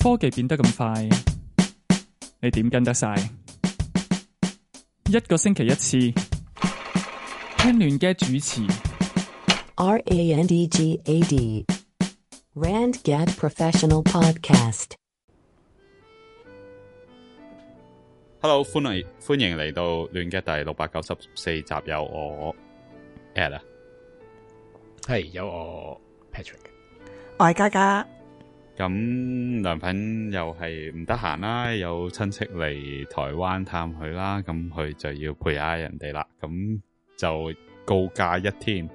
科技變得咁快，你點跟得晒？一個星期一次，聽亂嘅主持。R A N D G A D Rand Gad Professional Podcast。Hello，歡迎歡迎嚟到亂嘅第六百九十四集，有我 At 啊，係有我 Patrick，我係嘉嘉。咁梁品又係唔得閒啦，有親戚嚟台灣探佢啦，咁佢就要陪下人哋啦。咁就告假一天，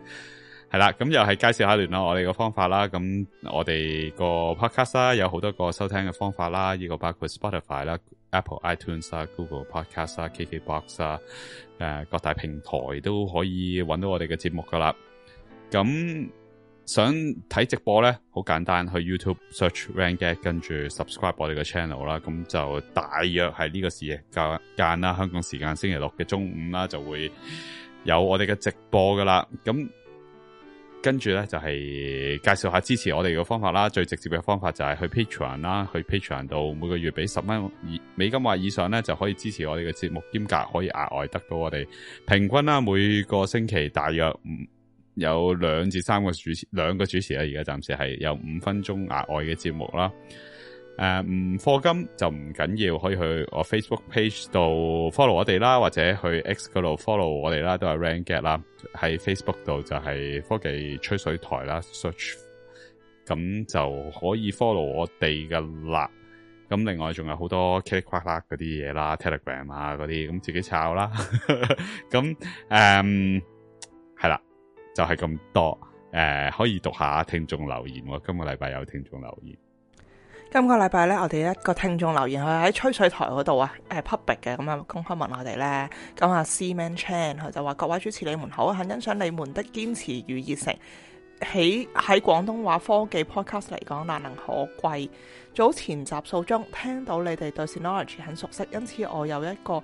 係啦。咁又係介紹下聯絡啦，我哋個方法啦。咁我哋個 Podcast 啦，有好多個收聽嘅方法啦。呢、這個包括 Spotify 啦、Apple iTunes 啦、Google Podcast 啦、KKBox 啊，誒，各大平台都可以揾到我哋嘅節目噶啦。咁。想睇直播咧，好簡單，去 YouTube search r a n g a r，跟住 subscribe 我哋嘅 channel 啦。咁就大約係呢個時嘅間啦，香港時間星期六嘅中午啦，就會有我哋嘅直播噶啦。咁跟住咧就係、是、介紹下支持我哋嘅方法啦。最直接嘅方法就係去 Patreon 啦，去 Patreon 度每個月俾十蚊以美金或以上咧，就可以支持我哋嘅節目，兼夾可以額外得到我哋平均啦每個星期大約五。有兩至三個主持，兩個主持啦、啊，而家暫時係有五分鐘額外嘅節目啦。誒，唔課金就唔緊要，可以去我 Facebook page 度 follow 我哋啦，或者去 X 嗰度 follow 我哋啦，都係 rank get 啦。喺 Facebook 度就係科技吹水台啦，search 咁就可以 follow 我哋㗎啦。咁另外仲有好多 cat 括啦嗰啲嘢啦，Telegram 啊嗰啲，咁自己炒啦。咁 誒。Um, 就係咁多，誒、呃，可以讀下聽眾留言。今、這個禮拜有聽眾留言。今個禮拜呢，我哋一個聽眾留言，佢喺吹水台嗰度啊，誒、呃、public 嘅，咁樣公開問我哋呢，咁、嗯、阿 C Man Chan 佢就話： 各位主持你們好，很欣賞你們的堅持與熱誠，喺喺廣東話科技 podcast 嚟講難能可貴。早前集數中聽到你哋對 Synology 很熟悉，因此我有一個。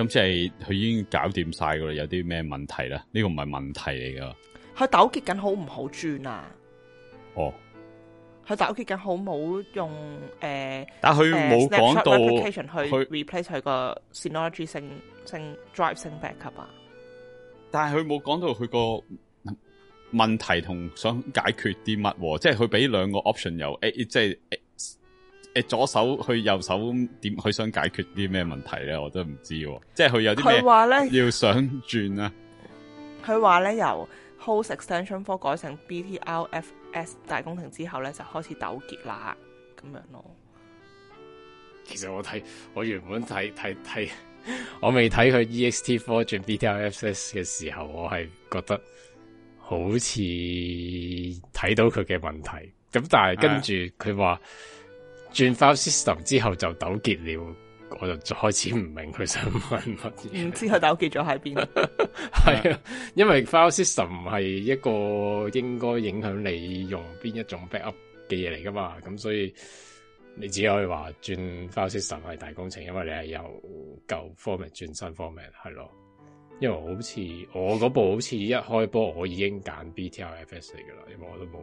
咁即係佢已經搞掂晒噶啦，有啲咩問題咧？呢、這個唔係問題嚟噶，佢糾結緊好唔好轉啊？哦，佢糾結緊好唔好用誒，呃、但係佢冇講到去 replace 佢個 Synology 他性性 drive 性 backup 啊？但係佢冇講到佢個問題同想解決啲乜？即係佢俾兩個 option，由 A、哎哎、即係。哎誒，左手去右手點？佢想解決啲咩問題咧？我都唔知道、啊，即係佢有啲咩要想轉啦、啊。佢話咧由 host extension four 改成 BTRFS 大工程之後咧就開始糾結啦，咁樣咯。其實我睇我原本睇睇睇，我未睇佢 EXT four 轉 BTRFS 嘅時候，我係覺得好似睇到佢嘅問題。咁但係跟住佢話。啊轉 file system 之後就糾結了，我就開始唔明佢想問乜嘢。之後糾結咗喺邊？係啊，因為 file system 係一個應該影響你用邊一種 backup 嘅嘢嚟噶嘛，咁所以你只可以話轉 file system 係大工程，因為你係由舊 format 轉新 format 係咯、啊。因為好似我嗰部好似一開波我已經揀 BTRFS 嚟噶啦，因為我都冇。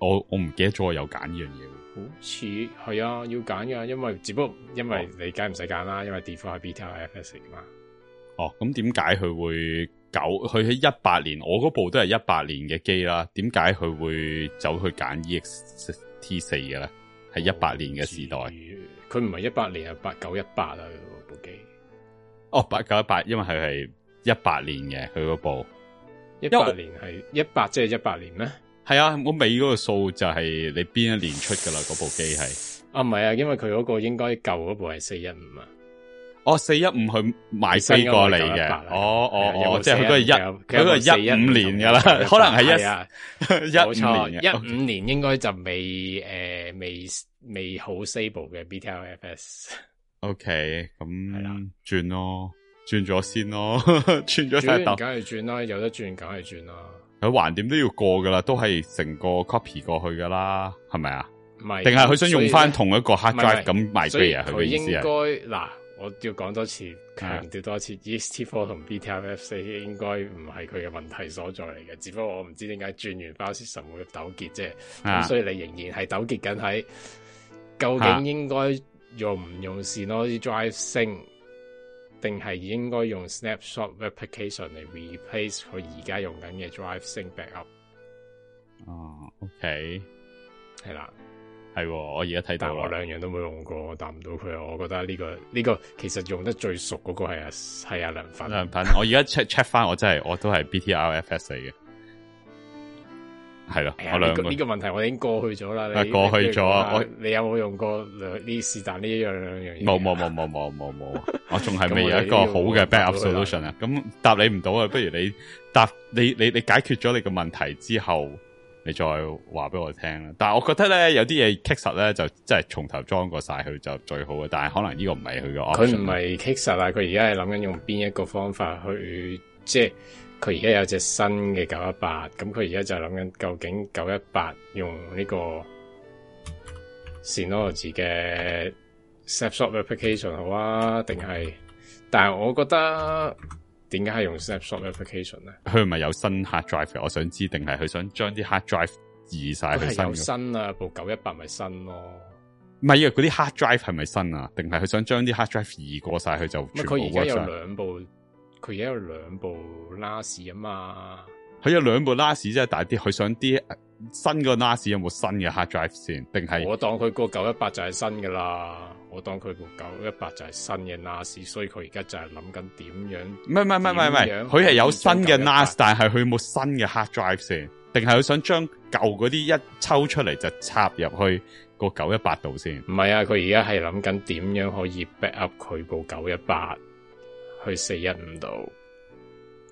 我我唔記得咗我有揀呢樣嘢。好似係啊，要揀嘅，因為只不過因為、啊、你梗唔使揀啦，因為 default 係 B T F S 嘛、啊。哦，咁點解佢會九？佢喺一八年，我嗰部都係一八年嘅機啦。點解佢會走去揀 E X T 四嘅咧？係一八年嘅時代，佢唔係一八年18啊，八九一八啊，部機。哦，八九一八，18, 因為佢係一八年嘅佢嗰部。一八年係一八即係一八年咩？係啊，我尾嗰個數就係你邊一年出噶啦，嗰部機係啊，唔係啊，因為佢嗰個應該舊嗰部係四一五啊，哦四一五佢賣飛過嚟嘅，哦哦哦，即係佢都係一，佢係一五年噶啦，可能係一，一五年，一五年應該就未誒未未好 stable 嘅 BTL FS。OK，咁係啦，轉咯，轉咗先咯，轉咗先，梗係轉啦，有得轉梗係轉啦。佢橫掂都要過噶啦，都係成個 copy 過去噶啦，係咪啊？唔係是，定係佢想用翻同一個 hard drive 咁 migrate 啊？佢應該嗱，我要講多次，強調多次，ext4、啊、同 BTRFS 應該唔係佢嘅問題所在嚟嘅，只不過我唔知點解轉完巴士就會糾結啫。咁、啊、所以你仍然係糾結緊喺究竟應該用唔用線咯、啊？啲 drive 升。定係應該用 snapshot replication 嚟 replace 佢而家用緊嘅 drive sync backup。嗯、oh，OK，係啦了，係我而家睇到啦。我兩樣都冇用過，我答唔到佢。我覺得呢、這個呢、這個其實用得最熟嗰個係阿係阿梁粉梁粉。我而家 check check 翻，我真係我都係 BTRFS 嚟嘅。係咯，是哎、呀我兩個呢個問題我已經過去咗啦。你過去咗，你我你有冇用過兩呢？ 是但呢一樣兩樣嘢冇冇冇冇冇冇冇，我仲係未有一個好嘅 backup solution 啊！咁答你唔到啊，不如你答你你你解決咗你個問題之後，你再話俾我聽啦。但係我覺得咧，有啲嘢棘實咧，就真係從頭裝過晒佢就最好嘅。但係可能呢個唔係佢個 option，佢唔係棘實啊！佢而家係諗緊用邊一個方法去即係。就是佢而家有隻新嘅九一八，咁佢而家就諗緊究竟九一八用呢個 Synology 嘅 snapshot application 好啊，定係？但係我覺得點解係用 snapshot application 咧？佢唔係有新 hard drive，我想知定係佢想將啲 hard drive 移晒去新嘅？有新啊，部九一八咪新咯。唔係啊，嗰啲 hard drive 係咪新啊？定係佢想將啲 hard drive 移過晒去就？佢而家有兩部。佢而家有兩部 NAS 啊嘛，佢有兩部 NAS 啫，但係啲佢想啲新嘅 NAS 有冇新嘅 hard drive 先？定係我當佢個九一八就係新噶啦，我當佢部九一八就係新嘅 NAS，所以佢而家就係諗緊點樣？唔係唔係唔係唔係，佢係有新嘅 NAS，但係佢冇新嘅 hard drive 先，定係佢想將舊嗰啲一抽出嚟就插入去個九一八度先？唔係啊，佢而家係諗緊點樣可以 backup 佢部九一八？去四一五度，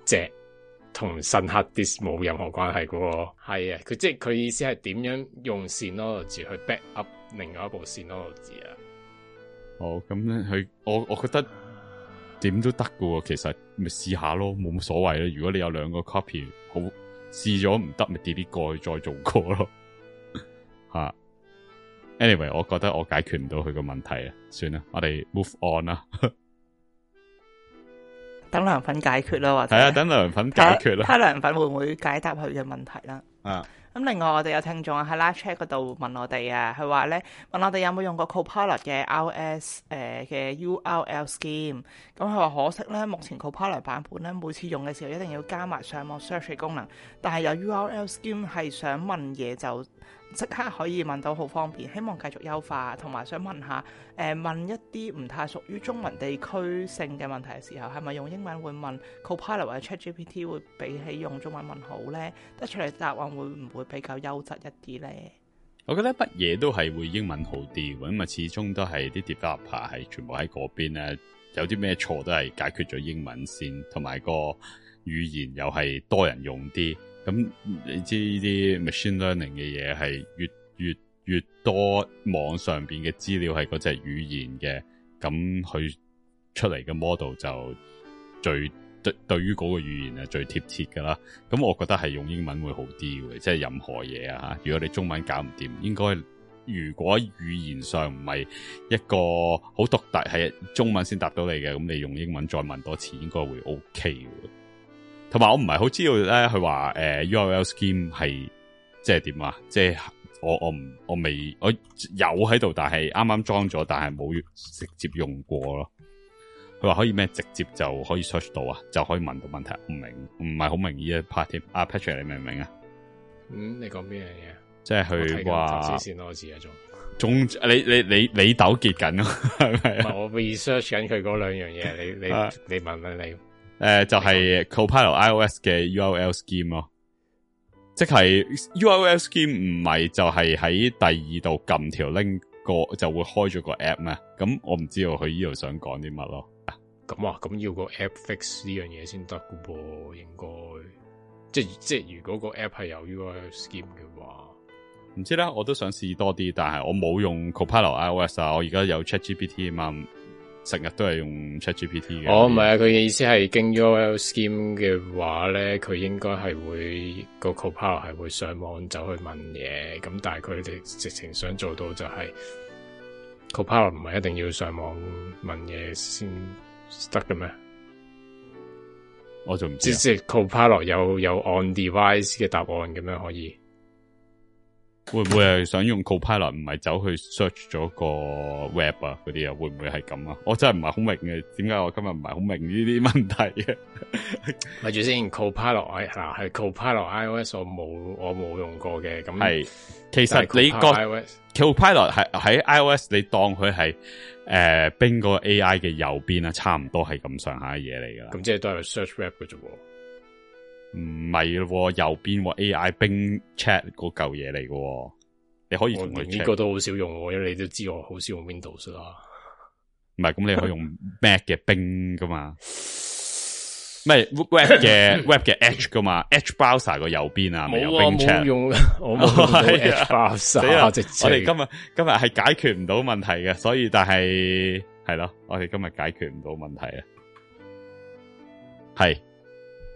即同 SanDisk 冇任何關係噶喎。係啊，佢即係佢意思係點樣用 Synology 去 back up 另外一部 Synology 啊。哦，咁呢，佢我我覺得點都得噶喎。其實咪試下咯，冇乜所謂啦。如果你有兩個 copy，好試咗唔得，咪跌啲過去再做過咯。吓 ，anyway，我覺得我解決唔到佢個問題啊，算啦，我哋 move on 啦。 等涼粉解決啦，或者係啊，等涼粉解決啦。睇涼粉會唔會解答佢嘅問題啦？啊！咁另外我哋有聽眾喺 live chat 嗰度問我哋啊，佢話咧，問我哋有冇用過 Copilot 嘅 i s 誒、呃、嘅 URL scheme。咁佢話可惜咧，目前 Copilot 版本咧，每次用嘅時候一定要加埋上網 search 嘅功能。但係有 URL scheme 係想問嘢就。即刻可以問到好方便，希望繼續優化。同埋想問下，誒、呃、問一啲唔太屬於中文地區性嘅問題嘅時候，係咪用英文會問 Copilot 或者 ChatGPT 會比起用中文問好咧？得出嚟答案會唔會比較優質一啲咧？我覺得不嘢都係會英文好啲，因為始終都係啲 developer 係全部喺嗰邊咧，有啲咩錯都係解決咗英文先，同埋個語言又係多人用啲。咁、嗯、你知呢啲 machine learning 嘅嘢係越越越多網上邊嘅資料係嗰隻語言嘅，咁佢出嚟嘅 model 就最對對於嗰個語言係最貼切噶啦。咁我覺得係用英文會好啲嘅，即係任何嘢啊吓。如果你中文搞唔掂，應該如果語言上唔係一個好獨特，係中文先答到你嘅，咁你用英文再問多次，應該會 OK 嘅。同埋我唔係好知道咧，佢話誒 URL scheme 係即係點啊？即係我我唔我未我有喺度，但係啱啱裝咗，但係冇直接用過咯。佢話可以咩直接就可以 search 到啊？就可以問到問題唔明，唔係好明依啊 part 添。阿 Patrick 你明唔明啊？嗯，你講咩嘢？即係佢話投資先仲仲你你你你糾結緊啊？係咪？我 research 緊佢嗰兩樣嘢，你你你問問你。誒、呃，就係、是、Copilot iOS 嘅 URL scheme 咯、哦，麼即係 URL scheme 唔係就係喺第二度撳條 link 個就會開咗個 app 咩？咁、嗯、我唔知道佢呢度想講啲乜咯。咁啊，咁要個 app fix 呢樣嘢先得㗎噃，應該即係即係如果個 app 係有 URL scheme 嘅話，唔知啦我都想試多啲，但係我冇用 Copilot iOS 啊，我而家有 ChatGPT 啊嘛。成日都係用 ChatGPT 嘅。哦，唔係啊，佢嘅意思係經 URL scheme 嘅話咧，佢應該係會個 Copilot 係會上網走去問嘢。咁但係佢哋直情想做到就係 Copilot 唔係一定要上網問嘢先得嘅咩？我就唔知。即係 Copilot 有有 on device 嘅答案咁樣可以。會唔會係想用 Copilot 唔係走去 search 咗個 web 啊嗰啲啊？會唔會係咁啊？我真係唔係好明嘅，點解我今日唔係好明呢啲問題嘅？咪住先等 ，Copilot，嗱係 Copilot iOS 我冇我冇用過嘅，咁係其實你覺 Copilot 係喺 iOS 你當佢係誒 Bing 個 AI 嘅右邊啊，差唔多係咁上下嘅嘢嚟噶，咁即係都係 search web 嗰隻喎。唔係喎，右邊 AI 冰 chat 嗰舊嘢嚟嘅，你可以呢個都好少用，因為你都知我好少用 Windows 啊。唔係，咁你可以用 Mac 嘅冰噶嘛，唔係 Web 嘅 Web 嘅 Edge 噶嘛，Edge Browser 個右邊啊，冇冇 Chat 用我冇用嘅 Browser。我哋今日今日係解決唔到問題嘅，所以但係係咯，我哋今日解決唔到問題啊，係。.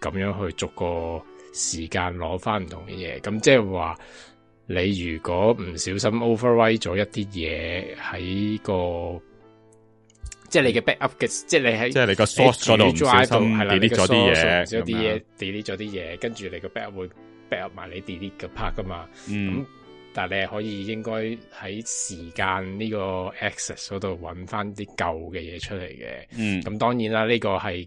咁樣去逐個時間攞翻唔同嘅嘢，咁即係話你如果唔小心 overwrite 咗一啲嘢喺個，即係你嘅 backup 嘅，即係你喺即係你，source 你個你 source 嗰度 delete 咗啲嘢，delete 咗啲嘢，delete 咗啲嘢，跟住樣你個 backup 會 backup 埋你 delete 嘅 part 噶嘛。咁、嗯、但係你可以應該喺時間呢個 access 嗰度揾翻啲舊嘅嘢出嚟嘅。咁、嗯、當然啦，呢、這個係。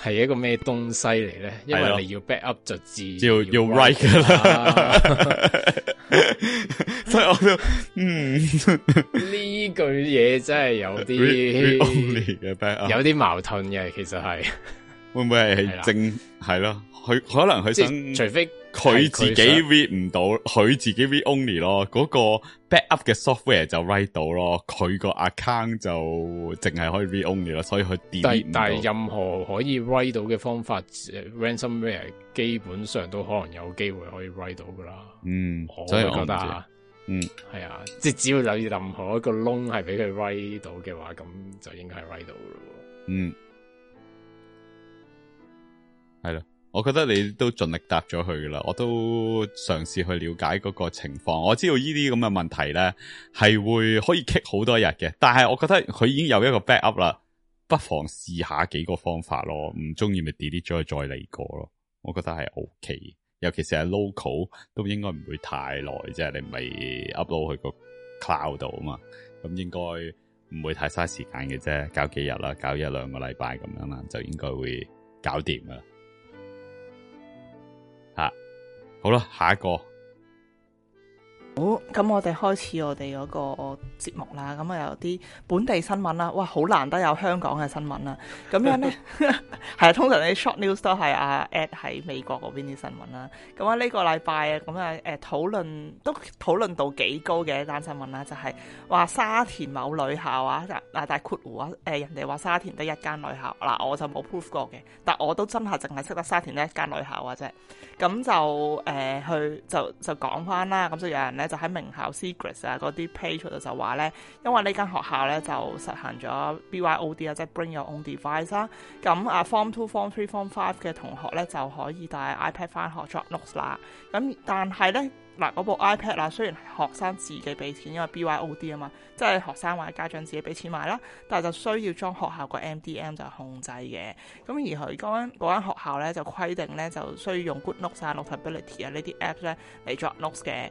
係一個咩東西嚟咧？因為你要 back up 就知要要 right 噶啦。所以我就嗯呢句嘢真係有啲有啲矛盾嘅，其實係會唔會係正係咯？佢是的 可能佢想除非。佢自己 read 唔到，佢自己 read only 咯，嗰個 backup 嘅 software 就 write 到咯，佢個 account 就淨係可以 read only 咯，所以佢但係任何可以 write 到嘅方法，ransomware 基本上都可能有機會可以 write 到噶啦、嗯。嗯，所以我覺得，嗯，係啊，即係只要有任何一個窿係俾佢 write 到嘅話，咁就應該係 write 到咯。嗯，係啦。我覺得你都盡力答咗佢啦，我都嘗試去了解嗰個情況。我知道呢啲咁嘅問題咧，係會可以 keep 好多日嘅。但係我覺得佢已經有一個 backup 啦，不妨試下幾個方法咯。唔中意咪 delete 咗再嚟過咯。我覺得係 OK，尤其是喺 local 都應該唔會太耐。即係你咪 upload 去個 cloud 度啊嘛，咁應該唔會太嘥時間嘅啫。搞幾日啦，搞一兩個禮拜咁樣啦，就應該會搞掂噶啦。好啦，下一個。好，咁、哦、我哋開始我哋嗰個節目啦。咁啊，有啲本地新聞啦，哇，好難得有香港嘅新聞啦。咁樣咧，係 啊，通常啲 short news 都係啊 at 喺美國嗰邊啲新聞啦。咁啊呢個禮拜啊，咁啊誒討論都討論到幾高嘅一單新聞啦，就係、是、話沙田某女校啊，嗱大括弧啊，誒、呃、人哋話沙田得一間女校，嗱我就冇 proof 過嘅，但我都真係淨係識得沙田得一間女校啊。啫。咁、呃、就誒去就就講翻啦，咁就有人呢就喺名校 Secrets 啊，嗰啲 page 度就話咧，因為呢間學校咧就實行咗 BYOD 啊，即係 Bring Your Own Device 啦。咁啊，Form Two、Form Three、Form Five 嘅同學咧，就可以帶 iPad 翻學作 notes 啦。咁但係咧，嗱嗰部 iPad 啦，雖然係學生自己俾錢，因為 BYOD 啊嘛，即係學生或者家長自己俾錢買啦，但係就需要將學校個 MDM 就控制嘅。咁而佢嗰間嗰間學校咧就規定咧，就需要用 GoodNotes 啊、Notability 啊呢啲 apps 咧嚟作 notes 嘅。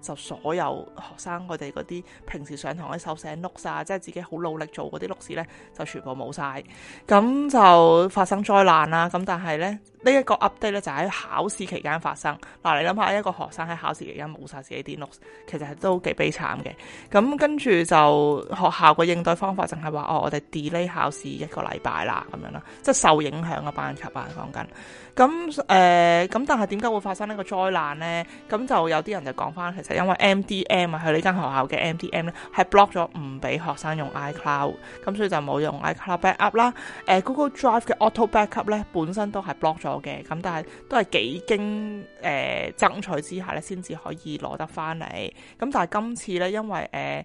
就所有學生佢哋嗰啲平時上堂喺手寫 note 晒即係自己好努力做嗰啲 note 呢，咧，就全部冇晒。咁就發生災難啦。咁但係咧，呢、這、一個 update 咧就喺考試期間發生。嗱，你諗下一個學生喺考試期間冇晒自己啲 notes 其實係都幾悲慘嘅。咁跟住就學校個應對方法就係話哦，我哋 delay 考試一個禮拜啦，咁樣啦，即係受影響嘅班級啊，講緊。咁咁、呃、但係點解會發生呢個災難咧？咁就有啲人就講翻其實因為 MDM 啊，佢呢間學校嘅 MDM 咧係 block 咗唔俾學生用 iCloud，咁所以就冇用 iCloud back up 啦。Google、呃那個、Drive 嘅 auto back up 咧本身都係 block 咗嘅，咁但係都係幾經誒、呃、爭取之下咧先至可以攞得翻嚟。咁但係今次咧，因為誒。呃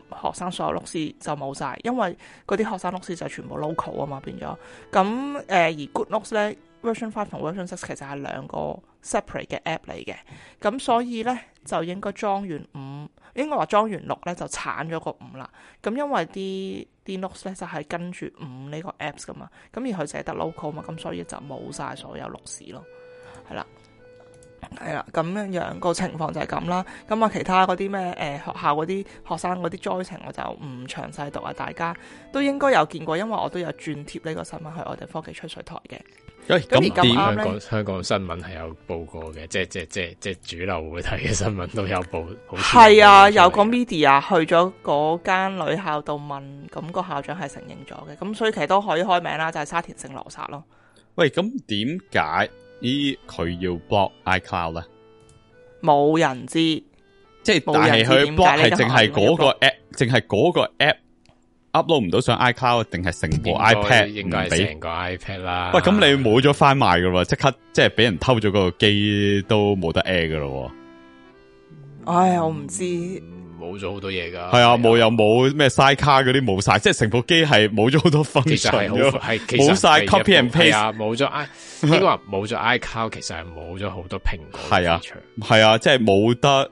學生所有錄視就冇晒，因為嗰啲學生錄視就全部 local 啊嘛，變咗咁誒。而 Good Notes 咧，Version Five 同 Version Six 其實係兩個 separate 嘅 app 嚟嘅，咁所以咧就應該裝完五應該話裝完六咧就剷咗個五啦。咁因為啲啲 notes 咧就係跟住五呢個 apps 㗎嘛，咁而佢淨係就得 local 啊嘛，咁所以就冇晒所有錄視咯，係啦。係啦，咁樣樣個情況就係咁啦。咁啊，其他嗰啲咩誒學校嗰啲學生嗰啲災情，我就唔詳細讀啊。大家都應該有見過，因為我都有轉貼呢個新聞去我哋科技吹水台嘅。喂那，咁點？香港香港新聞係有報過嘅，即係即係即係即係主流媒體嘅新聞都有報。好係啊，有個 media 去咗嗰間女校度問，咁、那個校長係承認咗嘅。咁所以其實都可以開名啦，就係、是、沙田聖羅撒咯。喂，咁點解？咦，佢要 block iCloud 啊？冇人知，即係，但係佢 block 係淨係嗰個 app，淨係嗰個 app upload 唔到上 iCloud，定係成部 iPad？應該係成個 iPad 啦。喂，咁你冇咗翻賣噶喎，即刻即係俾人偷咗個機都冇得 air 噶啦。唉、哎，我唔知。冇咗好多嘢噶，係啊，冇又冇咩 Side Car 嗰啲冇晒，即係成部機係冇咗好多 function 係其實係冇晒 copy and paste，冇咗、啊，呢個冇咗 iCloud 其實係冇咗好多蘋果係啊，係係啊，即係冇得。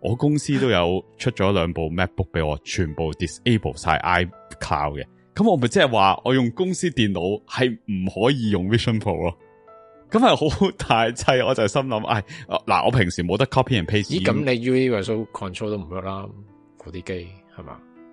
我公司都有出咗兩部 MacBook 俾我，全部 disable 晒 iCloud 嘅。咁我咪即係話，我用公司電腦係唔可以用 Vision Pro 咯？咁係好大劑，我就心諗，唉、哎，嗱，我平時冇得 copy and paste。咦，咁要你 universal control 都唔得啦？嗰啲機係嘛？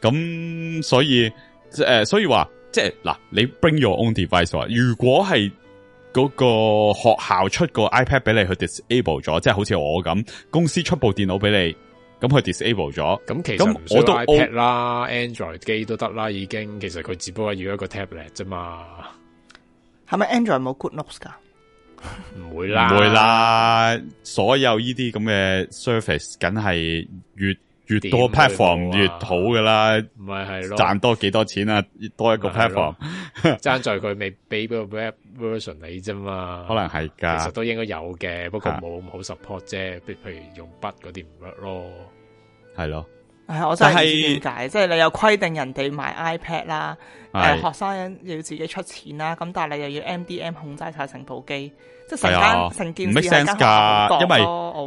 咁所以，誒、呃，所以話，即係嗱，你 bring your own device 話如果係嗰個學校出個 iPad 俾你去 disable 咗，即係好似我咁，公司出部電腦俾你，咁佢 disable 咗。咁其實 Pad 我都 iPad 啦，Android 機都得啦，已經。其實佢只不過要一個 tablet 啫嘛。係咪 Android 冇 GoodNotes 噶？唔會啦，唔會啦。所有呢啲咁嘅 service，梗係越越多 platform 越好噶啦，唔係係咯，賺多幾多少錢啊？越多一個 platform，爭在佢未俾個 web version 你啫嘛，可能係噶， 其實都應該有嘅，不過冇咁好 support 啫，譬如用筆嗰啲唔得咯，係咯，係、哎、我真係點解？是即係你有規定人哋買 iPad 啦，誒是、呃，學生要自己出錢啦，咁但係你又要 M D M 控制晒成部機。係啊，唔 make sense 噶，因為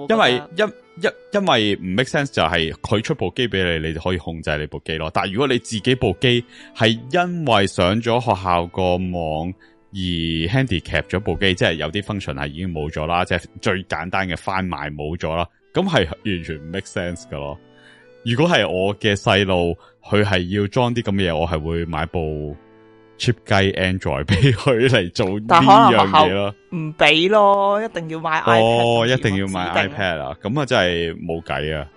因為因因因為唔 make sense 就係佢出部機俾你，你就可以控制你部機咯。但係如果你自己部機係因為上咗學校個網而 handicap 咗部機，即係有啲 function 係已經冇咗啦，即係最簡單嘅翻賣冇咗啦，咁係完全唔 make sense 噶咯。如果係我嘅細路，佢係要裝啲咁嘅嘢，我係會買部。cheap 機 Android 俾佢嚟做呢樣嘢咯，唔俾咯，一定要買 iPad，哦，一定要買 iPad 啊，咁啊真係冇計啊，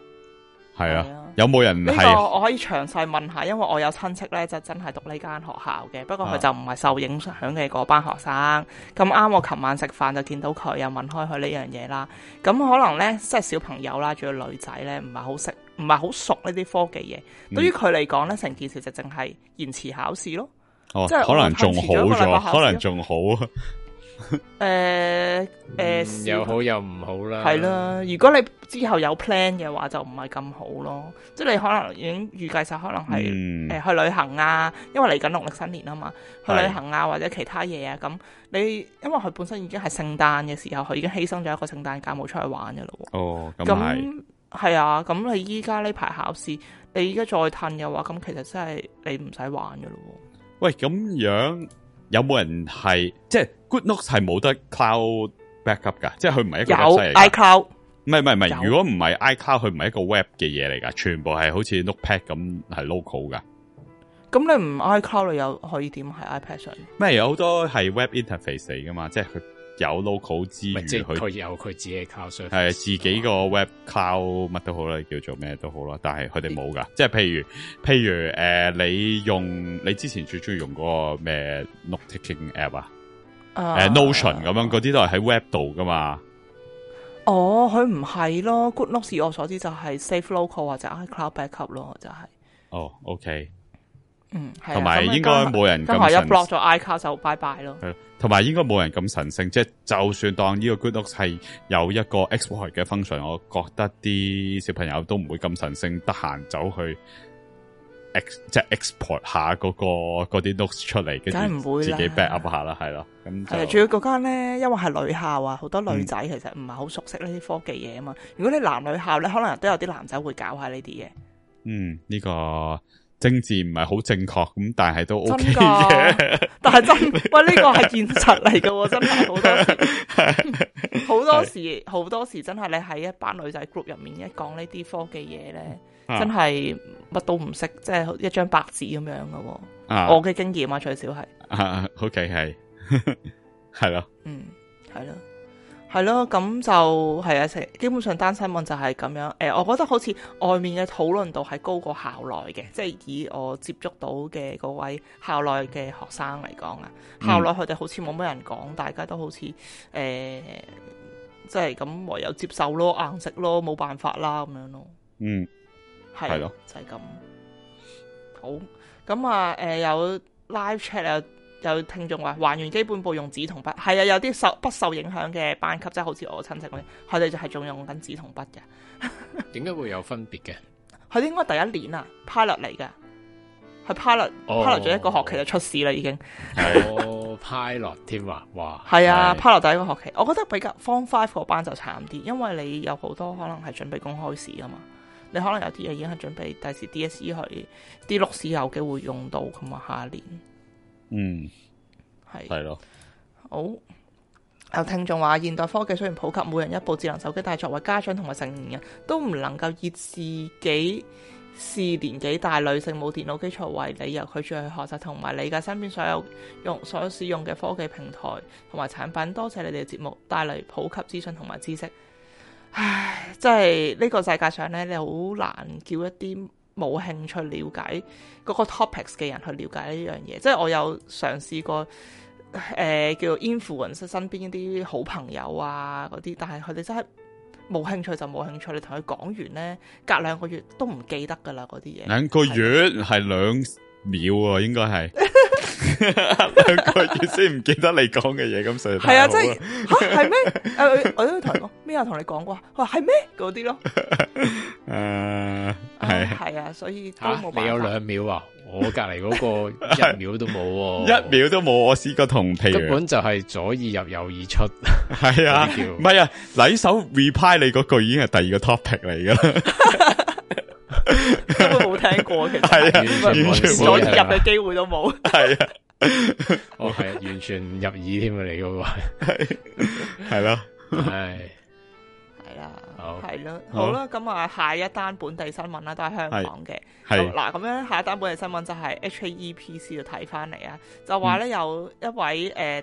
係啊，啊有冇人呢個我可以詳細問下，因為我有親戚咧就是、真係讀呢間學校嘅，不過佢就唔係受影響嘅嗰班學生。咁啱、啊、我琴晚食飯就見到佢，又問開佢呢樣嘢啦。咁可能咧，即、就、係、是、小朋友啦，仲有女仔咧，唔係好識，唔係好熟呢啲科技嘢。對於佢嚟講咧，成件事就淨係延遲考試咯。哦，是可能仲好咗，可能仲好。誒 誒、呃，呃、又好又唔好啦。係啦，如果你之後有 plan 嘅話，就唔係咁好咯。即係你可能已經預計晒，可能係誒、嗯呃、去旅行啊，因為嚟緊農曆新年啊嘛，去旅行啊或者其他嘢啊咁。你因為佢本身已經係聖誕嘅時候，佢已經犧牲咗一個聖誕假冇出去玩嘅咯。哦，咁係啊。咁你依家呢排考試，你依家再褪嘅話，咁其實真係你唔使玩嘅咯。喂，咁樣有冇人係即係、就是、GoodNotes 係冇得 cloud backup 噶？即係佢唔係一個有 iCloud？唔係唔係唔係？如果唔係 iCloud，佢唔係一個 web 嘅嘢嚟噶，全部係好似 Notepad 咁係 local 噶。咁你唔 iCloud，你又可以點喺 iPad 上？咩有好多係 web interface 嚟噶嘛？即係佢。有 local 之餘佢有佢自己靠上係自己個 web cloud 乜都好啦，叫做咩都好啦，但係佢哋冇噶，即係譬如譬如誒，你、呃、用你之前最中意用嗰個咩 note taking app 啊誒 Notion 咁樣嗰啲、uh, 都係喺 web 度噶嘛、uh,？哦，佢唔係咯，Goodnotes 我所知就係 Safe Local 或者 iCloud Backup 咯，就係、是、哦、oh,，OK，嗯，同埋、啊、應該冇人咁神，今一 block 咗 iCloud 就拜拜 e 咯。嗯同埋應該冇人咁神聖，即、就、係、是、就算當呢個 GoodNotes 係有一個 export 嘅 function，我覺得啲小朋友都唔會咁神聖，得閒走去 X 即係 export 下嗰、那個啲 Notes 出嚟，唔會自己 back up 下啦，係咯，咁就。仲要嗰間咧，因為係女校啊，好多女仔其實唔係好熟悉呢啲科技嘢啊嘛。如果你男女校咧，可能都有啲男仔會搞下呢啲嘢。嗯，呢、這個。政治唔係好正確咁，但係都 O K 嘅。但係真喂，呢個係現實嚟嘅，真係好多時，好 是 多時，好是多時真係你喺一班女仔 group 入面一講呢啲科技嘢咧，啊、真係乜都唔識，即、就、係、是、一張白紙咁樣嘅、啊。啊、我嘅經驗啊，最少係啊，O K 係，係咯、uh, okay ,， 是的嗯，係咯。係咯，咁就係啊！成基本上單新聞就係咁樣。誒、呃，我覺得好似外面嘅討論度係高過校內嘅，即、就、係、是、以我接觸到嘅嗰位校內嘅學生嚟講啊，嗯、校內佢哋好似冇乜人講，大家都好似誒，即係咁唯有接受咯，硬食咯，冇辦法啦咁樣咯。嗯，係咯的，係的就係咁。好，咁啊，誒、呃、有 live chat 啊。有聽眾話還原基本步用紙同筆，係啊，有啲受不受影響嘅班級，即係好似我親戚咁，佢哋就係仲用緊紙同筆嘅。點 解會有分別嘅？佢哋應該第一年啊，pilot 嚟嘅，係 pilot，pilot 咗一個學期就出事啦，已經。 哦，pilot 添啊！哇，係啊，pilot 第一個學期，我覺得比較 form five 個班就慘啲，因為你有好多可能係準備公開試啊嘛，你可能有啲嘢已經係準備第時 DSE 去啲六試有機會用到咁啊，下一年。嗯，係係咯，的好。有聽眾話，現代科技雖然普及，每人一部智能手機，但係作為家長同埋成年人，都唔能夠以自己是年紀大、女性、冇電腦基礎為理由，拒絕去學習同埋理解身邊所有用、所有使用嘅科技平台同埋產品。多謝你哋嘅節目帶嚟普及資訊同埋知識。唉，真係呢個世界上呢，你好難叫一啲。冇興趣了解嗰個 topics 嘅人去了解呢樣嘢，即係我有嘗試過、呃、叫做 influence 身邊一啲好朋友啊嗰啲，但係佢哋真係冇興趣就冇興趣，你同佢講完咧，隔兩個月都唔記得㗎喇嗰啲嘢。兩個月係兩秒啊，應該係。 兩個月先唔記得你講嘅嘢，咁，所以係啊，即係吓係咩？誒，我都同你講咩啊？同你講話，話係咩嗰啲咯？誒，係係啊，所以吓你有兩秒啊，我隔籬嗰個一秒都冇，一秒都冇，我試過同皮，根本就係左耳入右耳出。係啊，唔係啊，第一手 reply 你嗰句已經係第二個 topic 嚟噶啦，冇聽過，其實係完全入嘅機會都冇，係啊。哦，係完全唔入耳添啊！你嗰個係係啦，係係啦，okay，好係咯，好啦，咁啊，下一單本地新聞啦，都係香港嘅，係嗱，咁樣下一單本地新聞就係 H A E P C 就睇翻嚟啊，就話咧有一位誒。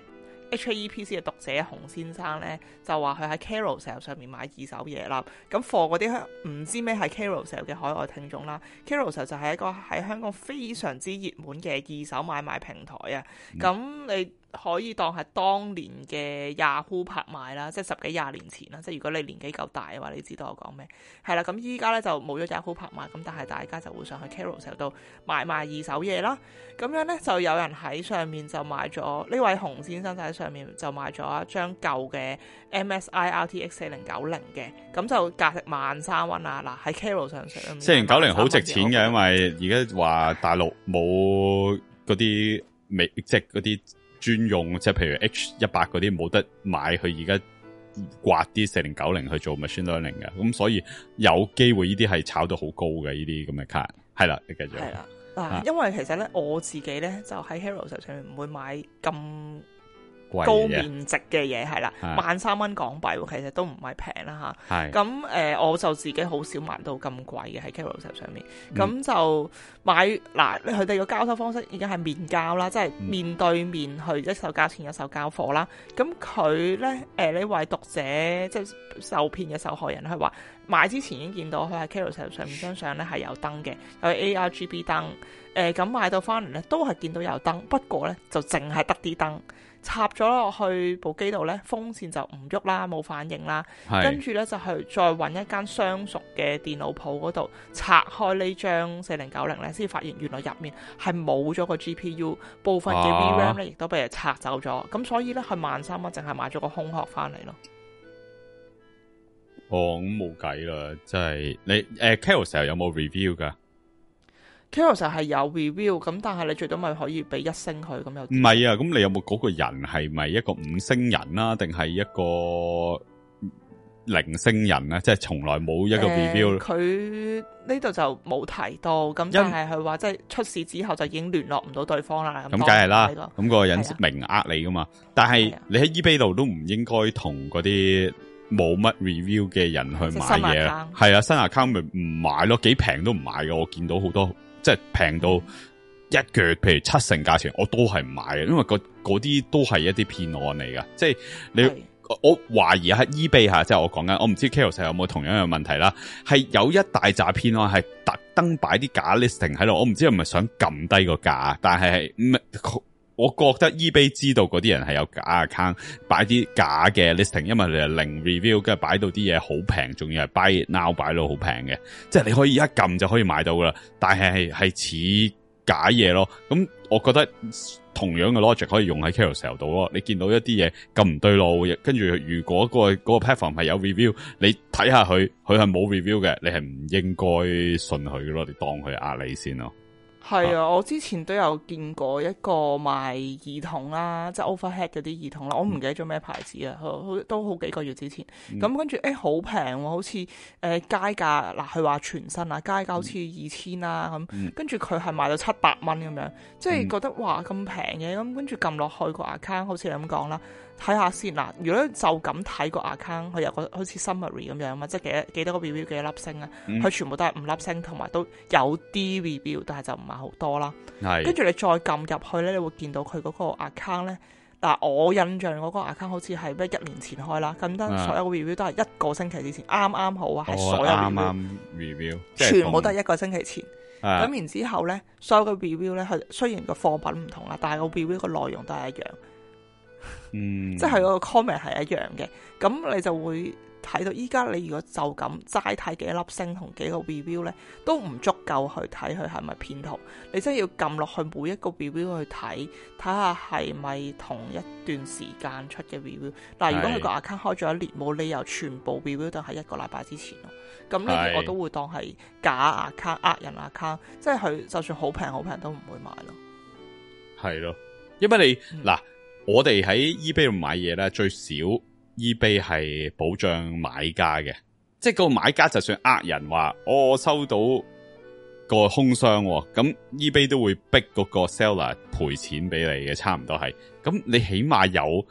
H.E.P.C 嘅讀者洪先生咧就話佢喺 Carousell 上面買二手嘢啦，咁貨嗰啲唔知咩係 Carousell 嘅海外聽眾啦 Carousell、嗯、就係一個喺香港非常之熱門嘅二手買賣平台啊，咁你。可以當係當年嘅 Yahoo 拍賣啦，即係十幾廿年前啦。即係如果你年紀夠大嘅話，你知道我講咩？係啦，咁依家咧就冇咗 Yahoo 拍賣，咁但係大家就會上去 Carousell 上度買賣二手嘢啦。咁樣咧就有人喺上面就買咗呢位洪先生就喺上面就買咗一張舊嘅 MSI RTX 四零九零嘅，咁就價值萬三蚊啊！嗱，喺 Carousell 上上四零九零好值錢嘅，因為而家話大陸冇嗰啲未即係嗰啲，就是專用，即係譬如 H 一百嗰啲冇得買，佢而家刮啲四零九零去做 machine learning 嘅，咁所以有機會呢啲係炒到好高嘅呢啲咁嘅卡係係啦，你繼續係啦，嗱了，啊、因為其實咧我自己咧就喺 Heros 上面唔會買咁。高面值嘅嘢係啦，萬三蚊港幣其實都唔係平啦吓，咁誒是、呃，我就自己好少買到咁貴嘅喺 Carousell 上面。咁、嗯、就買嗱，佢哋嘅交收方式已經係面交啦，即係面對面去一手交錢、嗯、一手交貨啦。咁佢呢誒、呃，呢位讀者即係受騙嘅受害人，佢話買之前已經見到佢喺 Carousell 上面張相呢係有燈嘅，有 A R G B 燈咁、呃、買到翻嚟呢，都係見到有燈，不過呢，就淨係得啲燈。插咗落去部機度咧，風扇就唔喐啦，冇反應啦。跟住咧就去再揾一間相熟嘅電腦鋪嗰度拆開呢張四零九零咧，先發現原來入面係冇咗個 GPU 部分嘅 VRAM 咧，亦都被人拆走咗。咁、啊、所以咧，佢萬三蚊淨係買咗個空殼翻嚟咯。哦，咁冇計啦，即係你誒、呃、Carousell 有冇 review 噶？其實係有 review 咁，但係你最多咪可以俾一星佢，咁又唔係啊？咁你有冇嗰個人係咪一個五星人啦，定係一個零星人咧？即係從來冇一個 review。佢呢度就冇提到咁，但係佢話即係出事之後就已經聯絡唔到對方啦。咁梗係啦，咁個人明呃你噶嘛？但係你喺 eBay 度都唔應該同嗰啲冇乜 review 嘅人去買嘢。係啊，新 account 咪唔買咯，幾平都唔買噶。我見到好多。即係平到一腳，譬如七成價錢，我都係唔買嘅，因為嗰啲都係一啲騙案嚟㗎。即係你是的 我，我懷疑喺 eBay 吓，即係我講緊，我唔知 Carousell 有冇同樣嘅問題啦。係有一大紮騙案，係特登擺啲假 listing 喺度，我唔知係咪想撳低個價，但係唔係。的我覺得 eBay 知道嗰啲人係有假 account 擺啲假嘅 listing，因為你係零 review，跟住擺到啲嘢好平，仲要係 buy now 擺到好平嘅，即係你可以一撳就可以買到㗎啦。但係係似假嘢咯。咁我覺得同樣嘅 logic 可以用喺 Carousell 度咯。你見到一啲嘢咁唔對路，跟住如果、嗰個、嗰個、platform 係有 review，你睇下佢，佢係冇 review 嘅，你係唔應該信佢咯。你當佢呃你先咯。係啊，啊我之前都有見過一個賣耳筒啦，即、就、係、是、overhead 嗰啲耳筒啦，我唔記得咗咩牌子啊，好都好幾個月之前，咁、嗯、跟住誒好平喎，好似誒、呃、街價嗱佢話全新啊，街價好似二千啦咁，跟住佢係賣到七百蚊咁樣，即係覺得哇咁平嘅，咁跟住撳落去個 account 好似你咁講啦。睇下先啦，如果就咁睇個 account，佢有個好似 summary 咁樣啊嘛，即係幾多幾多個 review 幾多粒星啊？佢、嗯、全部都係五粒星，同埋都有啲 review，但係就唔係好多啦。係。跟住你再撳入去咧，你會見到佢嗰個 account 咧。嗱，我印象嗰個 account 好似係咩一年前開啦，咁啲所有 review 都係一個星期之前，啱啱、啊、好啊，係所有啱啱 review，全部都係一個星期前。咁然之後咧，所有嘅 review 咧，佢雖然個貨品唔同啦，但係個 review 個內容都係一樣。嗯、即係嗰個 comment 係一樣嘅，咁你就會睇到依家你如果就咁齋睇幾粒星同幾個 review 咧，都唔足夠去睇佢係咪騙徒。你真係要撳落去每一個 review 去睇，睇下係咪同一段時間出嘅 review。嗱是，如果佢個 account 開咗一年，冇理由全部 review 都係一個禮拜之前咯。咁呢啲我都會當係假 account 呃人 account，即係佢就算好平好平都唔會買咯。係咯，因為你嗱。嗯我哋喺 eBay 度買嘢咧，最少 eBay 係保障買家嘅，即係個買家就算呃人話、哦、我收到個空箱、哦，咁 eBay 都會逼嗰個 seller 賠錢俾你嘅，差唔多係。咁你起碼有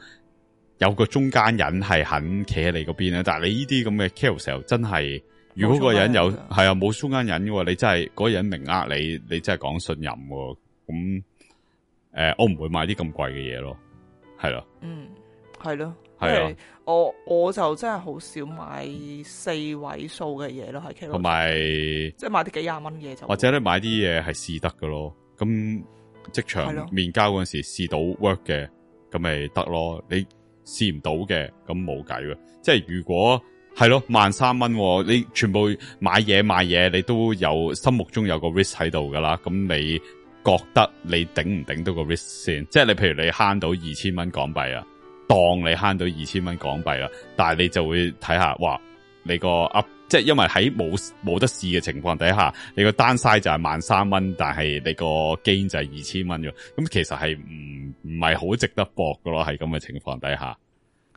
有個中間人係肯企喺你嗰邊，但係你呢啲咁嘅 Carousell 又真係，如果個人有係啊冇中間人嘅、啊、你真係嗰個人明呃你，你真係講信任，咁誒、呃、我唔會買啲咁貴嘅嘢咯。係咯，是嗯，係咯，係咯我我就真係好少買四位數嘅嘢咯，係其實，同埋即係買啲幾廿蚊嘢就，或者你買啲嘢係試得㗎咯，咁即場面交嗰陣時試到 work 嘅，咁咪得咯，你試唔到嘅，咁冇計嘅，即係如果係咯萬三蚊，你全部買嘢買嘢，你都有心目中有個 risk 喺度噶啦，咁你。覺得你頂唔頂到個 risk 先，即係你譬如你慳到二千蚊港幣啊，當你慳到二千蚊港幣啊，但係你就會睇下，哇，你個 up、啊、即係因為喺冇冇得試嘅情況底下，你個 downside 就係萬三蚊，但係你個機就係二千蚊咗，咁其實係唔唔係好值得搏噶咯？喺咁嘅情況底下，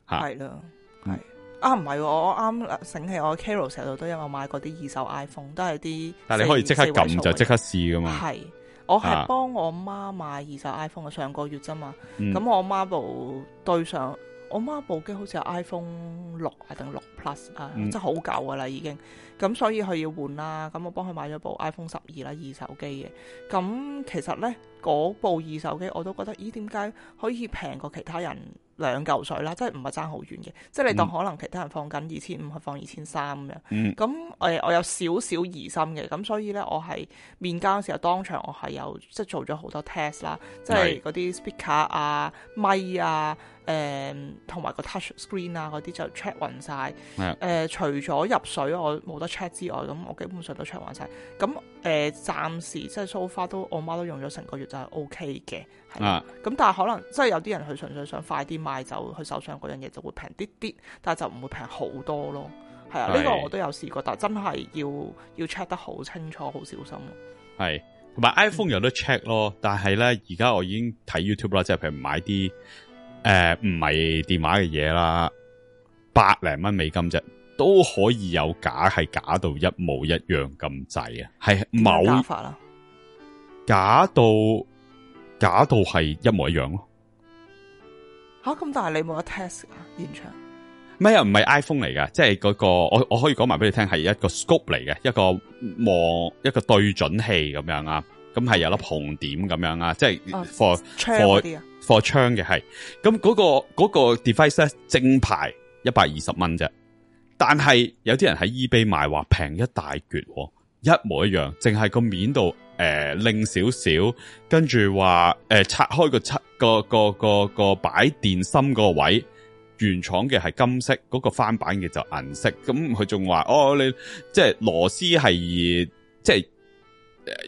吓係咯，係啊，唔係、啊、我我啱醒起我 Carol 成日都有為我買過啲二手 iPhone，都係啲，但係你可以即刻撳就即刻試噶嘛，係。我係幫我媽買二手 iPhone 嘅、啊、上個月啫嘛，咁、嗯、我媽部對上。我媽部機好似 iPhone 六啊定六 Plus 啊，嗯、即係好舊噶啦已經。咁所以佢要換啦，咁我幫佢買咗部 iPhone 十二啦二手機嘅。咁其實呢，嗰部二手機我都覺得，咦點解可以平過其他人兩嚿水啦？即係唔係爭好遠嘅？嗯、即係你當可能其他人放緊二千五，佢放二千三咁樣。咁誒，我有少少疑心嘅，咁所以呢，我係面交嘅時候當場我係有即係做咗好多 test 啦，是即係嗰啲 speaker 啊、咪啊。誒同埋個 touch screen 啊，嗰啲就 check 勻晒。誒是的、呃、除咗入水我冇得 check 之外，咁我基本上都 check 勻曬。咁誒、呃、暫時即係 so far 都我媽都用咗成個月就係 O K 嘅。啊，咁但係可能即係有啲人佢純粹想快啲賣走，佢手上嗰樣嘢就會平啲啲，但係就唔會平好多咯。係啊，呢是的 個我都有試過，但係真係要要 check 得好清楚，好小心、啊。係同埋 iPhone 有得 check 咯，嗯、但係咧而家我已經睇 YouTube 啦，即係譬如買啲。誒，唔係、呃、電話嘅嘢啦，百零蚊美金啫，都可以有假，係假到一模一樣咁滯啊！係某假，法假到假到係一模一樣咯。吓，咁但係你冇得 test 啊？現場咩啊？唔係 iPhone 嚟噶，即係嗰個我我可以講埋俾你聽，係一個 scope 嚟嘅，一個望一,一個對準器咁樣，樣啊，咁係有粒紅點咁樣啊，即係 for。貨窗嘅係，咁嗰個嗰個 device 咧正牌一百二十蚊啫，但係有啲人喺 eBay 賣話平一大橛，一模一樣，淨係個面度誒擰少少，跟住話誒拆開個七個個個個擺電芯個位，原廠嘅係金色，嗰個翻版嘅就銀色，咁佢仲話哦你即係螺絲係即係。就是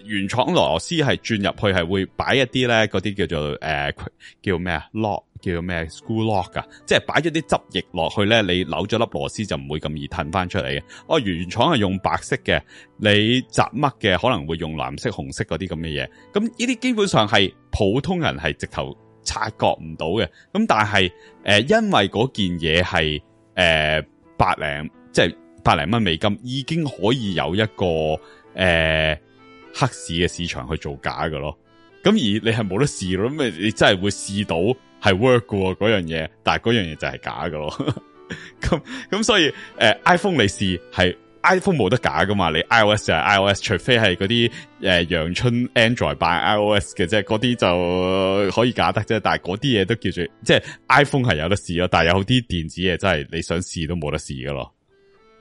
原廠螺絲係轉入去係會擺一啲咧，嗰啲叫做誒、呃、叫咩啊 lock 叫咩 screw lock、啊、即係擺咗啲汁液落去咧，你扭咗粒螺絲就唔會咁易褪翻出嚟嘅、哦。原廠係用白色嘅，你雜嘜嘅可能會用藍色、紅色嗰啲咁嘅嘢。咁呢啲基本上係普通人係直頭察覺唔到嘅。咁但係誒、呃，因為嗰件嘢係誒百零即係百零蚊美金，已經可以有一個誒。呃黑市嘅市場去做假㗎咯，咁而你係冇得試咯，咁你真係會試到係 work 㗎喎。嗰樣嘢，但係嗰樣嘢就係假㗎咯。咁咁所以，誒、呃、iPhone 你試係 iPhone 冇得假噶嘛，你 iOS 就係 iOS，除非係嗰啲誒陽春 Android 版 iOS 嘅啫，嗰啲就可以假得啫。但係嗰啲嘢都叫做即係 iPhone 係有得試咯，但係有啲電子嘢真係你想試都冇得試噶咯，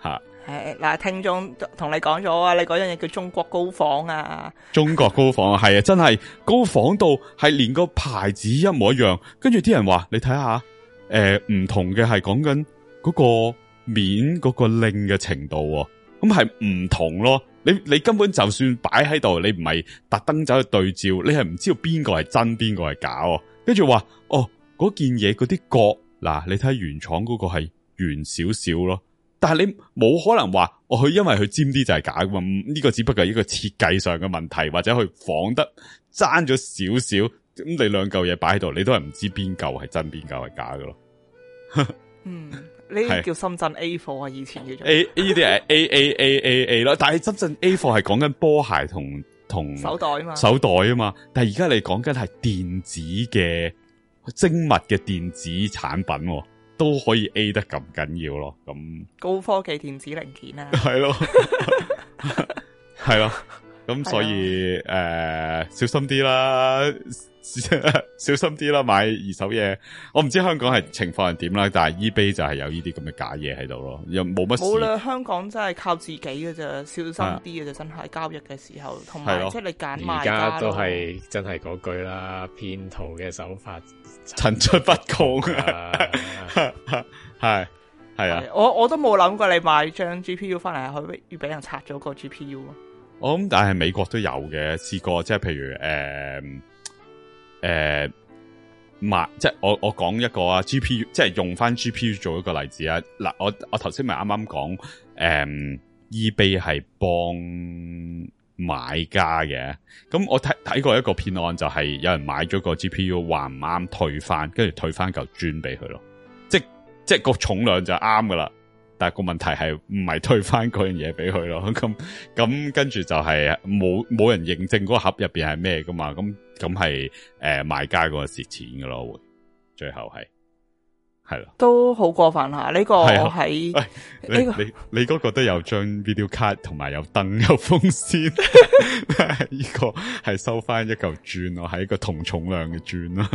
吓。誒，嗱、哎，聽眾同你講咗啊，你嗰樣嘢叫中國高仿啊， 中國高仿啊，係啊，真係高仿到係連個牌子一模一樣，跟住啲人話，你睇下，誒、呃，唔同嘅係講緊嗰個面嗰個令嘅程度、哦，咁係唔同咯，你你根本就算擺喺度，你唔係特登走去對照，你係唔知道邊個係真邊個係假，跟住話，哦，嗰件嘢嗰啲角，嗱、呃，你睇下原廠嗰個係圓少少咯。但係你冇可能話，我、哦、佢因為佢尖啲就係假噶嘛？呢、嗯呢個只不過係一個設計上嘅問題，或者佢仿得爭咗少少，咁、嗯、你兩嚿嘢擺喺度，你都係唔知邊嚿係真邊嚿係假噶咯？ 嗯，呢啲叫深圳 A 貨啊，以前叫做 A 呢啲係 A A A A A 咯， 但係深圳 A 貨係講緊波鞋同同手袋啊嘛，手袋啊嘛，但係而家你講緊係電子嘅精密嘅電子產品、啊。都可以 A 得咁緊要咯，咁高科技電子零件啊，係咯，係咯，咁所以誒小心啲啦，小心啲啦，啦，買二手嘢，我唔知香港係情況係點啦，但係、e、eBay 就係有呢啲咁嘅假嘢喺度咯，又冇乜，冇啦，香港真係靠自己嘅啫，小心啲嘅啫，真係交易嘅時候，同埋即係你揀賣家都係真係嗰句啦，騙徒嘅手法。層出不窮 ，係係啊我！我我都冇諗過你買張 G P U 翻嚟，可以要俾人拆咗個 G P U 咯。我諗但係美國都有嘅，試過即係譬如誒誒買，即係我我講一個啊，G P U 即係用翻 G P U 做一個例子啊。嗱，我我頭先咪啱啱講，誒，eBay 係幫。買家嘅，咁我睇睇過一個騙案，就係有人買咗個 GPU，話唔啱退翻，跟住退翻嚿磚俾佢咯，即即個重量就啱噶啦，但係個問題係唔係退翻嗰樣嘢俾佢咯，咁咁跟住就係冇冇人認證嗰個盒入邊係咩噶嘛，咁咁係誒買家嗰個蝕錢噶咯，會最後係。係啦，都好過分吓，呢、這個喺呢的、這個、哎、你你個都有張 video card 同埋有燈有風扇，呢 個係收翻一嚿磚咯，係一個同重量嘅磚咯。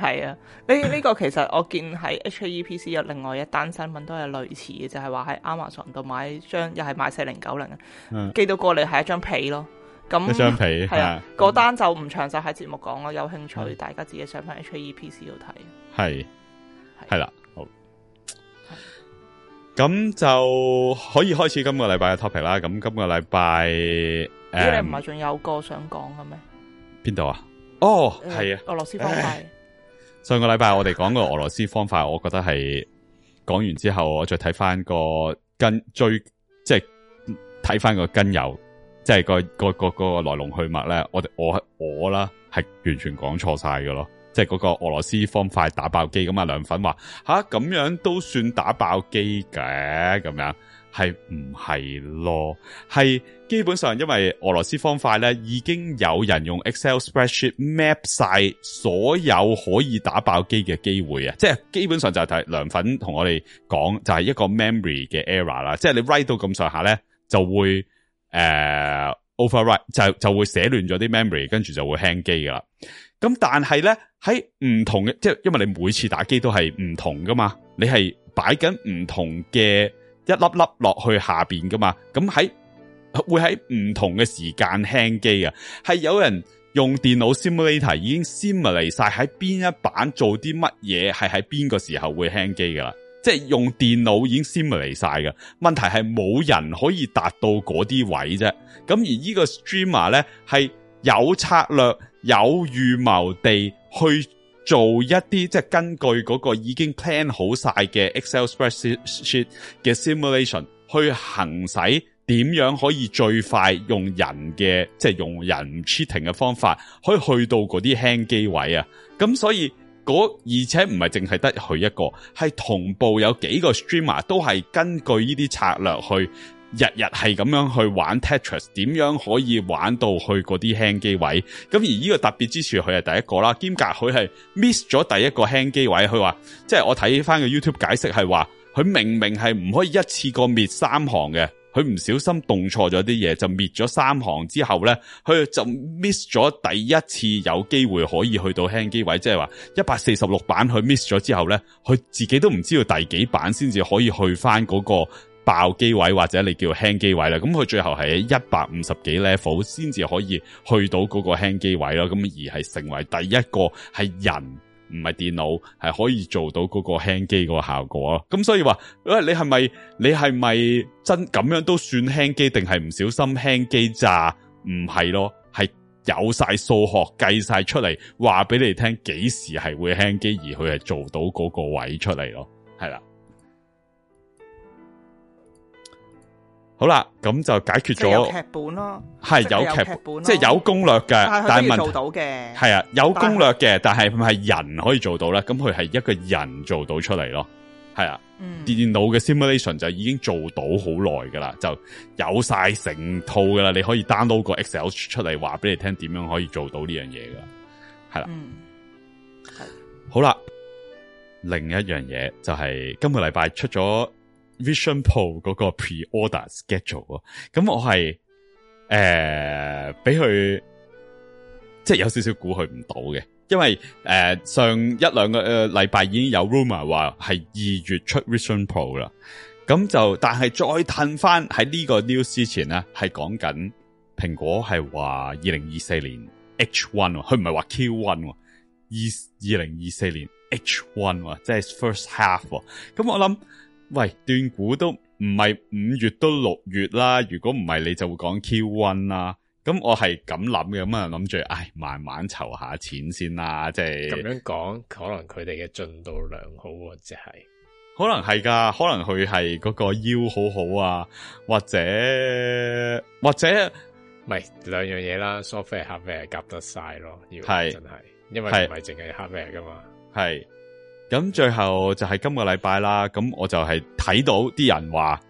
係 啊，呢、這、呢個其實我見喺 H E P C 有另外一單新聞都係類似嘅，就係、是、話喺 Amazon 度買張又係買四零九零嘅，寄到過嚟係一張被咯。咁張被係啊，嗰的、嗯、單就唔詳細喺節目講咯，有興趣、嗯、大家自己上翻 H E P C 度睇。係。係啦，的好，咁的就可以開始今個禮拜嘅 topic 啦。咁今個禮拜誒，你唔係仲有個想講嘅咩？邊度、嗯、啊？哦，係啊、呃，是的俄羅斯方塊。唉上個禮拜我哋講個俄羅斯方塊， 我覺得係講完之後，我再睇翻個根追，即係睇翻個根由，即係個個個個來龍去脈咧。我哋我我啦，係完全講錯晒㗎咯。即係嗰個俄羅斯方塊打爆機咁啊！梁粉話吓咁樣都算打爆機嘅，咁樣係唔係咯？係基本上因為俄羅斯方塊咧，已經有人用 Excel spreadsheet map 晒所有可以打爆機嘅機會啊！即係基本上就係梁粉同我哋講，就係一個 memory 嘅 error 啦，即係你 write 到咁上下咧，就會誒 overwrite 就就會寫亂咗啲 memory，跟住就會 hang 機噶啦。咁但係咧喺唔同嘅，即係因為你每次打機都係唔同噶嘛，你係擺緊唔同嘅一粒粒落去下邊噶嘛，咁喺會喺唔同嘅時間輕機㗎，係有人用電腦 simulator 已經 simulate 晒喺邊一版做啲乜嘢，係喺邊個時候會輕機噶啦，即係用電腦已經 simulate 晒噶，問題係冇人可以達到嗰啲位啫，咁而個、er、呢個 streamer 咧係有策略，有預謀地去做一啲，即係根據嗰個已經 plan 好晒嘅 Excel spreadsheet 嘅 simulation，去行使點樣可以最快用人嘅，即係用人 cheating 嘅方法，可以去到嗰啲輕機位啊！咁所以嗰而且唔係淨係得佢一個，係同步有幾個 streamer 都係根據呢啲策略去。日日係咁樣去玩 Tetris，點樣可以玩到去嗰啲輕機位？咁而呢個特別之處，佢係第一個啦。兼夾佢係 miss 咗第一個輕機位，佢話即係我睇翻個 YouTube 解釋係話，佢明明係唔可以一次過滅三行嘅，佢唔小心動錯咗啲嘢，就滅咗三行之後呢，佢就 miss 咗第一次有機會可以去到輕機位，即係話一百四十六版佢 miss 咗之後呢，佢自己都唔知道第幾版先至可以去翻，那，嗰個。爆機位或者你叫輕機位啦，咁佢最後係一百五十幾 level 先至可以去到嗰個輕機位咯，咁而係成為第一個係人唔係電腦係可以做到嗰個輕機嗰個效果咯，咁所以話誒，你係咪你係咪真咁樣都算輕機定係唔小心輕機咋？唔係咯，係有晒數學計晒出嚟話俾你聽幾時係會輕機，而佢係做到嗰個位出嚟咯，係啦。好啦，咁就解決咗劇本咯，係是有劇本，即係有攻略嘅，但係問題嘅。係是啊，有攻略嘅，但係係咪人可以做到咧？咁佢係一個人做到出嚟咯，係啊，嗯、電腦嘅 simulation 就已經做到好耐噶啦，就有晒成套噶啦，你可以 download 個 excel 出嚟，話俾你聽點樣可以做到呢樣嘢噶，係啦、啊，係、嗯、好啦，另一樣嘢就係、是、今個禮拜出咗。Vision Pro 嗰個 pre-order schedule，咁我係誒俾佢即係有少少估佢唔到嘅，因為誒、呃、上一兩個誒禮拜已經有 rumor 話係二月出 Vision Pro 啦，咁就但係再褪翻喺呢個 news 之前咧，係講緊蘋果係話二零二四年 H one，佢唔係話 Q one，二二零二四年 H one，即係 first half，咁我諗。喂，斷估都唔係五月都六月啦，如果唔係你就會講 Q one 啦，咁我係咁諗嘅，咁啊諗住，唉，慢慢籌下錢先啦，即係咁樣講，可能佢哋嘅進度良好啊，即係，可能係噶，可能佢係嗰個腰好好啊，或者或者唔係兩樣嘢啦，sofa 黑命夾得晒咯，要真係，係，因為唔係淨係黑命噶嘛，係。咁最後就係今個禮拜啦，咁我就係睇到啲人話，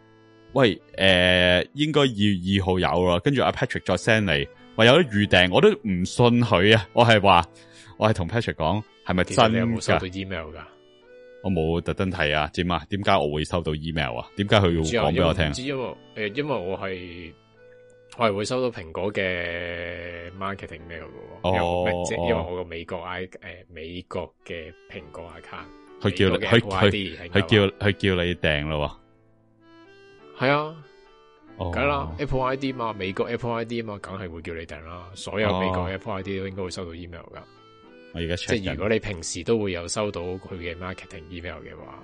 喂，誒、呃，應該二月二號有啦，跟住 Patrick 再 send 你，話有咗預訂，我都唔信佢啊，我係話，我係同 Patrick 講，係咪真噶？有冇收到 email 噶？我冇特登睇啊，點啊？點解我會收到 email 啊？點解佢要講俾我聽？知因為，誒，因為我係。我係會收到蘋果嘅 marketing email 嘅，哦、因為我個美國 i 誒、哦呃、美國嘅蘋果 account 佢叫你佢佢叫佢叫你訂咯，係啊，梗係啦，Apple ID 嘛，美國 Apple ID 嘛，梗係會叫你訂啦，所有美國 Apple ID 都應該會收到 email 噶。我而家即係如果你平時都會有收到佢嘅 marketing email 嘅話。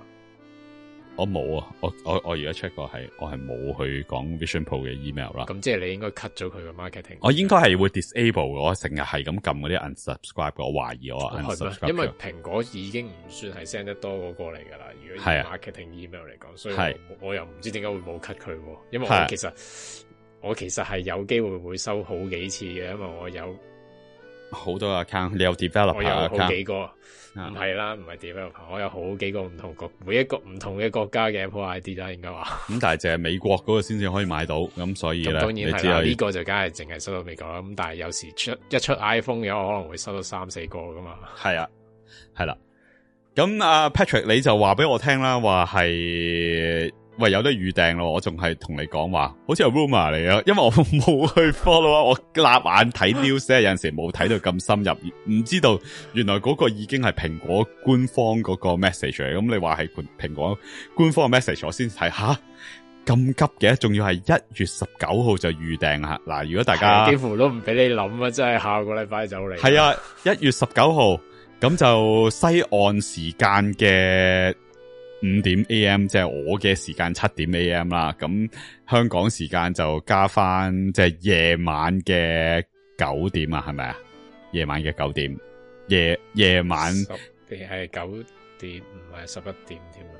我冇啊！我我我而家 check 過係，我係冇去講 Vision Pro 嘅 email 啦。咁即係你應該 cut 咗佢個 marketing。我應該係會 disable，我成日係咁撳嗰啲 unsubscribe。我懷疑我，因為蘋果已經唔算係 send 得多過個過嚟噶啦。如果係 marketing email 嚟講，啊、所以我，是我又唔知點解會冇 cut 佢。因為其實我其實係、啊、有機會會收好幾次嘅，因為我有好多 account，你有 developer account，好幾個。唔係啦，唔係點？Er, 我有好幾個唔同國，每一個唔同嘅國家嘅 Apple ID 啦，應該話。咁但係就係美國嗰個先至可以買到，咁所以咧，當然係啦，呢個就梗係淨係收到美國啦。咁但係有時出一出 iPhone 嘅，我可能會收到三四個噶嘛。係啊，係啦。咁阿 Patrick，你就話俾我聽啦，話係。喂，有得預訂咯，我仲係同你講話，好似係 rumor 嚟啊，因為我冇去 follow，啊。我嗱眼睇 news，有陣時冇睇到咁深入，唔知道原來嗰個已經係蘋果官方嗰個 message，嚟。咁你話係蘋果官方嘅 message 我先睇吓咁急嘅，仲要係一月十九號就預訂啊！嗱、啊，如果大家幾乎都唔俾你諗啊，真係下個禮拜就嚟，係啊，一月十九號，咁就西岸時間嘅。五點 AM 即係我嘅時間七點 AM 啦，咁香港時間就加翻即係夜晚嘅九點啊，係咪啊？夜晚嘅九點，夜夜晚。定係九點唔係十一點添啊？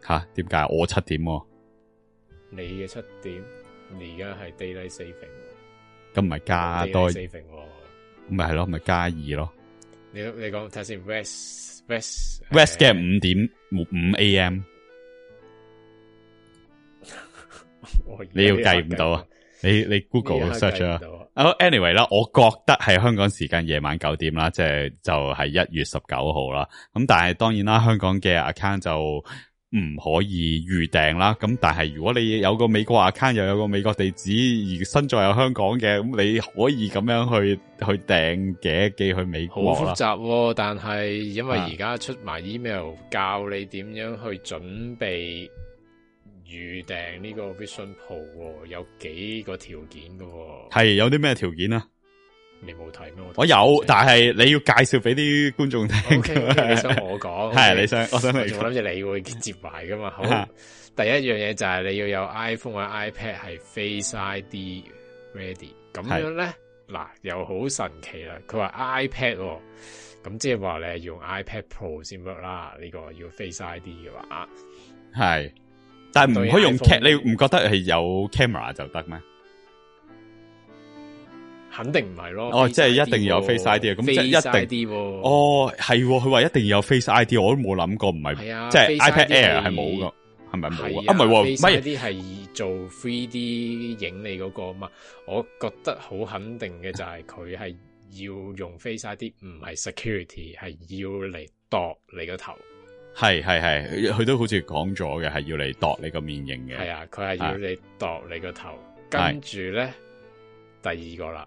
吓，點解我七點？你嘅七點，你而家係 daylight saving 咁唔係加多 saving，咁咪係咯，咪加二咯？你你講睇先，West West。West 嘅五點五 AM， 你要計唔到啊？你你 Google search 啊？好，anyway 啦，我覺得係香港時間夜晚九點啦，即係就係一月十九號啦。咁但係當然啦，香港嘅 account 就。唔可以預訂啦，咁但係如果你有個美國 account，又有個美國地址，而身在有香港嘅，咁你可以咁樣去去訂嘅，寄去美國。好複雜哦，但係因為而家出埋 email 教你點樣去準備預訂呢個 Vision Pro，有幾個條件噶哦。係有啲咩條件啊？你冇睇咩？我有，但係你要介紹俾啲觀眾聽。O K，你想同我講，係你想，我想你。我諗住你會接埋噶嘛？好，第一樣嘢就係你要有 iPhone 或 iPad 係 Face ID ready，咁樣咧，嗱又好神奇啦。佢話 iPad，咁即係話你用 iPad Pro 先得啦。呢個要 Face ID 嘅話，係，但係唔可以用 camera？你唔覺得係有 camera 就得咩？肯定唔係咯，哦，即係一定要有 face ID 啊，咁即係一定啲喎，哦，係，佢話一定要有 face ID，我都冇諗過唔係，即係 iPad Air 係冇噶，係咪冇啊？唔係 face 啲係做 3D 影你嗰個啊嘛，我覺得好肯定嘅就係佢係要用 face ID，唔係 security，係要嚟度你個頭，係係係，佢都好似講咗嘅，係要嚟度你個面型嘅，係啊，佢係要你度你個頭，跟住咧第二個啦。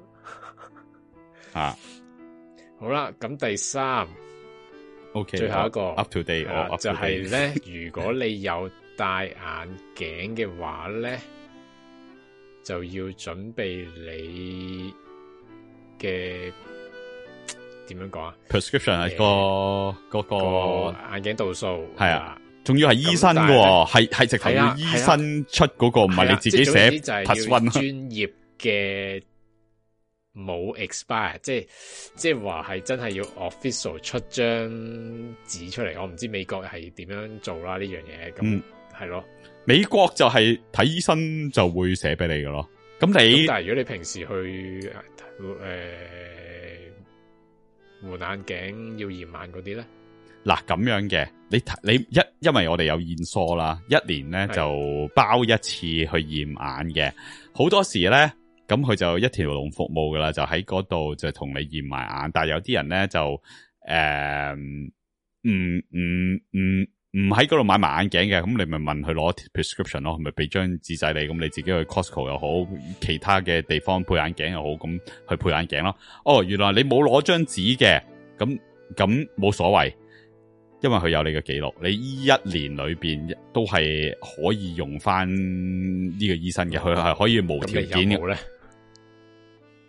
啊，好啦，咁第三，OK，最後一個 up to date，up to date，就係咧，如果你有戴眼鏡嘅話咧，就要準備你嘅點樣講啊？prescription 係個嗰個眼鏡度數，係啊，仲要係醫生嘅，係係直頭要醫生出嗰個，唔係你自己寫，就係要專業嘅。冇 expire，即係即係話係真係要 official 出張紙出嚟，我唔知美國係點樣做啦呢樣嘢，咁係咯。嗯、了美國就係睇醫生就會寫俾你噶咯。咁你但係如果你平時去誒換、呃、眼鏡要驗眼嗰啲咧，嗱咁樣嘅，你你一因為我哋有驗疏啦，一年咧就包一次去驗眼嘅，好的多時咧。咁佢就一條龍服務噶啦，就喺嗰度就同你驗埋眼。但係有啲人咧就誒，唔唔唔唔喺嗰度買埋眼鏡嘅。咁你咪問佢攞 prescription 咯，佢咪俾張紙仔你，咁你自己去 Costco 又好，其他嘅地方配眼鏡又好，咁去配眼鏡咯。哦，原來你冇攞張紙嘅，咁咁冇所謂，因為佢有你嘅記錄，你依一年裏邊都係可以用翻呢個醫生嘅，佢係可以無條件嘅。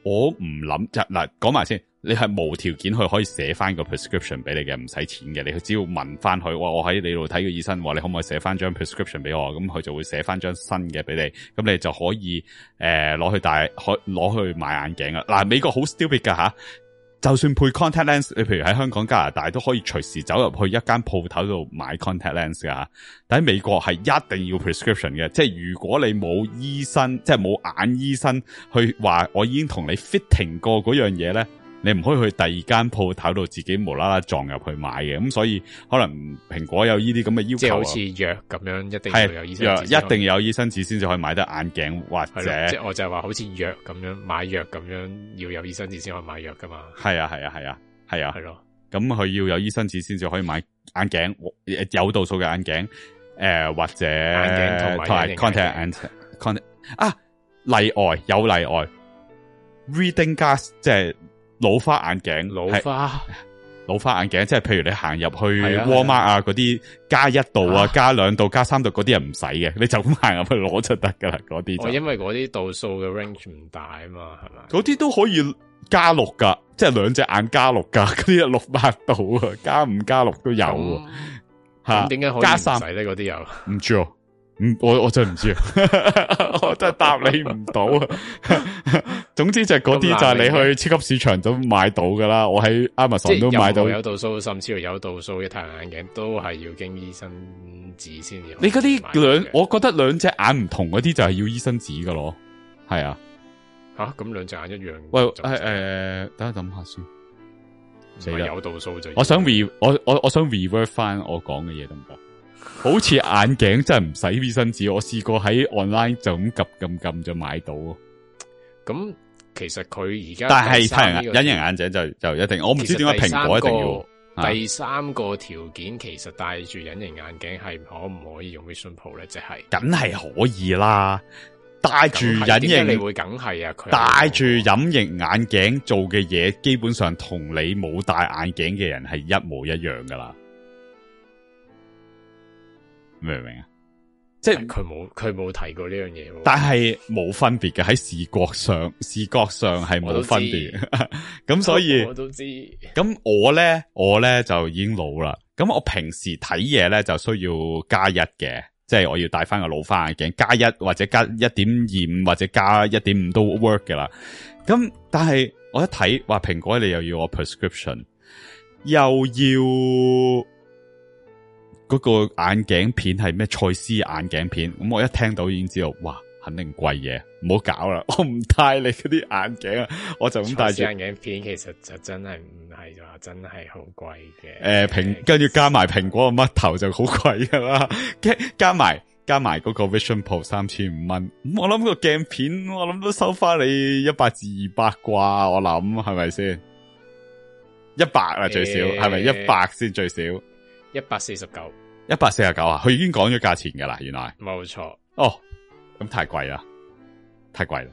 我唔諗就嗱，講、啊、埋先，你係無條件去可以寫翻個 prescription 俾你嘅，唔使錢嘅，你只要問翻佢，話我喺你度睇個醫生，話你可唔可以寫翻張 prescription 俾我，咁佢就會寫翻張新嘅俾你，咁你就可以誒攞，呃、去戴，可攞去買眼鏡啊，嗱，美國好 stupid 㗎吓。啊就算配 contact lens，你譬如喺香港、加拿大都可以隨時走入去一間鋪頭度買 contact lens 噶，但喺美國係一定要 prescription 嘅，即係如果你冇醫生，即係冇眼醫生去話，「我已經同你 fitting 過嗰樣嘢呢。」你唔可以去第二間鋪頭度自己無啦啦撞入去買嘅，咁所以可能蘋果有呢啲咁嘅要求。即係好似藥咁樣，一定要有醫生紙。一定有醫生紙先至可以買得眼鏡或者。即係我就係話好似藥咁樣，買藥咁樣要有醫生紙先可以買藥噶嘛。係啊係啊係啊係啊。係咯、啊，咁佢、啊、了要有醫生紙先至可以買眼鏡，有度數嘅眼鏡、呃，或者。眼鏡同埋 contact lens，contact 啊例外有例外，reading glass 即係。老花眼鏡，老花老花眼鏡，即係譬如你行入去 Walmart 啊嗰啲加一度啊、啊加兩度,、啊、度、加三度嗰啲係唔使嘅，你就咁行入去攞就得噶啦，嗰啲因為嗰啲度數嘅 range 唔大啊嘛，係嘛？嗰啲都可以加六噶，即係兩隻眼加六噶，嗰啲啊六百度加加、嗯、啊，加五加六都有吓點解可以唔使咧？嗰啲又唔知啊？唔、嗯，我我， 我真係唔知啊，我真係答你唔到啊。 總之就係嗰啲就係你去超級市場都買到噶啦，我喺 Amazon 都買到。有度數，甚至乎有度數嘅太陽眼鏡都係要經醫生紙先。你嗰啲兩，我覺得兩隻眼唔同嗰啲就係要醫生紙噶咯。係啊，吓咁兩隻眼一樣。喂，誒誒、呃呃，等下諗下先，即係是了有度數就我 re, 我我。我想 re 我我我想 revert 翻我講嘅嘢得唔得？謝謝好似眼鏡真係唔使俾身紙，我試過喺 online 就咁撳撳撳就買到。咁其實佢而家但係隱形隱形眼鏡就就一定，我唔知點解蘋果一定要。第三個條、啊、件其實戴住隱形眼鏡係可唔可以用 Vision Pro 咧？即係梗係可以啦，戴住隱形你會梗係啊！戴住隱形眼鏡做嘅嘢，基本上同你冇戴眼鏡嘅人係一模一樣噶啦。明唔明啊？即係佢冇佢冇提過呢樣嘢，但係冇分別嘅。喺視覺上，視覺上係冇分別。咁所以我都知。咁 以我咧，我咧就已經老啦。咁我平時睇嘢咧就需要加一嘅，即係我要戴翻個老花眼鏡，加一或者加一點二五或者加一點五都 work 噶啦。咁但係我一睇話蘋果，你又要我 prescription，又要。嗰個眼鏡片係咩？蔡司眼鏡片，咁我一聽到已經知道，哇，肯定貴嘢，唔好搞啦，我唔戴你嗰啲眼鏡啊！我就咁戴住眼鏡片，其實就真係唔係話真係好貴嘅。誒、呃，蘋實跟住加埋蘋果個乜頭就好貴噶啦，加埋加埋嗰個 Vision Pro 三千五蚊，我諗個鏡片我諗都收翻你一百至二百啩，我諗係咪先？一百啊，最少係咪一百先最少？一百四十九。一百四十九啊，佢已經講咗價錢噶啦，原來冇錯哦，咁太貴啦，太貴啦，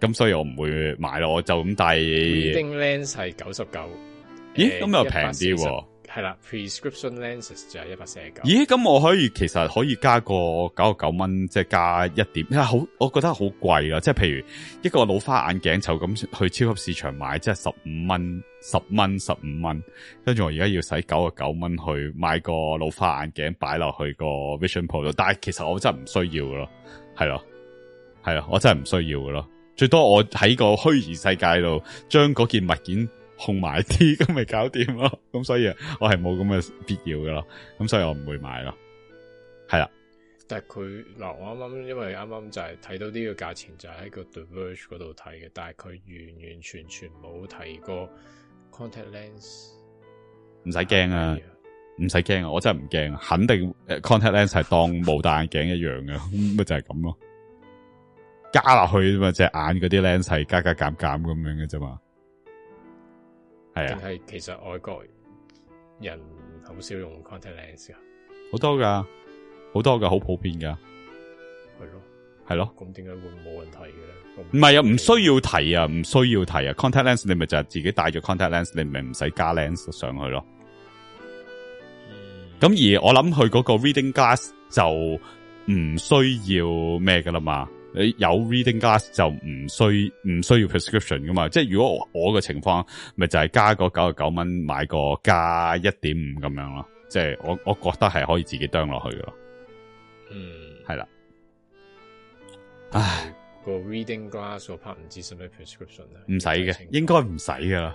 咁所以我唔會買咯，我就咁帶。Reading lens 係九十九，咦，咁又平啲喎。係啦，prescription lenses 就係一百四十九。咦、欸？咁我可以其實可以加個九十九蚊，即係加一點。因為好，我覺得好貴啊，即係譬如一個老花眼鏡，就咁去超級市場買，即係十五蚊、十蚊、十五蚊。跟住我而家要使九十九蚊去買個老花眼鏡擺落去個 Vision Pro 度，但係其實我真係唔需要咯。係咯，係啊，我真係唔需要噶咯。最多我喺個虛擬世界度將嗰件物件。控埋啲咁咪搞掂咯，咁所以啊，我係冇咁嘅必要㗎咯，咁所以我唔會買咯，係啦、啊。但係佢嗱，我啱啱因為啱啱就係睇到呢個價錢就喺個 diverge 嗰度睇嘅，但係佢完完全全冇提過 contact lens。唔使驚啊，唔使驚啊，我真係唔驚啊，肯定誒 contact lens 係當冇戴眼鏡一樣嘅，咪、 嗯、就係咁咯。加落去啫嘛，隻眼嗰啲 lens 係加加減減咁樣嘅啫嘛。但係其實外國人好少用 contact lens 啊，好多噶，好多噶，好普遍噶，係咯，係咯。咁點解會冇問題嘅咧？唔係啊，唔需要提啊，唔需要提啊。contact lens 你咪就係自己戴住 contact lens，你咪唔使加 lens 上去咯。咁、嗯、而我諗佢嗰個 reading glass 就唔需要咩噶啦嘛。你有 reading glass 就唔需唔需要，要 prescription 噶嘛？即係如果我我嘅情況，咪就係、是、加個九十九蚊買個加一點五咁樣咯。即係我我覺得係可以自己 down 落去嘅咯。嗯，係啦的。是唉，個 reading glass 個 part 唔知使咩 prescription 啊？唔使嘅，應該唔使噶啦。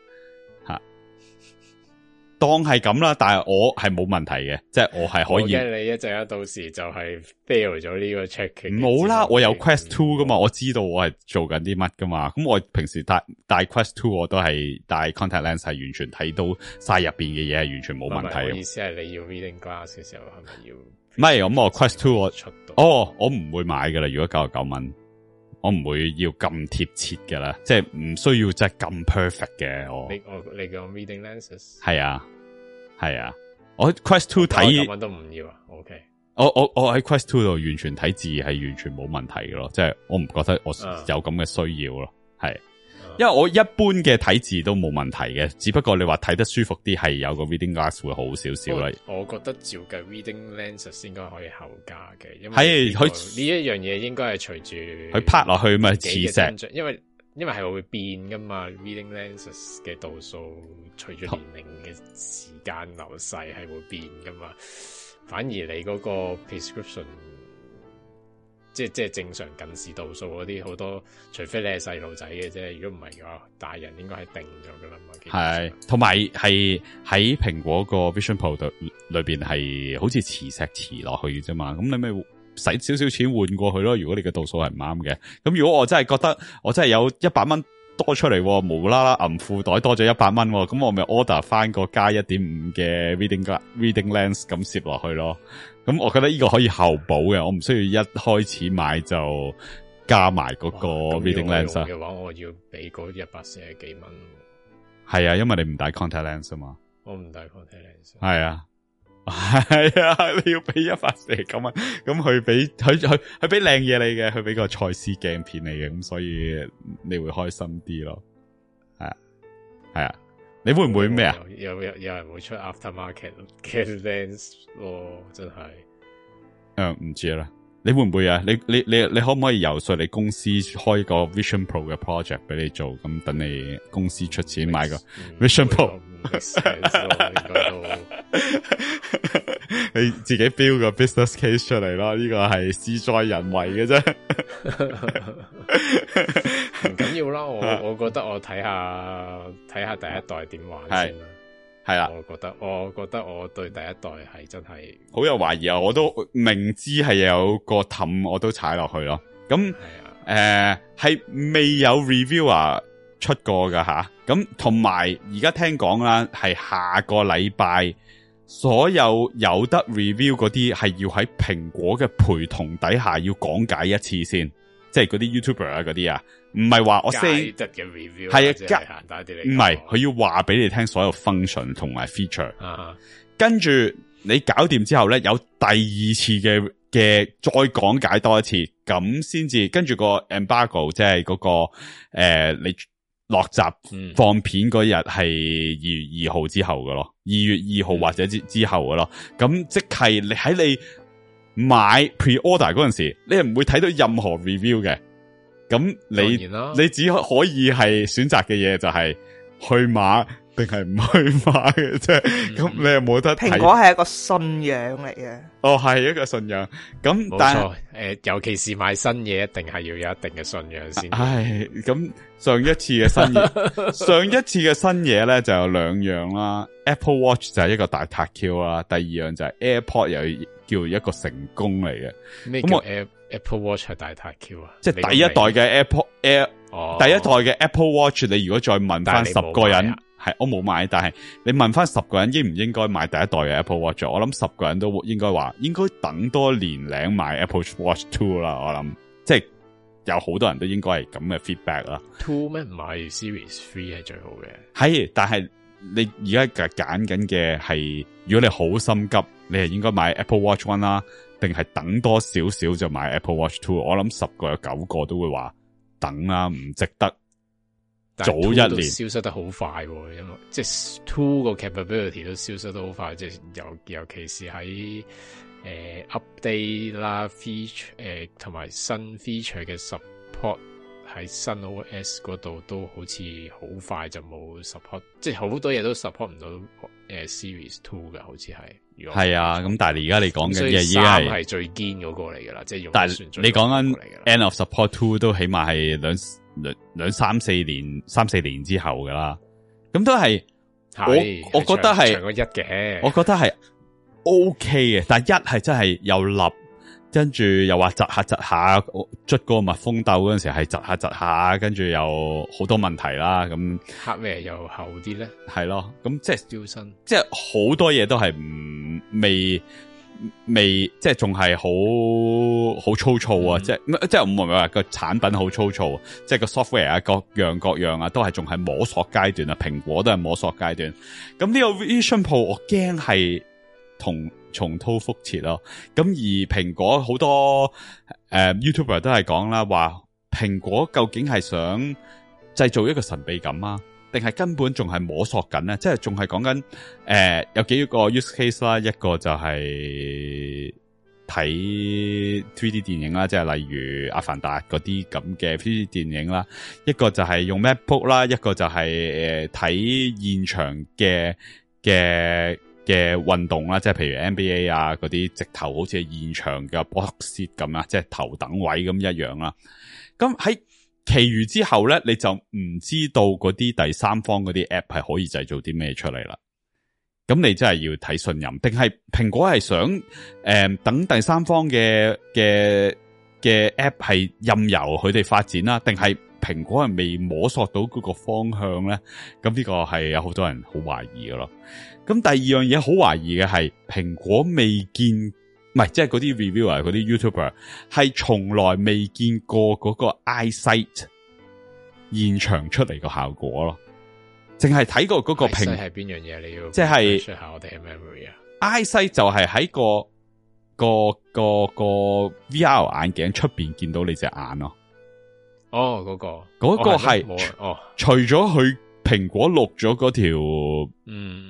當係咁啦，但係我係冇問題嘅，即係我係可以。驚你一陣啊，到時就係 fail 咗呢個 check。冇啦，我有 quest two 噶嘛，嗯、我知道我係做緊啲乜噶嘛。咁我平時帶帶 quest two 我都係帶 contact lens，係完全睇到晒入邊嘅嘢，係完全冇問題。我意思係你要 reading glass 嘅時候係咪要沒？唔係，咁我 quest two 我，我出到動。哦，我唔會買噶啦，如果九十九蚊。我唔會要咁貼切嘅啦，即係唔需要即係咁 perfect 嘅我。你叫我你個 reading lenses 係啊係啊，我 Quest 2睇都唔要啊。OK，我我我喺 Quest 2度完全睇字係完全冇問題嘅咯，即係我唔覺得我有咁嘅需要咯，係、uh. 啊。因為我一般嘅睇字都冇問題嘅，只不過你話睇得舒服啲係有個 reading glass 會好少少啦。我覺得照計 reading lenses 應該可以後加嘅。喺佢呢一樣嘢應該係隨住佢拍落去咪瓷石，因為因為係會變噶嘛。reading lenses 嘅度數隨住年齡嘅時間流逝係會變噶嘛。好反而你嗰個 prescription。即即係正常近視度數嗰啲好多，除非你係細路仔嘅啫。如果唔係嘅話，大人應該係定咗嘅啦。係的，同埋係喺蘋果個 Vision Pro 裏面係好似磁石磁落去嘅啫嘛。咁你咪使少少錢換過去咯。如果你嘅度數係唔啱嘅，咁如果我真係覺得我真係有一百蚊多出嚟，無啦啦銀褲袋多咗一百蚊，咁我咪 order 翻個加一點五嘅 Reading, Reading Lens 咁攝落去咯。咁我覺得呢個可以後補嘅，我唔需要一開始買就加埋嗰個 reading lens 啊。嘅話我要俾嗰一百四十幾蚊。係啊，因為你唔戴 contact lens 啊嘛。我唔戴 contact lens。係啊係啊， 你要俾一百四十九蚊，咁佢俾佢佢佢俾靚嘢你嘅，佢俾個蔡司鏡片嚟嘅，咁所以你會開心啲咯。係啊係啊。你會唔會咩啊、哦？有有有人會出 aftermarket，get lens、哦、咯，真係，誒，唔知啦。你會唔會啊？你你你你可唔可以游說你公司開個 Vision Pro 嘅 project 俾你做？咁等你公司出錢買個 Vision、嗯、Pro，你自己 build 個 business case 出嚟咯。呢、這個係事在人為嘅啫，唔緊要啦。我我覺得我睇下睇下第一代點玩先。係啦，是啊、我覺得，我覺得我對第一代係真係好有懷疑啊！我都明知係有個氹，我都踩落去咯。咁，誒、啊，係未、呃、有 review 啊出過噶吓。咁同埋而家聽講啦，係下個禮拜所有有得 review 嗰啲，係要喺蘋果嘅陪同底下，要講解一次先，即係嗰啲 YouTuber 嗰啲啊。唔係話我 say 得嘅 review，係啊，唔係佢要話俾你聽所有 function 同埋 feature，、啊、跟住你搞掂之後咧，有第二次嘅嘅再講解多一次，咁先至跟住個 embargo，即係嗰、那個誒、呃，你落閘放片嗰日係二月二號之後嘅咯，二月二號或者之之後嘅咯，咁、嗯、即係你喺你買 preorder 嗰陣時，你係唔會睇到任何 review 嘅。咁你你只可可以係選擇嘅嘢就係去買定係唔去買嘅啫，咁你又冇得。蘋果係一個信仰嚟嘅，哦係一個信仰。咁，冇錯。誒，尤其是買新嘢，一定係要有一定嘅信仰先。係咁，上一次嘅新嘢，上一次嘅新嘢咧就有兩樣啦，Apple Watch 就係一個大撻 Q 啦，第二樣就係 AirPod 又叫一個成功嚟嘅。咩叫 Air？Apple Watch 係大太 Q 啊！即係第一代嘅 Apple Air，oh，第一代嘅 Apple Watch，你如果再問翻十個人，係、啊、我冇買，但係你問翻十個人應唔應該買第一代嘅 Apple Watch？我諗十個人都應該話，應該等多一年買 Apple Watch Two 啦。我諗即係有好多人都應該係咁嘅 feedback 啦。Two 咩唔係 Series Three 係最好嘅？係，但係你而家揀緊嘅係，如果你好心急，你係應該買 Apple Watch One 啦。定係等多少少就買 Apple Watch Two，我諗十個有九個都會話等啦，唔值得。但 Two 早一年消失得好快，因為即係 Two 個 capability 都消失得好快，即係尤尤其是喺、呃、update 啦 feature、呃、同埋新 feature 嘅 support 喺新 OS 嗰度都好似好快就冇 support，即係好多嘢都 support 唔到。誒，series two 嘅好似係，係是如果是啊，咁但係而家你講嘅嘢已經係最堅嗰個嚟噶啦，即係用。但係你講緊 end of support two 都起碼係兩兩兩三四年三四年之後噶啦，咁都係，是我長我覺得係個一嘅，我覺得係 OK 嘅，但係一係真係有立。跟住又話窒下窒下，我捽個蜜蜂豆嗰陣時係窒下窒下，跟住又好多問題啦。咁黑咩又厚啲咧？係咯，咁即係調身，招心即係好多嘢都係唔未未，即係仲係好好粗糙啊、嗯！即係即係唔係唔係個產品好粗糙，即係個 software 啊，各樣各樣啊，都係仲係摸索階段啊。蘋果都係摸索階段。咁呢個 Vision Pro，我驚係同。重蹈覆轍咯，咁而蘋果好多誒、呃、，YouTuber 都係講啦，話蘋果究竟係想製造一個神秘感啊，定係根本仲係摸索緊咧？即係仲係講緊誒，有幾個 use case 啦，一個就係睇 three D 電影啦，即係例如阿凡達嗰啲咁嘅 three D 電影啦，一個就係用 MacBook 啦，一個就係睇現場嘅嘅。嘅運動啦，即係譬如 NBA 啊，嗰啲直頭好似係現場嘅 box 切咁啦，即係頭等位咁一樣啦。咁喺其餘之後咧，你就唔知道嗰啲第三方嗰啲 app 係可以製造啲咩出嚟啦。咁你真係要睇信任，定係蘋果係想誒、呃、等第三方嘅嘅嘅 app 係任由佢哋發展啦，定係蘋果係未摸索到嗰個方向咧？咁呢個係有好多人好懷疑咯。咁第二樣嘢好懷疑嘅係蘋果未見，唔係即係嗰啲 reviewer、嗰啲 YouTuber 係從來未見過嗰個 EyeSight 現場出嚟個效果咯，淨係睇過嗰個屏係邊樣嘢、就是、你要 EyeSight、那個，即係我哋 memory 啊，EyeSight 就係喺個、那個個、哦那個 VR 眼鏡出邊見到你隻眼咯，哦嗰個嗰個係，哦除咗佢。蘋果錄咗嗰條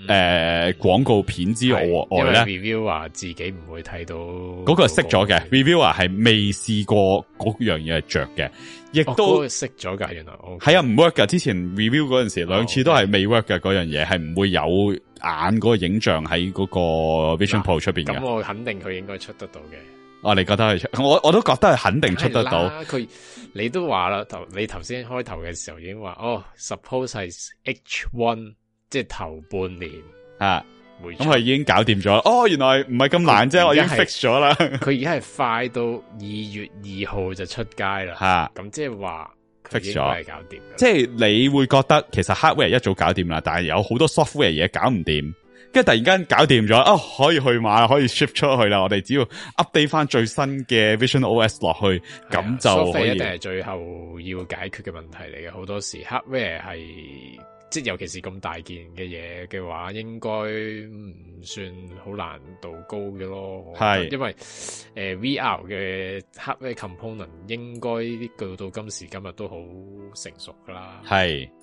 誒廣告片之外，外咧 reviewer 自己唔會睇到嗰個係熄咗嘅。reviewer 係未試過嗰樣嘢，係着嘅，亦都熄咗噶。原來係啊，唔 work 噶。之前 review 嗰陣時，兩次都係未 work 㗎。嗰樣嘢，係唔會有眼嗰個影像喺嗰個 vision pro 出邊嘅。咁我肯定佢應該出得到嘅。我哋覺得係，我我都覺得係肯定出得到。你都話啦，頭你頭先開頭嘅時候已經話，哦、oh，suppose 係 H one，即係頭半年咁佢、啊、已經搞掂咗哦，原來唔係咁難啫，我已經 fix 咗啦。佢而家係快到二月二號就出街啦。吓、啊，咁即係話、啊、fix 咗，即係你會覺得其實 hardware 一早搞掂啦，但係有好多 software 嘢搞唔掂。跟住突然間搞掂咗，啊、哦、可以去買，可以 ship 出去啦。我哋只要 update 翻最新嘅 Vision OS 落去，咁、啊、就可以。一定係最後要解決嘅問題嚟嘅。好多時 hardware 係即係尤其是咁大件嘅嘢嘅話，應該唔算好難度高嘅咯。係是 因為誒、呃、VR 嘅 hardware component 應該到到今時今日都好成熟噶啦。係。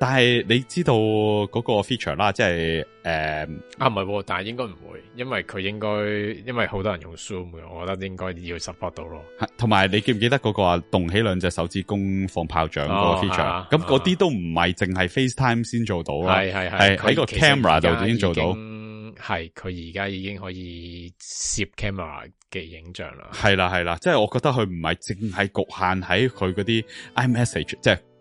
但係你知道嗰個 feature 啦，即係誒啊唔係，但係應該唔會，因為佢應該因為好多人用 Zoom 嘅，我覺得應該要 support 到咯。同埋你記唔記得嗰個動起兩隻手指公放炮仗嗰個 feature？咁嗰啲都唔係淨係 FaceTime 先做到啦，係係係喺個 camera 度已經做到，係佢而家已經可以攝 camera 嘅影像啦。係啦係啦，即係我覺得佢唔係淨係局限喺佢嗰啲 iMessage 即係。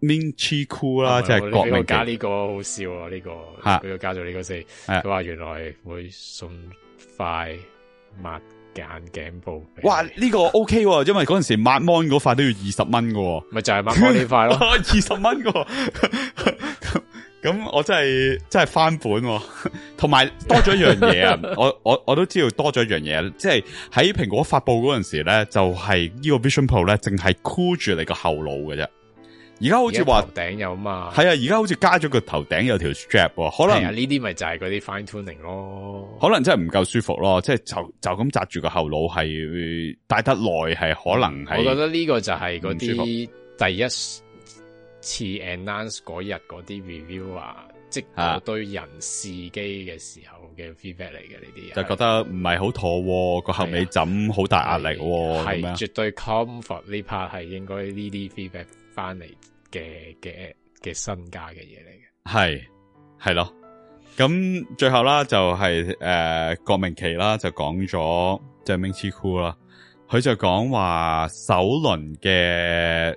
m i n c h cool 啦，即係俾我加呢個好笑啊！呢、這個佢又、啊、加咗呢個先，佢話、啊、原來會送塊抹眼鏡布。哇！呢、這個 O、OK、K，、啊、因為嗰陣時抹芒嗰塊都要二十蚊噶，咪就係抹芒呢塊咯，二十蚊。咁 我真係真係翻本，同埋多咗一樣嘢啊！ 我我我都知道多咗一樣嘢，即係喺蘋果發布嗰陣時咧，就係、是、呢個 Vision Pro 咧，淨係箍住你個後腦嘅啫。而家好似話頭頂有嘛？係啊，而家好似加咗個頭頂有條 strap，可能呢啲咪就係嗰啲 fine tuning 咯。可能真係唔夠舒服咯，即係就就咁紮住個後腦係戴得耐係可能係。我覺得呢個就係嗰啲第一次 announce 嗰日嗰啲 review 啊，即係嗰堆人試機嘅時候嘅 feedback 嚟嘅，呢啲，就覺得唔係好妥個、啊啊、後尾枕好大壓力、啊，係、啊、樣絕對 comfort 呢 part 係應該呢啲 feedback。翻嚟嘅嘅嘅身家嘅嘢嚟嘅，係係咯。咁最後啦，就是，就係誒，郭明錤啦，就講咗即係 Ming-Chi Kuo 啦。佢就講話首輪嘅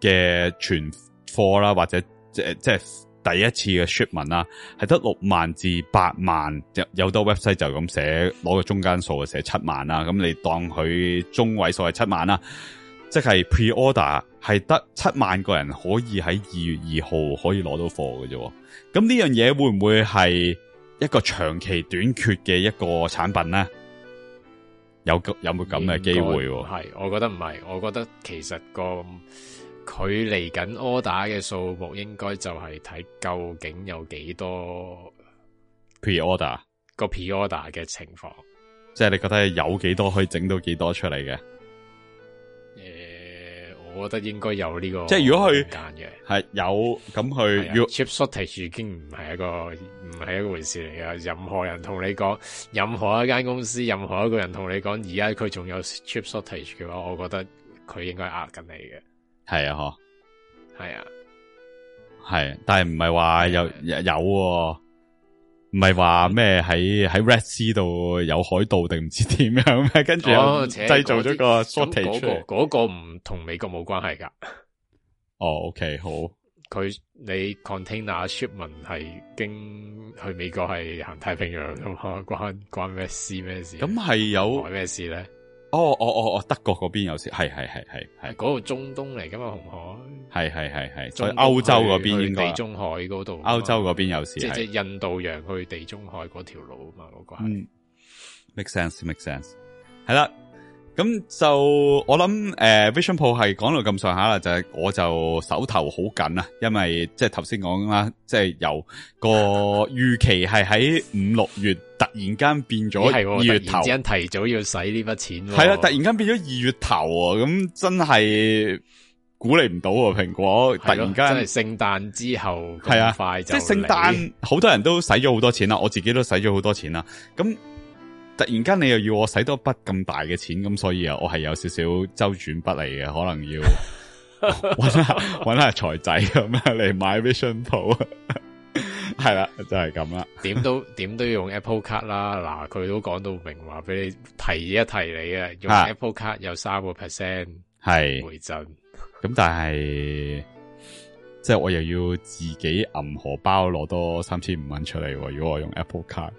嘅存貨啦，或者即即係第一次嘅 shipment 啦，係得六萬至八萬。有有啲 website 就咁寫，攞個中間數啊，寫七萬啦。咁你當佢中位數係七萬啦。即係 pre order 係得七萬個人可以喺二月二號可以攞到貨嘅啫，咁呢樣嘢會唔會係一個長期短缺嘅一個產品咧？有有冇咁嘅機會？係，我覺得唔係，我覺得其實個佢嚟緊 order 嘅數目應該就係睇究竟有幾多 pre order 個 pre order 嘅情況，即係你覺得有幾多可以整到幾多出嚟嘅？我覺得應該有呢個，即係如果佢間嘅係有咁去，chip shortage 已經唔係一個唔係一回事嚟嘅。任何人同你講，任何一間公司，任何一個人同你講，而家佢仲有 chip shortage 嘅話，我覺得佢應該呃緊你嘅。係啊，嗬，係啊，係，但係唔係話有有。唔係話咩喺喺 Red Sea 度有海盜定唔知點樣，咩？哦那個那個那個，跟住製造咗個 shortage 出嚟。嗰唔同美國冇關係㗎。哦，OK，好。佢你 container shipment 係經去美國係行太平洋咁，關關咩事咩事？咁係有咩事咧？哦哦哦哦，德國嗰邊有事，係係係係係嗰個中東嚟噶嘛紅海，係係係係，喺歐洲嗰邊，地中海嗰度，歐洲嗰邊有事，即係印度洋去地中海嗰條路啊嘛，嗰個，make sense，make sense，係啦，咁就我諗誒，Vision Pro 係講到咁上下啦，就係我就手頭好緊啊，因為即係頭先講啦，即係有個預期係喺五六月。突然間變咗二月頭，欸，突然間提早要使呢筆錢，啊，係啦，突然間變咗二月頭啊！咁真係鼓勵唔到蘋果，的突然間聖誕之後係啊快就開是，即係聖誕好多人都使咗好多錢啦，我自己都使咗好多錢啦。咁突然間你又要我使多筆咁大嘅錢，咁所以啊，我係有少少周轉不嚟嘅，可能要搵下搵 下財仔咁嚟買 Vision Pro 啊。係啦，就係咁啦。點都點都要用 Apple Card 啦。嗱，佢都講到明話，俾你提一提你啊。用 Apple Card 有三個 percent，係回贈。咁但係，即係我又要自己銀荷包攞多三千五蚊出嚟。如果我用 Apple Card，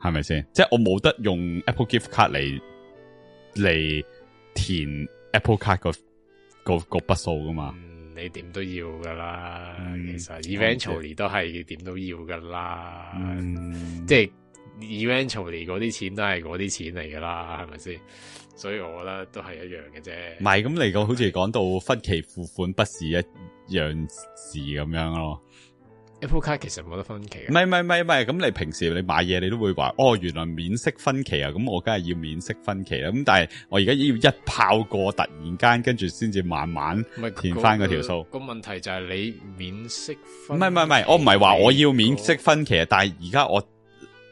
係咪先？即係我冇得用 Apple Gift Card 嚟嚟填 Apple Card 個個個筆數噶嘛？嗯你點都要噶啦，嗯、其實 eventually 都係點都要噶啦，即係、嗯、eventually 嗰啲錢都係嗰啲錢嚟噶啦，係咪先？所以我覺得都係一樣嘅啫。唔係咁嚟講，就是、你好似講到分期付款不是一樣事咁樣咯。Apple Card，其實冇得分期嘅，唔係唔係唔係，咁你平時你買嘢你都會話哦，原來免息分期啊，咁我梗係要免息分期啦，咁但係我而家要一炮過，突然間跟住先至慢慢填翻嗰條數。那個那個問題就係你免息分期，唔係唔係唔係，我唔係話我要免息分期啊，但係而家我。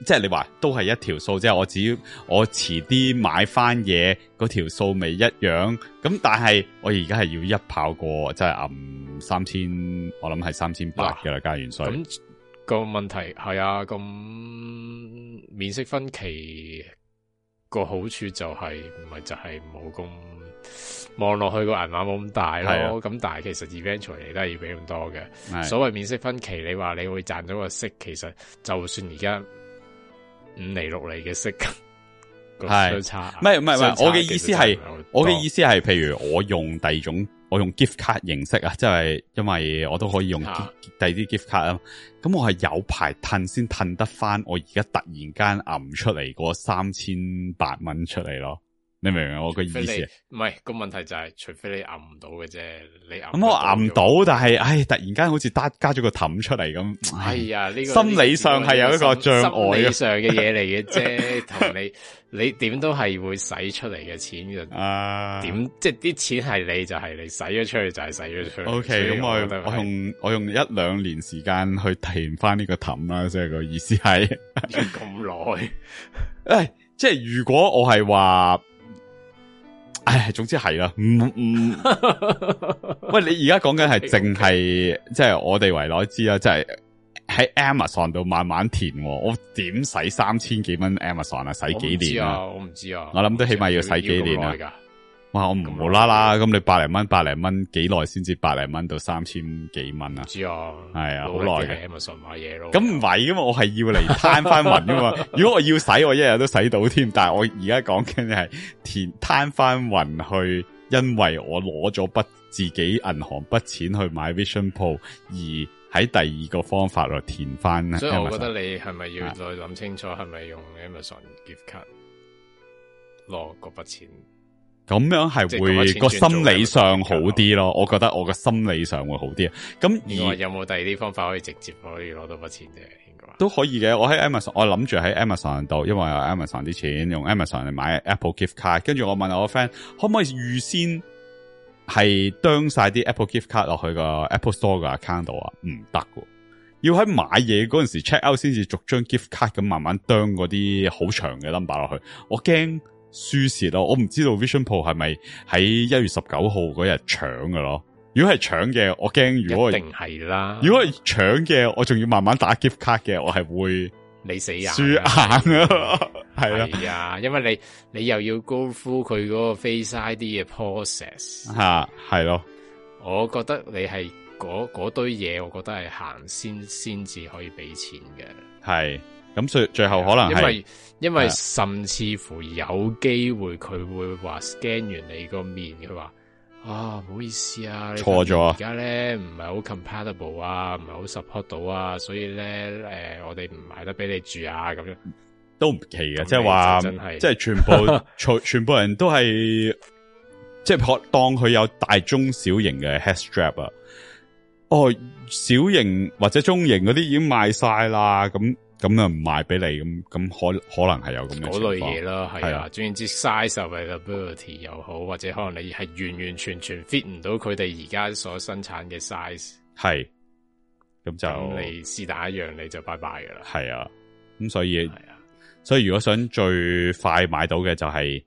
即係你話都係一條數，即係我只要我遲啲買翻嘢，嗰條數未一樣，咁但係我而家係要一炮過，即係撳三千，嗯、3000，我諗係三千八㗎啦，加完稅。咁、嗰個問題係啊，咁、那、免、個、息分期個好處就係、唔係，係就係冇咁望落去個銀碼冇咁大咯。咁是、啊、但係其實 eventual 嚟都係要俾咁多嘅。是啊、所謂免息分期，你話你會賺到個息，其實就算而家。五厘六厘嘅色系相唔係唔係唔係，差，我嘅意思係，多少？我嘅意思係，譬如我用第二種，我用 gift 卡形式啊，即係因為我都可以用 gift, 第二啲 gift 卡啊，咁啊，我係有排褪先褪得翻，我而家突然間揞出嚟嗰三千八蚊出嚟咯。你明唔明我個意思唔係，個問題就係，除非你揞唔到嘅啫。你咁我揞唔到，但係唉，突然間好似加加咗個氹出嚟咁。哎呀，呢、這個心理上係有一個障礙嘅上嘅嘢嚟嘅啫。同 你你點都係會使出嚟嘅錢嘅。啊、uh,，點即係啲錢係你就係、是、你使咗出去就係使咗出去。O K，咁我我，我用我用一兩年時間去填翻呢個氹啦。即係個意思係咁耐。誒， 即係如果我係話。唉、哎，總之係啦，唔、嗯、唔，嗯、 喂，你而家講緊係淨係，即係 我哋為耐知啦，即、就、係、是、喺 Amazon 度慢慢填，我點使三千幾蚊 Amazon 啊？使幾年啊？我唔知啊，我諗都起碼要使幾年啊？ 我唔好啦啦，咁你百零蚊，百零蚊幾耐先至百零蚊到三千幾蚊啊？知啊，係啊，好耐嘅。咁唔係，㗎嘛，我係要嚟攤翻勻噶嘛。 如果我要使，我一日都使到添。但係我而家講緊係填攤翻勻去，因為我攞咗筆自己銀行筆錢去買 Vision Pro，而喺第二個方法度填翻。所以我覺得你係咪要再諗清楚，係咪用 Amazon gift card 攞嗰筆錢？咁樣係會個心理上好啲咯，我覺得我個心理上會好啲。咁而有冇第二啲方法可以直接可以攞到筆錢啫？應該都可以嘅，我喺 Amazon，我諗住喺 Amazon 度，因為有 Amazon 啲錢用 Amazon 嚟買 Apple Gift Card，跟住我問我個 friend 可唔可以預先係 dump 晒啲 Apple Gift Card 落去個 Apple Store 嘅 account 度啊？唔得喎，要喺買嘢嗰陣時 check out 先至逐張 gift card 咁慢慢 dump 嗰啲好長嘅 number 落去，我驚。輸蝕咯，我唔知道 Vision Pro 係咪喺一月十九號嗰日搶㗎咯？如果係搶嘅，我驚如果一定係啦。如果係搶嘅，我仲要慢慢打 gift card 嘅，我係會你死呀輸硬啊，係啊，因為你你又要 go through 佢嗰個 Face ID 啲嘅 process 吓、啊，係咯。我覺得你係嗰嗰堆嘢，我覺得係行先先至可以俾錢嘅。係咁，所以最最後可能係。因為甚至乎有機會佢會話 scan 完你個面，佢話啊，唔好意思啊，錯咗了啊，而家咧唔係好 compatible 啊，唔係好 support 到啊，所以咧誒、呃，我哋唔賣得俾你住啊，咁樣都唔奇嘅，即係話即係全部 全部人都係即係學當佢有大中小型嘅 head strap 啊，哦小型或者中型嗰啲已經賣晒啦咁。咁啊，唔賣俾你咁，咁可可能係有咁嘅嗰類嘢咯，係啊，總之 size availability 又好，或者可能你係完完全全 fit 唔到佢哋而家所生產嘅 size，係，咁就你試打一樣，你就拜拜噶啦，係啊，咁所以，係啊、所以如果想最快買到嘅就係、是。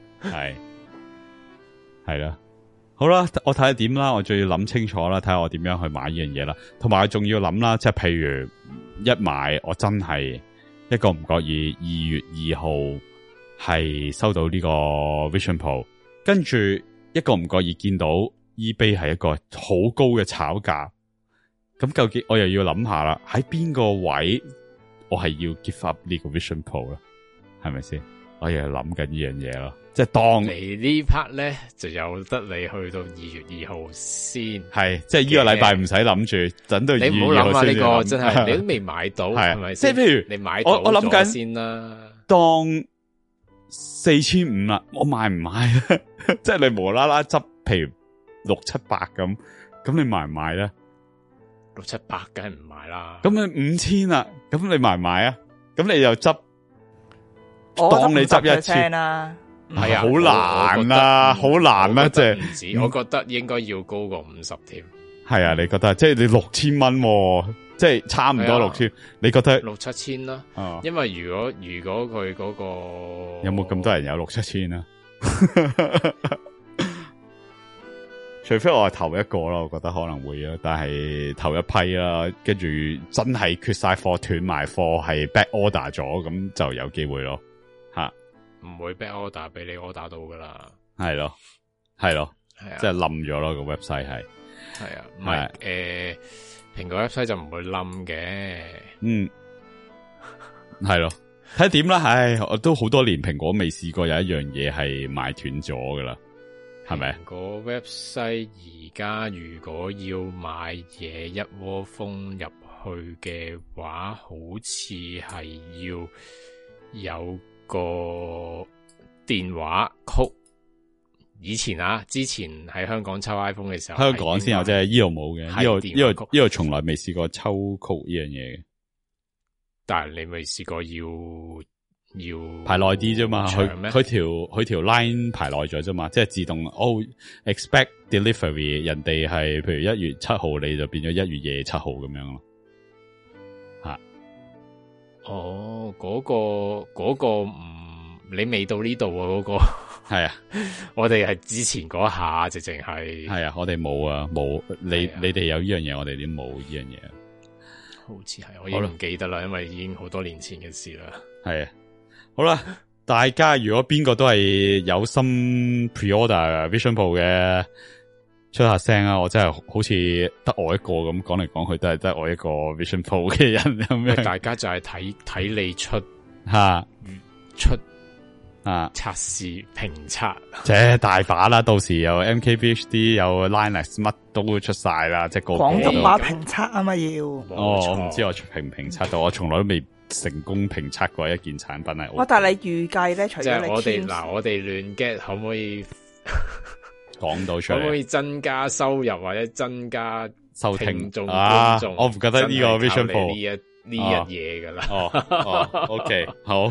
係，係啦， 好啦，我睇下點啦，我仲要諗清楚啦，睇下我點樣去買呢樣嘢啦，同埋仲要諗啦，即係譬如一買我真係一個唔覺意二月二號係收到呢個 Vision Pro，跟住一個唔覺意見到 eBay 係一個好高嘅炒價，咁究竟我又要諗下啦，喺邊個位我係要 give up 呢個 Vision Pro 啦，係咪先？我又諗緊呢樣嘢咯，即係當你呢 part 咧，就有得你去到二月二號先，係即係呢個禮拜唔使諗住，啊這個、等到二月二號你唔好諗啊，呢、這個真係 你都未買到，係咪的？吧即係 譬如 6, 你買到，我我諗緊先啦。當四千五啦，我買唔買咧？即係你無啦啦執譬如六七百咁，咁你買唔買咧？六七百梗係唔買啦。咁你五千啦，咁你買唔買啊？咁你又執？當你執一千啦，係啊，好、啊啊、難啦、啊，好難啦，即係唔止。我覺得應該要高過五十添，係啊，你覺得？即係你六千蚊，即係差唔多六千、啊。你覺得六七千啦？6, 7, 啊、因為如果如果佢嗰、嗰個有冇咁多人有六七千啦？ 除非我係頭一個啦，我覺得可能會啊，但係頭一批啊，跟住真係缺晒貨、斷賣貨，係 back order 咗，咁就有機會咯。唔會 back order 俾你 order 到噶啦，係咯，係咯，即係冧咗咯個 website，係係啊，唔係誒，蘋果 website 就唔會冧嘅，嗯，係咯，睇點啦，唉，我都好多年蘋果未試過有一樣嘢係賣斷咗噶啦，係咪？蘋果 website 而家如果要買嘢一窩蜂入去嘅話，好似係要有。個電話曲，以前啊，之前喺香港抽 iPhone 嘅時候，香港先有，即係呢度冇嘅，呢度呢度呢度從來未試過抽曲呢樣嘢。但係你未試過要要排耐啲啫嘛？佢佢條佢條 line 排耐咗啫嘛？即係自動哦、oh, expect delivery，人哋係譬如一月七號，你就變咗一月廿七號咁樣咯。吓、啊，哦。Oh. 嗰、那個嗰、那個唔、嗯，你未到呢度、那個、啊！嗰個係啊，我哋係之前嗰下，直情係係啊，我哋冇啊，冇你你哋有呢樣嘢，我哋啲冇呢樣嘢。好似係，我可能記得啦，了因為已經好多年前嘅事啦。係啊，好啦，大家如果邊個都係有心 pre-order Vision Pro 嘅。出下聲啊！我真係好似得我一個咁講嚟講去，都係得我一個 Vision Pro 嘅人。咁大家就係睇睇你出吓，啊出啊測試啊評測，即係大把啦。到時有 MKBHD 有 linus 乜都會出晒啦。即係廣東話評測啊嘛要錯哦，唔知我評唔評測到？我從來都未成功評測過一件產品啊。我但係你預計咧，除咗我哋嗱，我哋亂 get 可唔可以？ 講到出來，可唔可以增加收入或者增加聽眾眾收聽眾觀眾？我唔覺得呢、這個 Vision 呢一呢、啊、一嘢噶啦。OK，好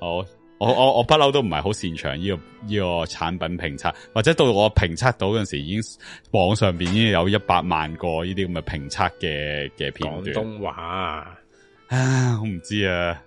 好，我我我不嬲都唔係好擅長呢、這個呢、這個產品評測，或者到我評測到嗰陣時，已經網上邊已經有一百萬個呢啲咁嘅評測嘅嘅片段。廣東話啊，我唔知啊，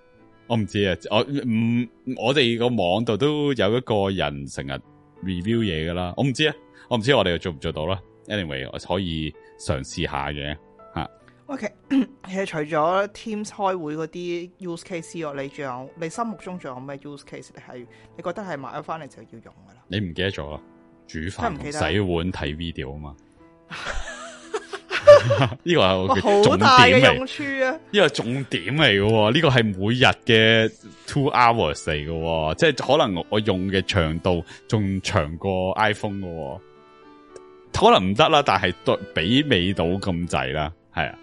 我唔知啊，我唔，我哋個網度都有一個人成日。review 嘢噶啦，我唔知啊，我唔知我哋又做唔做到啦。Anyway，我可以嘗試下嘅吓。啊、OK，其實 除咗 Teams 開會嗰啲 use case 你仲有你心目中仲有咩 use case？係你覺得係買咗翻嚟就要用噶啦？你唔記得咗？煮飯、洗碗、睇 video 啊嘛。呢個係好大嘅用處啊。呢個重點嚟嘅。呢個係每日嘅 two hours 嚟嘅，即係可能我用嘅長度仲長過 iPhone 嘅，可能唔得啦，但係對比美到咁滯啦，係啊，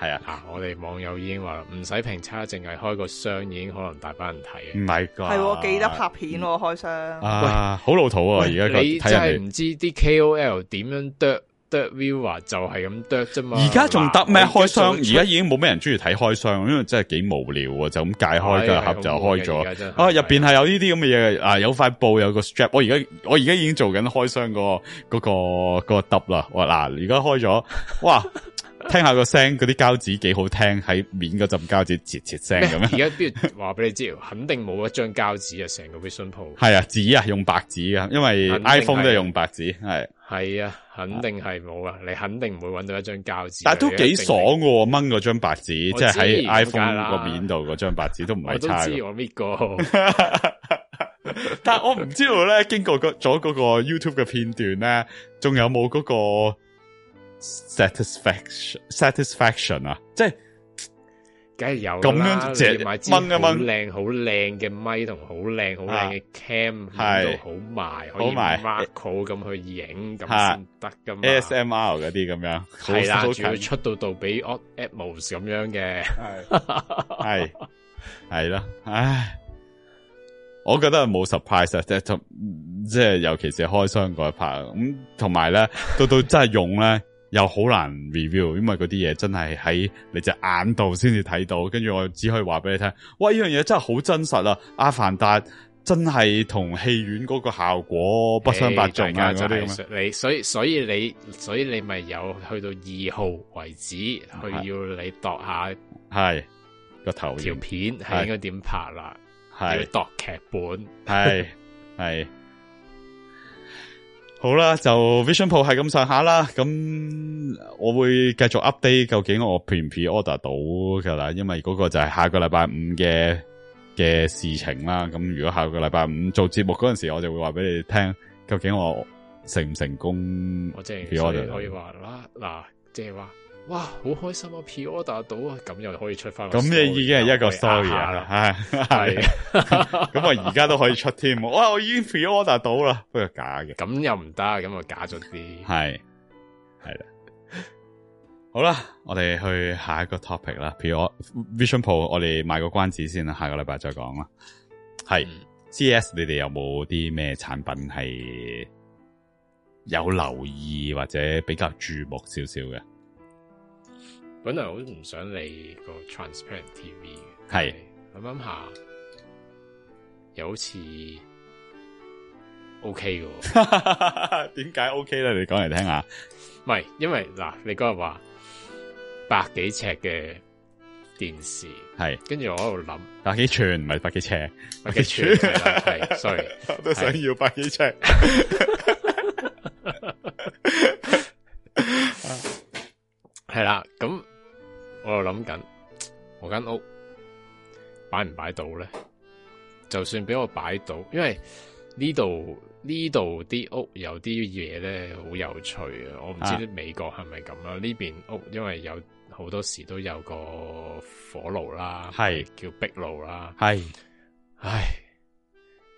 係啊。嗱、啊，我哋網友已經話唔使評測，淨係開個箱已經可能大把人睇，唔係啩？係記得拍片、嗯、開箱啊，好喂老土啊！而喂家你真係唔知啲 KOL 點樣得 view 啊，就係咁得啫嘛。而家仲得咩開箱？而家已經冇咩人中意睇開箱，因為真係幾無聊啊！就咁解開個盒就開咗、啊。啊，入邊係有呢啲咁嘅嘢啊，有塊布，有個 strap。我而家我而家已經做緊開箱、嗰個嗰、嗰個嗰、嗰個得啦。我、啊、嗱，而家開咗，哇！ 聽下個聲，嗰啲膠紙幾好聽，喺面嗰浸膠紙切切聲咁樣。而家不如話俾你知， 肯定冇一張膠紙啊，成個 w h i s p o r 係啊，紙啊，用白紙啊。因為 iPhone 都係用白紙，係。係啊，肯定係冇啊，你肯定唔會搵到一張膠紙。但係都幾爽噶，掹嗰張白紙，即係喺 iPhone 個面度嗰張白紙都唔係差我。我知我 r 過， 但係我唔知道咧，經過咗嗰個 YouTube 嘅片段咧，仲有冇嗰、那個？satisfaction satisfaction 啊，即係梗係有咁樣，即係買支好靚好靚嘅咪同好靚好靚嘅 cam，都好賣，可以 mark 好咁去影，咁先得嘅。ASMR 嗰啲咁樣，係啦，仲要出到到俾 odd atmos 咁樣嘅，係係係啦，唉，我覺得冇 surprise 即係，即係尤其是開箱嗰一 part，咁同埋咧，到到真係用咧。又好難 review，因為嗰啲嘢真係喺你隻眼度先至睇到，跟住我只可以話俾你聽，喂，呢樣嘢真係好真實啊！阿、啊、凡達真係同戲院嗰個效果不相伯仲啊！嗰啲咁，些你所以所以，所以你所以你咪有去到二號為止，去是要你度下係，這個頭條片係應該點拍啦，是要度劇本係係。是 好啦，就 Vision Pro 係咁上下啦，咁我會繼續 update 究竟我 pre 唔 pre order 到噶啦，因為嗰個就係下個禮拜五嘅嘅事情啦。咁如果下個禮拜五做節目嗰陣時，我就會話俾你聽究竟我成唔成功。我即係我哋可以話啦，嗱、就是，即係話。哇，好開心啊！pre order 到啊，咁又可以出翻。咁你已經係一個 story 啦，係係的。咁我而家都可以出添，哇我已經 pre order 到啦，不過假嘅，咁又唔得，咁啊假咗啲。係係啦，好啦，我哋去下一個 topic 啦，譬 如我 Vision Pro，我哋買個關子先啦，下個禮拜再講啦。係，CES、嗯、 你哋有冇啲咩產品係有留意或者比較注目少少嘅？本來我都唔想理個 transparent TV 嘅是，係諗諗下又好似 OK 嘅，點解 OK 咧？你講嚟聽下，唔係 因為嗱，你嗰日話百幾尺嘅電視係，跟住是我喺度諗百幾寸唔係百,百幾尺，百幾寸係 ，sorry，我都想要百幾尺，係啦咁。我諗緊我間屋擺唔擺到咧？就算俾我擺到，因為呢度呢度啲屋有啲嘢咧，好有趣啊！我唔知美國係咪咁啦？呢邊、啊、屋因為有好多時都有個火爐啦，係是 叫壁爐啦，係是 唉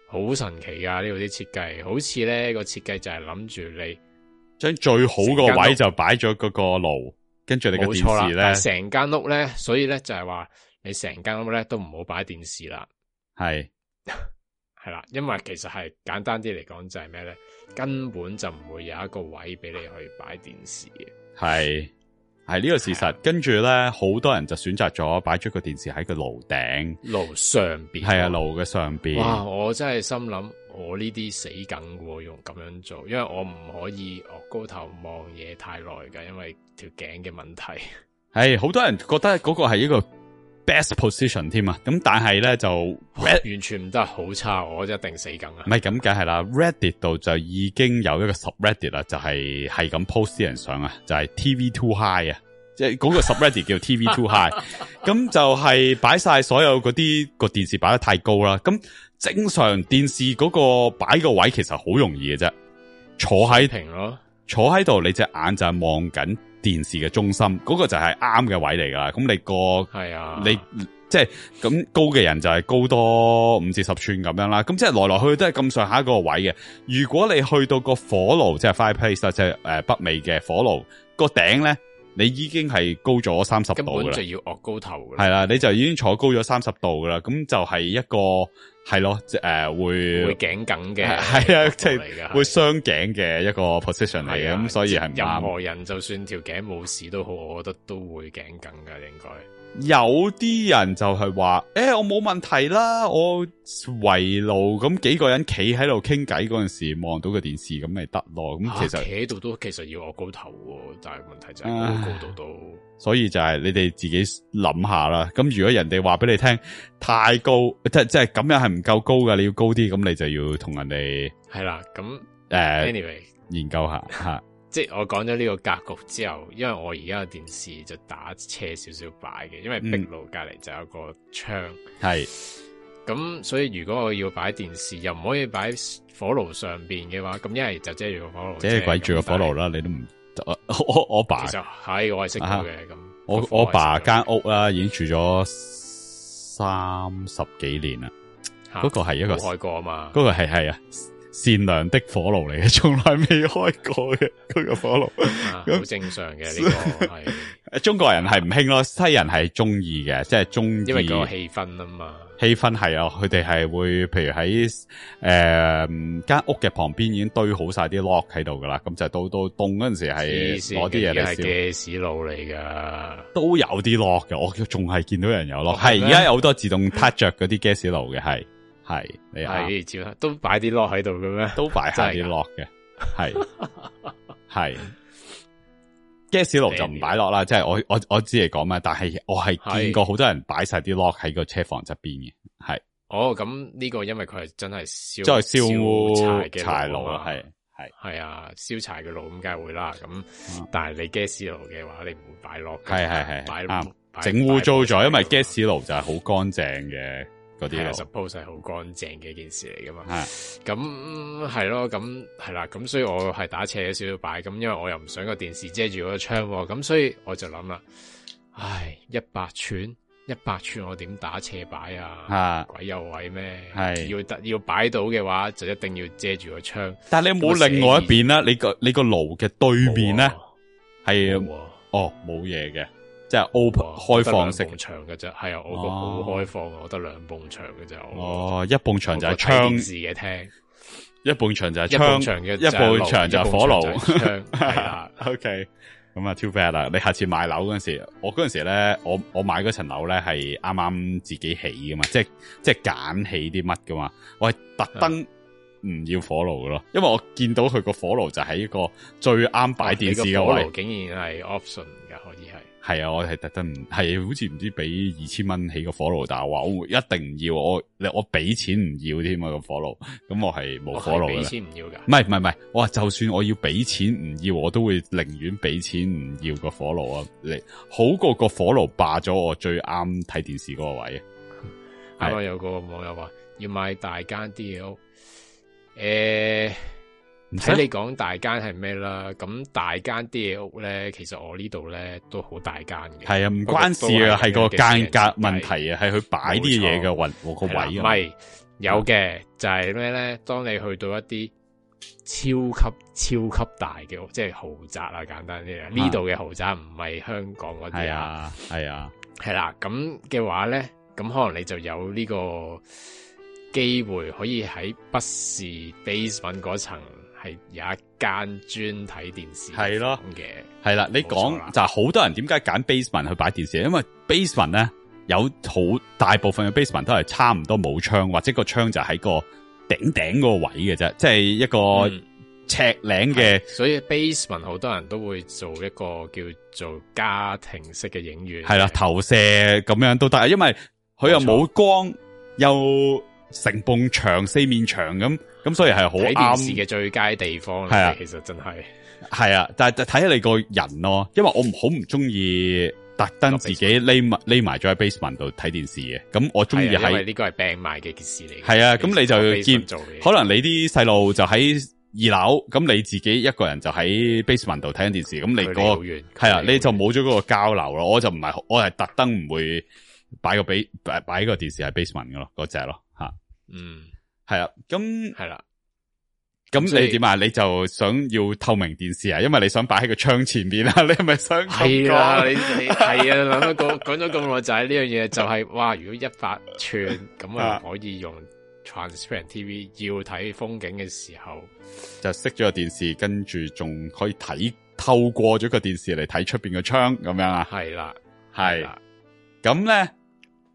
好神奇啊！設計呢度啲設計好似咧個設計就係諗住你將最好位個位就擺咗嗰個爐。跟住你嘅電視咧，成間屋咧，所以咧就係話你成間屋咧都唔好擺電視啦。係係啦，因為其實係簡單啲嚟講就係咩咧，根本就唔會有一個位俾你去擺電視嘅。係係呢個事實。跟住咧，好多人就選擇咗擺咗個電視喺個爐頂、爐上邊，係啊，爐嘅上邊。哇，我真係心諗。我呢啲死梗喎，用咁樣做，因為我唔可以哦高頭望嘢太耐噶，因為條頸嘅問題。係好多人覺得嗰個係一個 best position 添啊，咁但係咧就 Reddit，完全唔得好差，我一定死梗啊。唔係咁解係啦，Reddit 度就已經有一個 subreddit 啦，就係係咁 post 啲人上啊，就係、是、TV too high 啊，即係嗰個 subreddit 叫 TV too high，咁 就係擺晒所有嗰啲、嗰個電視擺得太高啦，咁。正常電視嗰個擺個位其實好容易嘅啫，坐喺咯，坐喺度你隻眼就係望緊電視嘅中心，嗰、嗰個就係啱嘅位嚟噶啦。咁你個係啊，哎、呀你即係咁高嘅人就係高多五至十寸咁樣啦。咁即係來來去去都係咁上下一個位嘅。如果你去到個火爐即係、就、fireplace、是、即係誒北美嘅火爐、嗰個頂咧。你已經係高咗三十度啦，根本就要岳高頭。係啦、啊，你就已經坐高咗三十度噶啦，咁就係一個係咯，即係誒會會頸梗嘅，係啊，即、呃、係會雙頸嘅一個 position 嚟嘅、啊，咁所以係任何人、嗯、就算條頸冇事都好，我覺得都會頸梗嘅應該。有啲人就係話，誒、欸，我冇問題啦，我圍爐，咁幾個人企喺度傾偈嗰陣時，望到個電視咁咪得咯。咁其實企喺度、啊、都其實要我高頭、啊，但係問題就係高到到、啊。所以就係你哋自己諗下啦。咁如果人哋話俾你聽太高，即係即係咁樣係唔夠高㗎，你要高啲，咁你就要同人哋係啦。咁誒，Anyway，、啊、研究下吓。 即係我講咗呢個格局之後，因為我而家嘅電視就打斜少少擺嘅，因為壁爐隔籬就有一個窗。係咁、嗯，所以如果我要擺電視又唔可以擺火爐上邊嘅話，咁一係就遮住個火，火爐，遮鬼住個火爐啦。你都唔我我，我，我，是得我爸是得，就實我係識到嘅咁。我我爸間屋啦、啊，已經住咗三十幾年啦。嗰、啊、個係一個外國嘛？嗰個係係啊。善良的火爐嚟嘅，從來未開過嘅佢、那個火爐，好、啊、 那正常嘅呢 個係。中國人係唔興咯，西人係中意嘅，即係中意。因為那個氣氛啊嘛，氣氛係啊，佢哋係會，譬如喺誒間屋嘅旁邊已經堆好晒啲 lock 喺度噶啦，咁就到到凍嗰陣時係啲嘢，嚟係 gas 爐嚟噶，都有啲 lock 嘅，我仲係見到人有 l 係而家有好多自動 touch 嗰啲 gas 爐嘅係。嗯係，係，照都擺啲 lock 喺度嘅咩？都擺晒啲 lock 嘅，係係 gas 爐就唔擺落啦，即係我我我知你講咩？但係我係見過好多人擺晒啲 lock 喺個車房側邊嘅，係。哦，咁呢個因為佢係真係燒，即係燒柴嘅爐啦係係係啊，燒柴嘅爐咁梗係會啦。咁但係你 gas 爐嘅話，你唔會擺落係，係係係，整污糟咗，因為 gas 爐就係好乾淨嘅。嗰啲咧，suppose 係好乾淨嘅一件事嚟噶嘛？係咁係咯，咁係啦，咁、啊啊、所以我係打斜少少擺，咁因為我又唔想個電視遮住個窗，咁所以我就諗啦，唉，一百寸，一百寸，我點打斜擺啊？啊，鬼有位咩？係是要要擺到嘅話，就一定要遮住個窗。但係你有冇意另外一邊咧？你個你個爐嘅對面咧，係哦冇嘢嘅。是哦哦即係 open 開放式牆嘅啫，係啊，我個好開放啊，得兩埲牆嘅啫。哦，一埲牆就係窗子嘅廳，一埲牆就係窗，一埲牆就係火爐。O K，咁啊，too bad 啦！你下次買樓嗰陣時，我嗰陣時咧，我我買嗰層樓咧係啱啱自己起噶嘛，即係即係揀起啲乜噶嘛，我係特登唔要火爐咯，因為我見到佢個火爐就喺一個最啱擺電視嘅位，竟然係 option。係啊，我係特登，係好似唔知俾二千蚊起個火爐，但係我,我一定要我，我俾錢唔要添啊個火爐，咁我係冇火爐啦。俾錢唔要噶？唔係唔係唔係，我話就算我要俾錢唔要，我都會寧願俾錢唔要個火爐啊，好過個火爐霸咗我最啱睇電視嗰個位。啱啱、嗯、係有個網友話要買大間啲嘅屋、欸，誒。睇你講大間係咩啦，咁大間啲嘢屋咧，其實我這裏呢度咧都好大間嘅。係啊，唔關事啊，係個間隔問題啊，係佢擺啲嘢嘅位，個位。唔係，哦、有嘅就係咩咧？當你去到一啲超級、哦、超級大嘅，屋，即係豪宅啊，簡單啲啊。呢度嘅豪宅唔係香港嗰啲啊，係啊，係啦。咁嘅話咧，咁可能你就有呢個機會可以喺不是 basement 嗰層。係有一間專睇電視，係咯嘅，係啦。你講就好多人點解揀 basement 去擺電視？因為 basement 咧，有好大部分嘅 basement 都係差唔多冇窗，或者個窗就喺個頂頂個位嘅啫，即係一個斜頂嘅。所以 basement 好多人都會做一個叫做家庭式嘅影院，係啦，投射咁樣都得，因為佢又冇光沒錯 又。成埲牆，四面牆咁咁，所以係好啱。睇電視嘅最佳地方係啊，其實真係係啊，但係睇下你個人咯，啊，因為我唔好唔中意特登自己匿埋匿埋咗喺 basement 度睇電視嘅。咁我中意喺呢個係病賣嘅件事嚟。係啊，咁，啊，你就見，做可能你啲細路就喺二樓，咁你自己一個人就喺 basement 度睇緊電視，咁你，個係啊，你就冇咗嗰個交流咯。我就唔係，我係特登唔會擺個俾擺個電視喺 basement 噶咯，嗰隻咯。嗯，係啊，咁係啦，咁你點啊？你，啊啊你就想要透明電視啊？因為你想擺喺個窗前邊啊？你係咪想係啦、啊？你 你係啊？諗一個講咗咁耐就係呢樣嘢，就係哇！如果一百寸咁啊，可以用 transparent TV 要睇風景嘅時候，就熄咗個電視，跟住仲可以睇透過咗個電視嚟睇出邊嘅窗咁樣啊？係啦、啊，係、啊，咁咧、啊。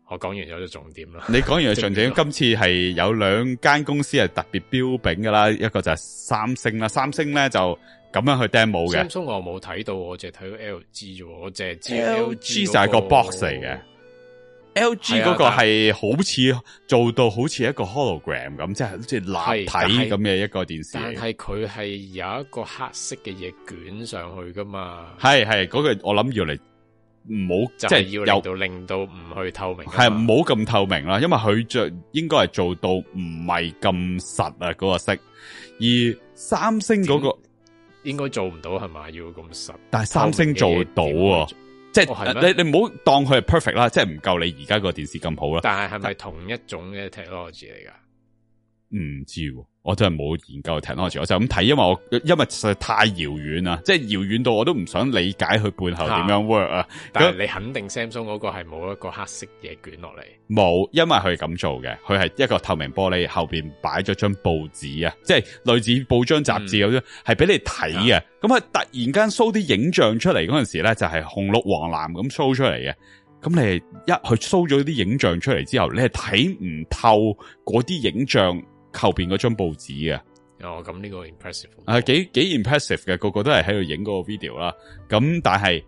我講完有咗就重點啦。 你講完有重點，重點今次係有兩間公司係特別標炳㗎啦，一個就係三星啦。三星咧就咁樣去 demo 嘅。Samsung 我冇睇到，我淨係睇到 LG 啫，我淨係知、那個、LG 就係個 box 嚟嘅。啊、LG 嗰個係好似做到好似一個 hologram 咁，即係好似立體咁嘅是一個電視。但係佢係有一個黑色嘅嘢捲上去噶嘛？係係嗰個我諗要嚟。唔好就即係到令到唔有去透明，係唔好咁透明啦。因為佢着應該係做到唔係咁實啊嗰個色，而三星嗰個應該做唔到係嘛？要咁實，但係三星做到啊！即係你你唔好當佢係 perfect 啦，即係唔夠你而家個電視咁好啦。但係係咪同一種嘅 technology 嚟噶？唔知。我真係冇研究 technology，我就咁睇，因為我因為實在太遙遠啦，即係遙遠到我都唔想理解佢背後點樣 work 啊。但係你肯定 Samsung 嗰個係冇一個黑色嘢捲落嚟，冇，因為佢係咁做嘅，佢係一個透明玻璃後邊擺咗張報紙啊，即係類似報章雜誌咁樣，係俾、嗯、你睇嘅。咁啊、嗯，突然間 show 啲影像出嚟嗰陣時咧，就係、是、紅綠黃藍咁 show 出嚟嘅。咁你一去 show 咗啲影像出嚟之後，你係睇唔透嗰啲影像。後邊嗰張報紙、哦、啊，哦，咁呢個 impressive，係幾幾 impressive 嘅，個個都係喺度影嗰個 video 啦。咁但係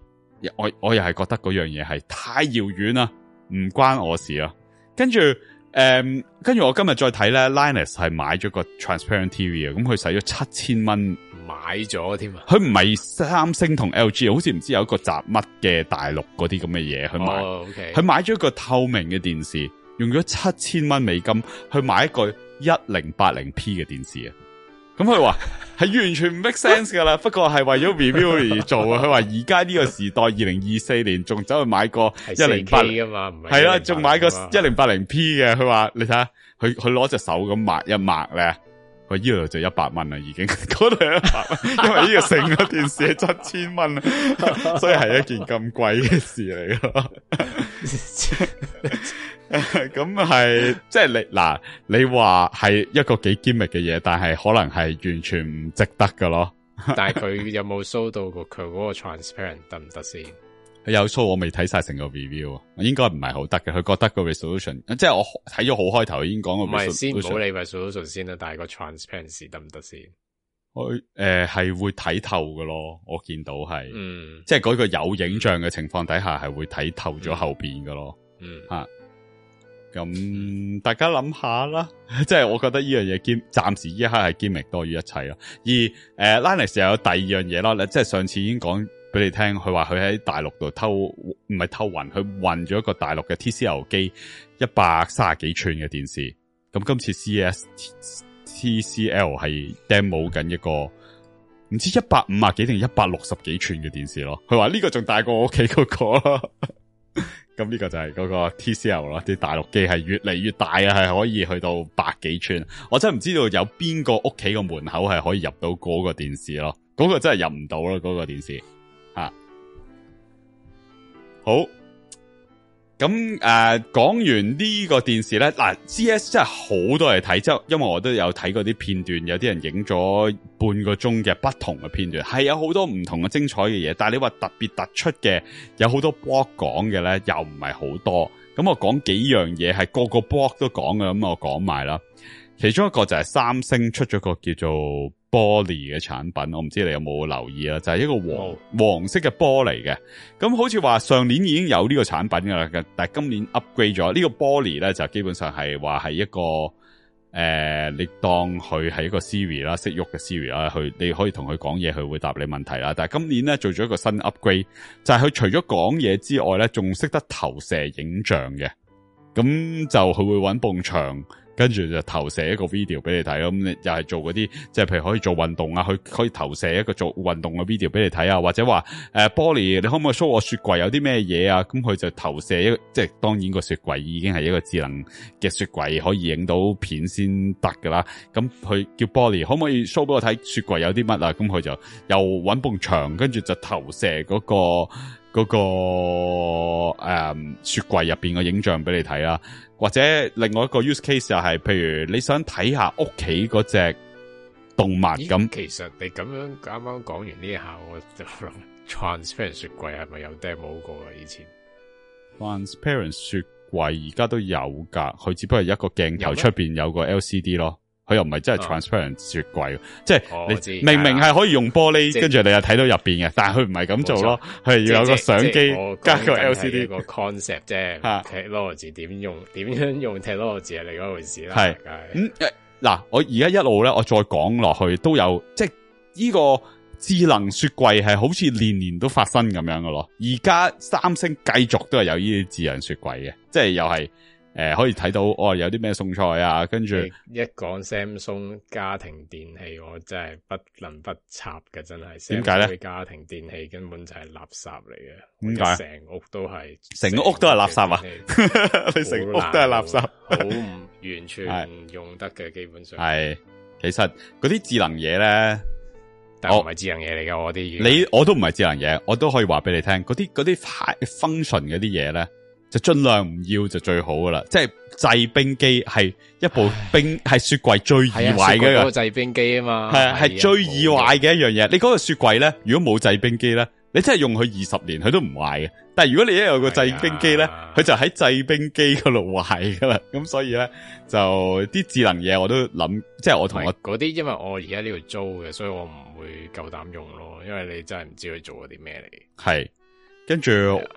我我又係覺得嗰樣嘢係太遙遠啦，唔關我事啊。跟住誒，跟、嗯、住我今日再睇咧，Linus 係買咗個 transparent TV 啊，咁佢使咗七千蚊買咗添啊，佢唔係三星同 LG，好似唔知有一個雜乜嘅大陸嗰啲咁嘅嘢去買，佢、哦 okay、買咗一個透明嘅電視，用咗七千蚊美金去買一個。一零八零 P 嘅電視啊，咁佢話係完全唔 make sense 噶啦， 不過係為咗 review 而做啊。佢話而家呢個時代二零二四年，仲走去買個一零八啊嘛，唔係係啦對，仲買個一零八零 P 嘅。佢話你睇下，佢佢攞隻手咁抹一抹咧。我呢度就一百蚊啦，已經嗰度一百蚊， 因為呢個成個電視係七千蚊， 所以係一件咁貴嘅事嚟咯。咁係， 即係你嗱，你話係一個幾 gimmick 嘅嘢，但係可能係完全唔值得噶咯。但係佢有冇 show 到過佢嗰個 transparent 得唔得先？有錯，我未睇晒成個 review 啊，應該唔係好得嘅。佢覺得個 resolution，即係我睇咗好開頭已經講。唔係先，唔好理 resolution 先啦，但係個 transparency 得唔得先？我誒係會睇透㗎咯，我見到係，嗯、即係嗰個有影像嘅情況底下係會睇透咗後邊㗎咯。嗯，吓、啊，咁、嗯、大家諗下啦，即係我覺得呢樣嘢兼暫時依刻係 gimmick 多於一切咯。而誒、呃、Linus 又有第二樣嘢啦，即係上次已經講。俾你聽，佢話佢喺大陸度偷唔係偷運，佢運咗一個大陸嘅 TCL 機一百三十幾寸嘅電視。咁今次 CES TCL 係 demo 緊一個唔知一百五十幾定一百六十幾寸嘅電視咯。佢話呢個仲大過我屋企嗰個。咁 呢個就係嗰個 TCL 咯，啲大陸機係越嚟越大啊，係可以去到百幾寸。我真係唔知道有邊個屋企個門口係可以入到嗰個電視咯，嗰個真係入唔到囉，嗰個電視。那個好，咁誒，講、啊、完呢個電視咧，嗱，CES 真係好多人睇，之後因為我都有睇過啲片段，有啲人影咗半個鐘嘅不同嘅片段，係有好多唔同嘅精彩嘅嘢，但係你話特別突出嘅，有好多 blog 講嘅咧，又唔係好多，咁我講幾樣嘢係個個 blog 都講嘅，咁我講埋啦，其中一個就係三星出咗個叫做。玻璃嘅產品，我唔知你有冇留意啦，就係、是、一個黃璃黃色嘅玻璃嘅。咁好似話上年已經有呢個產品噶啦，但係今年 upgrade 咗呢個玻璃咧，就基本上係話係一個誒、呃，你當佢係一個 Siri 啦，識喐嘅 Siri 啦，佢你可以同佢講嘢，佢會答你問題啦。但係今年咧做咗一個新 upgrade，就係、是、佢除咗講嘢之外咧，仲識得投射影像嘅。咁就佢會搵埲牆，跟住就投射一個 video 俾你睇，咁你又係做嗰啲，即係譬如可以做運動啊，佢可以投射一個做運動嘅 video 俾你睇啊，或者話誒，波利，你可唔可以 show 我雪櫃有啲咩嘢啊？咁、嗯、佢就投射一個，即係當然個雪櫃已經係一個智能嘅雪櫃，可以影到片先得噶啦。咁、嗯、佢叫波利，可唔可以 show 俾我睇雪櫃有啲乜啊？咁、嗯、佢就又揾埲牆，跟住就投射嗰個。嗰、那個誒、嗯、雪櫃入邊嘅影像俾你睇啦，或者另外一個 use case 就係、是，譬如你想睇下屋企嗰隻動物咁。其實你咁樣啱啱講完呢一下，我就諗 transparent 雪櫃係咪有 demo 過嘅以前？transparent 雪櫃而家都有噶，佢只不過一個鏡頭出邊有個 LCD 咯。佢又唔係真係 transparent 雪櫃，啊、即係你明明係可以用玻璃跟住、啊、你又睇到入面嘅，啊、但佢唔係咁做咯，佢錯要有個相機加個 LCD 個 concept 啫、啊。睇羅字點用，點樣用睇羅字係另一回事啦。係嗯嗱、啊，我而家一路咧，我再講落去都有，即係呢個智能雪櫃係好似年年都發生咁樣嘅咯。而家三星繼續都係有呢啲智能雪櫃嘅，即係又係。誒、呃，可以睇到哦，有啲咩餸菜啊？跟住一講 Samsung 家庭電器，我真係不能不插嘅，真係。點解咧？佢家庭電器根本就係垃圾嚟嘅。點解？成屋都係成屋都係垃、垃圾啊！佢成 屋都係垃圾，好唔 完全用得嘅，是基本上係。其實嗰啲智能嘢咧，但我唔係智能嘢嚟嘅。我啲你我都唔係智能嘢，我都可以話俾你聽。嗰啲嗰啲 function 嗰啲嘢咧。就盡量唔要就最好噶啦，即係製冰機係一部冰係唉 雪櫃最易壞嘅一個製冰機啊嘛，係係是、啊、最易壞嘅一樣嘢。用你嗰個雪櫃咧，如果冇製冰機咧，你真係用佢二十年佢都唔壞嘅。但係如果你一有一個製冰機咧，佢、啊、就喺製冰機嗰度壞噶啦。咁所以咧就啲智能嘢我都諗，即、就、係、是、我同我嗰啲，因為我而家呢度租嘅，所以我唔會夠膽用咯。因為你真係唔知佢做咗啲咩嚟。係。跟住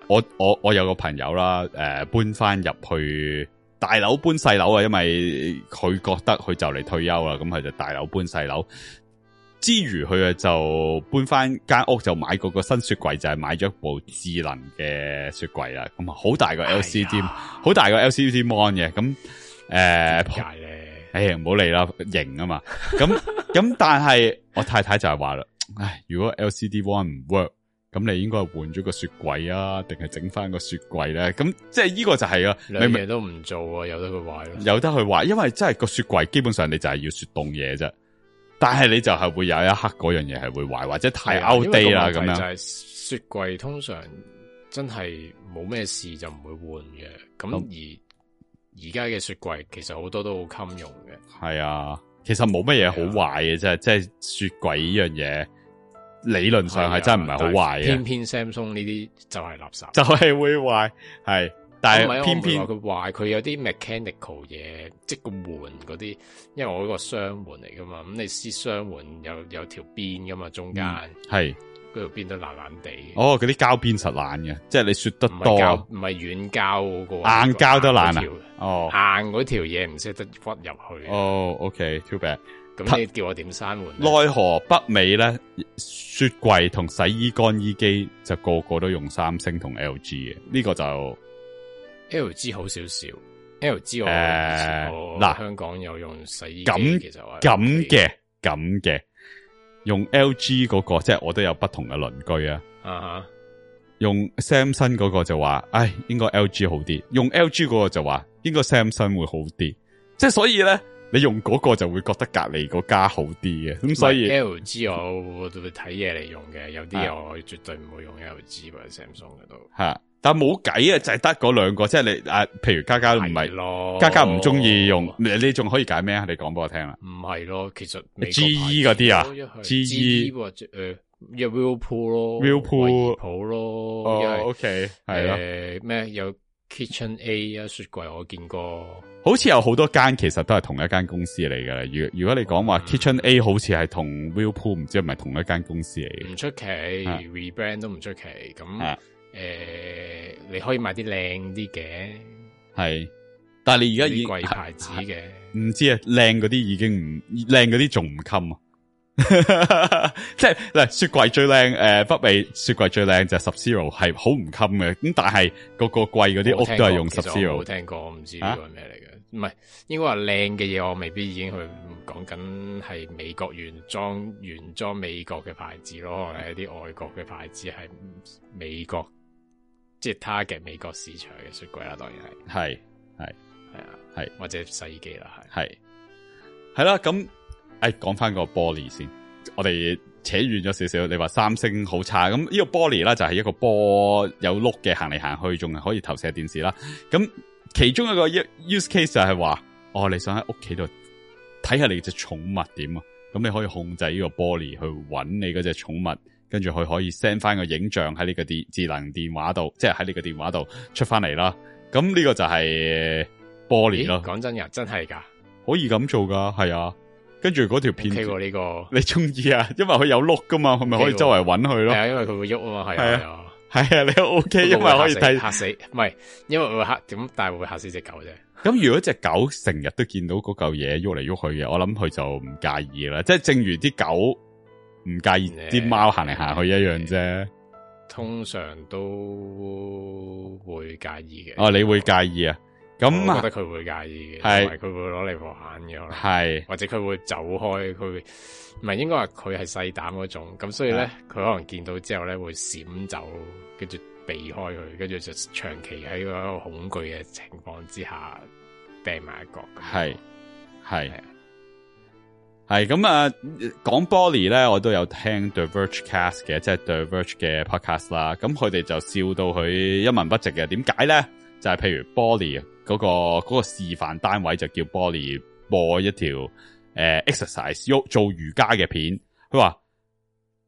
我 Yeah. 我我有個朋友啦，誒、呃、搬翻入去大樓搬細樓啊，因為佢覺得佢就嚟退休啦，咁佢就大樓搬細樓之餘，佢啊就搬翻間屋就買嗰個新雪櫃，就係、是、買咗一部智能嘅雪櫃啦，咁啊好大個 LCD，好大個 LCD mon 嘅，咁誒，呃、哎呀唔好理啦，型啊嘛，咁咁 但係我太太就係話啦，唉如果 LCD One 唔 work。咁你應該係換咗個雪櫃啊，定係整翻個雪櫃咧？咁即係呢個就係、是、啊，你咩都唔做啊，由得佢壞咯，由得佢壞，因為真係個雪櫃基本上你就係要雪凍嘢啫，但係你就係會有一刻嗰樣嘢係會壞，或者太 out date 啦咁樣。就係雪櫃通常真係冇咩事就唔會換嘅，咁而而家嘅雪櫃其實好多都好襟用嘅。係啊，其實冇乜嘢好壞嘅，真係的即係雪櫃呢樣嘢。理論上係真唔係好壞嘅，偏偏 Samsung 呢啲就係垃圾，就係會壞係。但係偏偏佢壞，佢有啲 mechanical 嘢，即個門嗰啲，因為我嗰個箱門嚟噶嘛，咁你撕箱門有有條邊噶嘛，中間係，嗰條邊都爛爛地。哦，嗰啲膠邊實爛嘅，即係你説得多，唔係軟膠嗰個，硬膠都爛啊！哦，硬嗰條嘢唔識得屈入去。哦，OK，too bad。咁你叫我點閂門？奈何北美咧，雪櫃同洗衣乾衣機就個個都用三星同 LG 嘅，呢、這個就 LG 好少少。LG 我嗱、呃、香港有用洗衣機、OK，其實咁嘅，咁嘅用 LG 嗰、那個，即係我都有不同嘅鄰居啊。啊、uh huh. 用 Samsung 嗰個就話，唉，應該 LG 好啲。用 LG 嗰個就話，應該 Samsung 會好啲。即係所以咧。你用嗰個就會覺得隔籬嗰家好啲嘅，咁所以 L G 我都會睇嘢嚟用嘅，有啲我絕對唔會用 L G 或者 Samsung 嘅都吓，但冇計啊，就係得嗰兩個，即係你啊，譬如嘉嘉唔係，嘉嘉唔中意用，你你仲可以揀咩啊？你講俾我聽啦。唔係咯，其實 G E 嗰啲啊，G E 或者誒，有 Whirlpool 咯 Whirlpool，Whirlpool 好咯，OK 係咯，咩有 Kitchen A 啊，雪櫃我見過。好似有好多間，其實都係同一間公司嚟噶。如如果你講話、嗯、Kitchen A 好似係同 Whirlpool，唔知係咪同一間公司嚟嘅？唔出奇，rebrand 都唔出奇。咁誒，你可以買啲靚啲嘅。係，但係你而家以貴牌子嘅，唔、啊啊、知啊靚嗰啲已經唔靚嗰啲仲唔襟啊？即係嗱，雪櫃最靚誒、呃，北美雪櫃最靚就係 Subzero 係好唔襟嘅。咁但係個個貴嗰啲屋都係用 Subzero，冇聽過唔知呢個係咩嚟？唔係，應該話靚嘅嘢，我未必已經去講緊係美國原裝原裝美國嘅牌子咯，係啲的外國嘅牌子，係美國即係他嘅美國市場嘅雪櫃啦，當然係，係係係啊，係是是或者洗衣機啦，係係係啦，咁誒，講翻、哎、個玻璃先，我哋扯遠咗少少，你話三星好差，咁呢個玻璃咧就係、是、一個波有碌嘅行嚟行去，仲係可以投射電視啦，咁。其中一個 use case 就係話，哦，你想喺屋企度睇下你隻寵物點啊？咁你可以控制呢個玻璃去揾你嗰隻寵物，跟住佢可以 send 翻個影像喺呢個電智能電話度，即係喺呢個電話度出翻嚟啦。咁呢個就係玻璃咯。講真人，真係噶，可以咁做噶，係啊。跟住嗰條片，呢個、okay、的你中意啊？因為佢有碌噶嘛，佢咪、okay、的可以周圍揾佢咯？係啊，因為佢會喐啊嘛，係啊。係啊， 你 O、OK, K，因為可以睇吓死，唔係，因為會吓點，但係會嚇死隻狗啫。咁如果隻狗成日都見到嗰嚿嘢喐嚟喐去嘅，我諗佢就唔介意啦。即、就、係、係、正如啲狗唔介意，啲貓行嚟行去一樣啫、嗯嗯嗯。通常都會介意嘅。哦，嗯、你會介意啊？咁那我覺得佢會介意嘅，同埋佢會攞嚟玩嘅，是或者佢會走開，佢唔係應該話佢係細膽嗰種。咁所以咧，佢是可能見到之後咧會閃走，跟住避開佢，跟住就長期喺嗰個恐懼嘅情況之下掟埋一角，係係係咁啊！講 Bolly 咧，我都有聽 The Verge Cast 嘅，即係 The Verge 嘅 podcast 啦。咁佢哋就笑到佢一文不值嘅，點解咧？就係譬如 Bolly。嗰、那個嗰、那個示範單位就叫 Ballie 播一條誒、呃、exercise 做瑜伽嘅片，佢話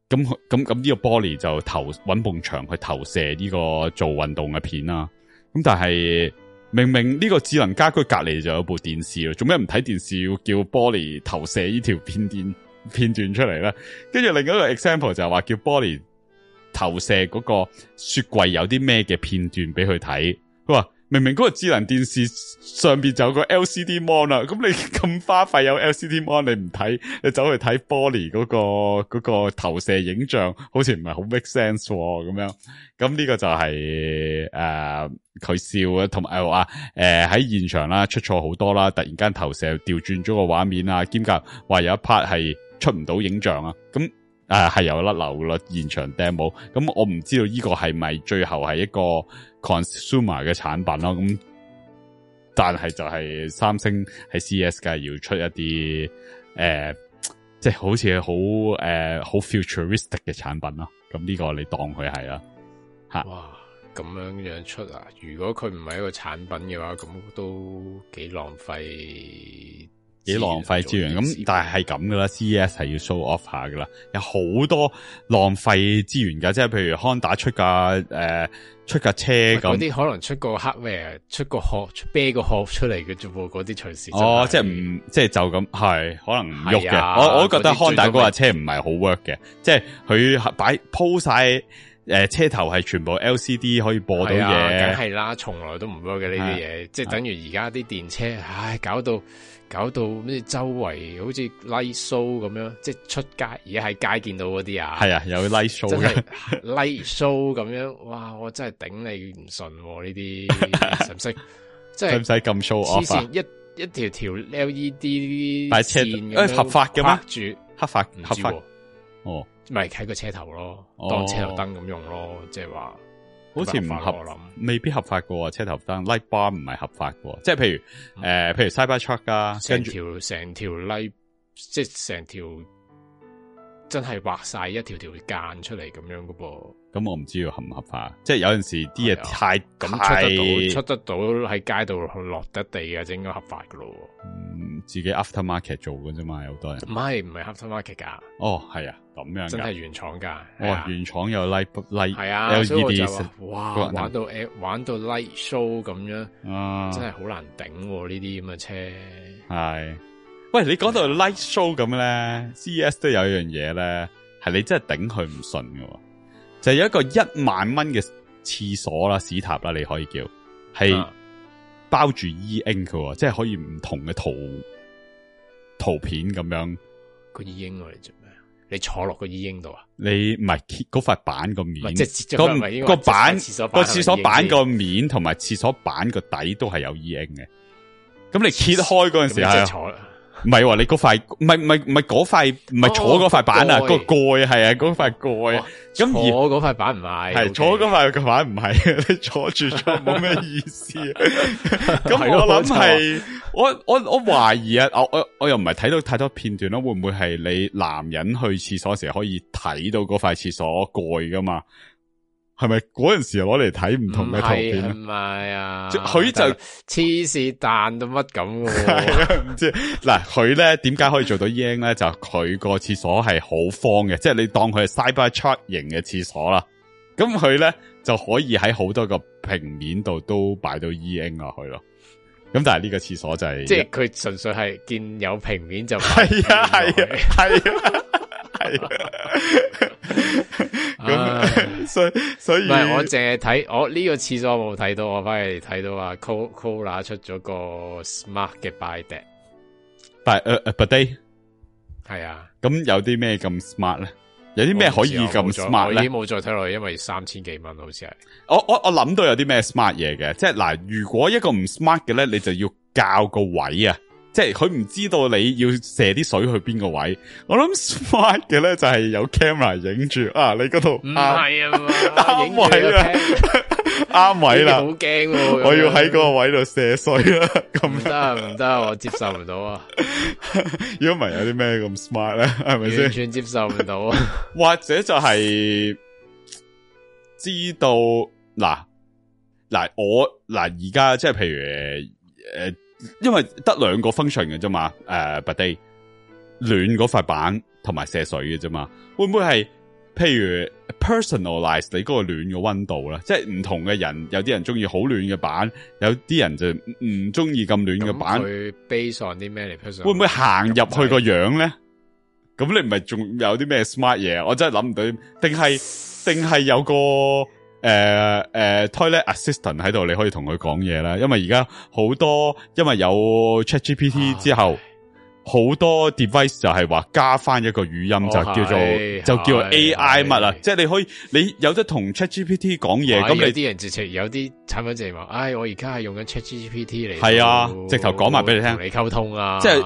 咁咁咁呢個 Ballie 就投揾埲牆去投射呢個做運動嘅片啦、啊。咁但係明明呢個智能家居隔籬就有部電視，做咩唔睇電視要叫 Ballie 投射呢條片段片段出嚟咧？跟住另一個 example 就係話叫 Ballie 投射嗰個雪櫃有啲咩嘅片段俾佢睇，佢話。明明嗰個智能電視上邊就有個 LCD mon 啦，咁你咁花費有 LCD mon，你唔睇，你走去睇玻璃嗰個嗰、嗰個投射影像，好似唔係好 make sense 咁、哦、樣。咁呢個就係誒佢笑啊，同埋話誒喺現場啦，出錯好多啦，突然間投射調轉咗個畫面啊，兼夾話有一 part 係出唔到影像啊，咁誒係有甩流啦，現場 demo。咁我唔知道呢個係咪最後係一個 consumer 嘅產品咯，咁但係就係三星喺 CES 梗係要出一啲，誒，即係好似好誒好 futuristic 嘅產品咯。咁呢個你當佢係啦，啊、哇，咁樣樣出啊！如果佢唔係一個產品嘅話，咁都幾浪費，幾浪費資源。咁但係係咁噶啦，CES 係要 show off 下噶啦，有好多浪費資源噶，即係譬如 Honda 出噶誒。呃出架車咁，嗰啲、啊、可能出個 hardware，出個殼，啤個殼出嚟嘅啫噃，嗰啲隨時哦，即係唔即係就咁係，可能唔喐嘅。啊、我我覺得 Honda 嗰架車唔係好 work 嘅，即係佢擺鋪晒誒車頭係全部 LCD 可以播到嘢，梗係啦，從來都唔 work 嘅呢啲嘢，啊、即係等於而家啲電車，啊、唉，搞到。搞到咩？周圍好似 light show 咁樣，即係出街而家喺街見到嗰啲啊！係啊，有 light show 嘅，light show 咁樣， 哇！我真係頂你唔順呢啲唔使，即係唔使咁 show 啊！黐線一，啊、一條條線車一條條 LED 大車，合法嘅咩？合法唔知、啊，合法唔知哦，咪喺個車頭咯，當車頭燈咁用咯，即係話。好似唔合，合，想未必合法嘅車頭燈 Light Bar 唔係合法嘅，嗯、即係譬如誒、嗯呃，譬如 Cyber Truck 啊，條跟住著成條成條 light，即係成條。真係畫晒一條條間出嚟咁樣噶噃，咁我唔知要合唔合法。即係有陣時啲嘢太咁、啊、出,太出得到，出得到喺街度落得地嘅，就應該合法噶咯。嗯，自己 aftermarket 做嘅啫嘛，好多人唔係唔係 aftermarket 噶。After 哦，係啊，咁樣的真係原廠噶。啊、哦，原廠有 light light，係啊，LED, 所以就話哇人玩，玩到玩到 light、like、show 咁樣啊，真係好難頂呢啲咁嘅車。係。喂，你講到 light、like、show 咁咧，CES 都有一樣嘢咧，係你真係頂佢唔順喎。就有、是、一個一萬蚊嘅廁所啦，屎塔啦，你可以叫係包住 eink 㗎喎，啊、即係可以唔同嘅圖圖片咁樣個 eink 喎。你做咩？你坐落個 eink 度啊？你唔係揭嗰塊板個面，個、就是、個板個廁所板個面，同埋廁所板個底都係有 eink 嘅。咁你揭開嗰陣時係。唔係喎，你嗰塊唔係唔係唔係嗰塊唔係坐嗰塊板啊，個蓋係啊，嗰塊蓋。咁哇而坐嗰塊板唔係，係是 OK 坐嗰塊板唔係，你坐住坐冇咩意思。咁我諗係， 我我我懷疑啊，我我我又唔係睇到太多片段咯、啊，會唔會係你男人去廁所時可以睇到嗰塊廁所蓋㗎嘛？係咪嗰陣時攞嚟睇唔同嘅圖片？唔係啊，佢就黐線彈到乜咁嘅。係啊，唔、啊、知嗱，佢咧點解可以做到 E.N. 咧？ 就佢個廁所係好方嘅，即係你當佢係 Cybertruck 型嘅廁所啦。咁佢咧就可以喺好多個平面度都擺到 E.N. 落去咯。咁但係呢個廁所就係即係佢純粹係見有平面就係啊係啊係啊。 係，咁所以所以唔係，我淨係睇我呢個廁所冇睇到，我翻嚟睇到啊 c o l Cola 出咗個 smart 嘅 bidet，by 呃 day，係、uh, uh, 啊，咁有啲咩咁 smart 咧？有啲咩可以咁 smart 咧？我我我已經冇再睇落去，因為三千幾蚊，好似係。我我我諗到有啲咩 smart 嘢嘅，即係嗱，如果一個唔 smart 嘅咧，你就要較個位啊。即係佢唔知道你要射啲水去邊個位，我諗 smart 嘅咧就係有 camera 影住啊你嗰度唔係啊，啱 位啦，啱位啦，好驚，我要喺嗰個位度射水啦，咁得唔得？我接受唔到啊！如果唔係有啲咩咁 smart 咧，係咪先？完全接受唔到，啊 吧。或者就係知道嗱嗱我嗱而家即係譬如誒。呃因為得兩個 function 嘅啫嘛，誒、uh，body 暖嗰塊板同埋射水嘅啫嘛，會唔會係譬如 personalize 你嗰個暖嘅溫度咧？即係唔同嘅人，有啲人中意好暖嘅板，有啲人就唔中意咁暖嘅板。佢 base on 啲咩嚟 personal？會唔會行入去個樣咧？咁、就係、你唔係仲有啲咩 smart 嘢？我真係諗唔到，定係定係有個。誒誒，toilet assistant 喺度，你可以同佢講嘢啦。因為而家好多，因為有 ChatGPT 之後，好唉多 device 就係話加翻一個語音，哦、就叫做唉就叫做 AI 唉物啦。唉即係你可以，你有得同 ChatGPT 講嘢，咁唉你啲人直情有啲產品直情話，唉，我而家係用緊 ChatGPT 嚟，係啊，直頭講埋俾你聽，我你溝通啊。即係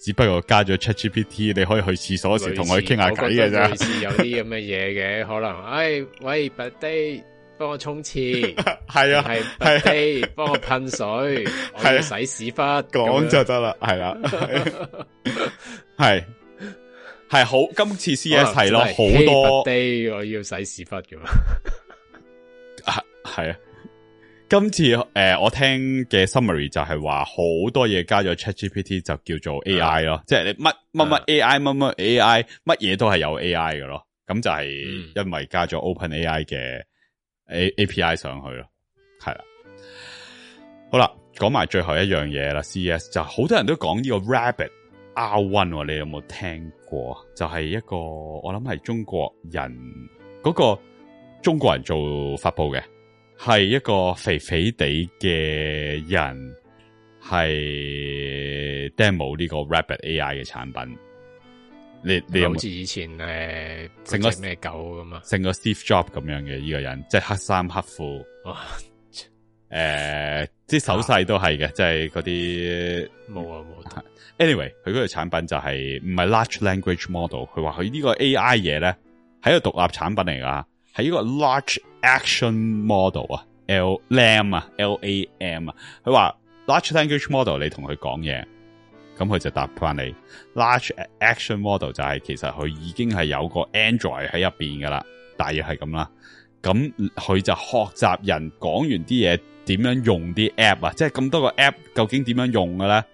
只不過加咗 ChatGPT，你可以去廁所時同我傾下偈嘅咋？有啲咁嘅嘢嘅，可能，哎，喂，bidet，幫我沖廁，係啊，係 bidet，幫我噴水，我要洗屎忽，講就得啦，係啦，係，係好，今次 CES 係咯，好多 bidet，我要洗屎忽㗎嘛，啊，係啊。今次誒、呃、我聽嘅 summary 就係話好多嘢加咗 ChatGPT 就叫做 AI 咯，啊、即係你乜乜乜 AI 乜乜、啊、AI 乜嘢都係有 AI 嘅咯，咁就係因為加咗 OpenAI 嘅 A A P I 上去咯，係啦。好啦，講埋最後一樣嘢啦，CES 就好多人都講呢個 Rabbit R One，你有冇聽過？就係、是、一個我諗係中國人嗰、那個中國人做發布嘅。係一個肥肥地嘅人，係 demo 呢個 Rabbit AI 嘅產品。你你好似以前誒，成、呃、個咩狗咁啊？成個 Steve Job 咁樣嘅呢、這個人，即係黑衫黑褲。哇！呃、 即啲手勢都係嘅，即係嗰啲冇啊冇。啊啊 anyway，佢嗰個產品就係、是、唔係 large language model。佢話佢呢個 AI 嘢咧係一個獨立產品嚟噶，係一個 large。Action model 啊，L Lam 啊，L A M 啊，佢話 Large language model，你同佢講嘢，咁佢就答翻你。Large action model 就係其實佢已經係有個 Android 喺入邊噶啦，大約係咁啦。咁佢就學習人講完啲嘢，點樣用啲 App 啊？即係咁多個 App 究竟點樣用嘅咧？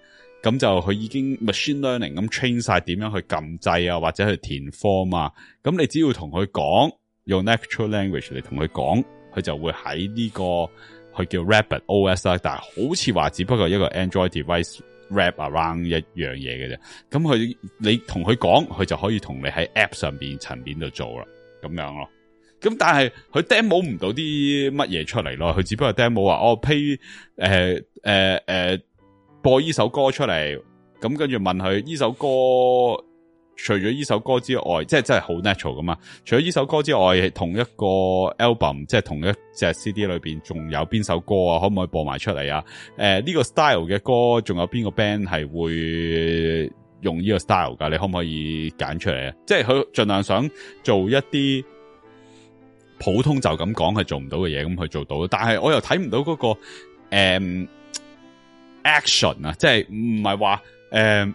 咁就佢已經 machine learning 咁 train 晒點樣去撳掣啊，或者去填 form 啊？咁你只要同佢講。用 natural language 嚟同佢講，佢就會喺呢個佢叫 Rabbit OS 啦，但係好似話只不過一個 Android device wrap around 一樣嘢嘅啫。咁佢你同佢講，佢就可以同你喺 app 上邊層面度做啦，咁樣咯。咁但係佢 demo 唔到啲乜嘢出嚟咯，佢只不過 demo 話哦 play 誒誒誒播呢首歌出嚟，咁跟住問佢呢首歌除咗呢首歌之外，即係真係好 natural 噶嘛。除咗呢首歌之外，同一個 album 即係同一隻 CD 裏邊，仲有邊首歌啊？可唔可以播埋出嚟啊？誒，呢個 style 嘅歌，仲有邊個 band 係會用呢個 style 噶？你可唔可以揀出嚟啊？即係佢盡量想做一啲普通就咁講係做唔到嘅嘢，咁去做到。但係我又睇唔到嗰個誒 action 啊，即係唔係話誒。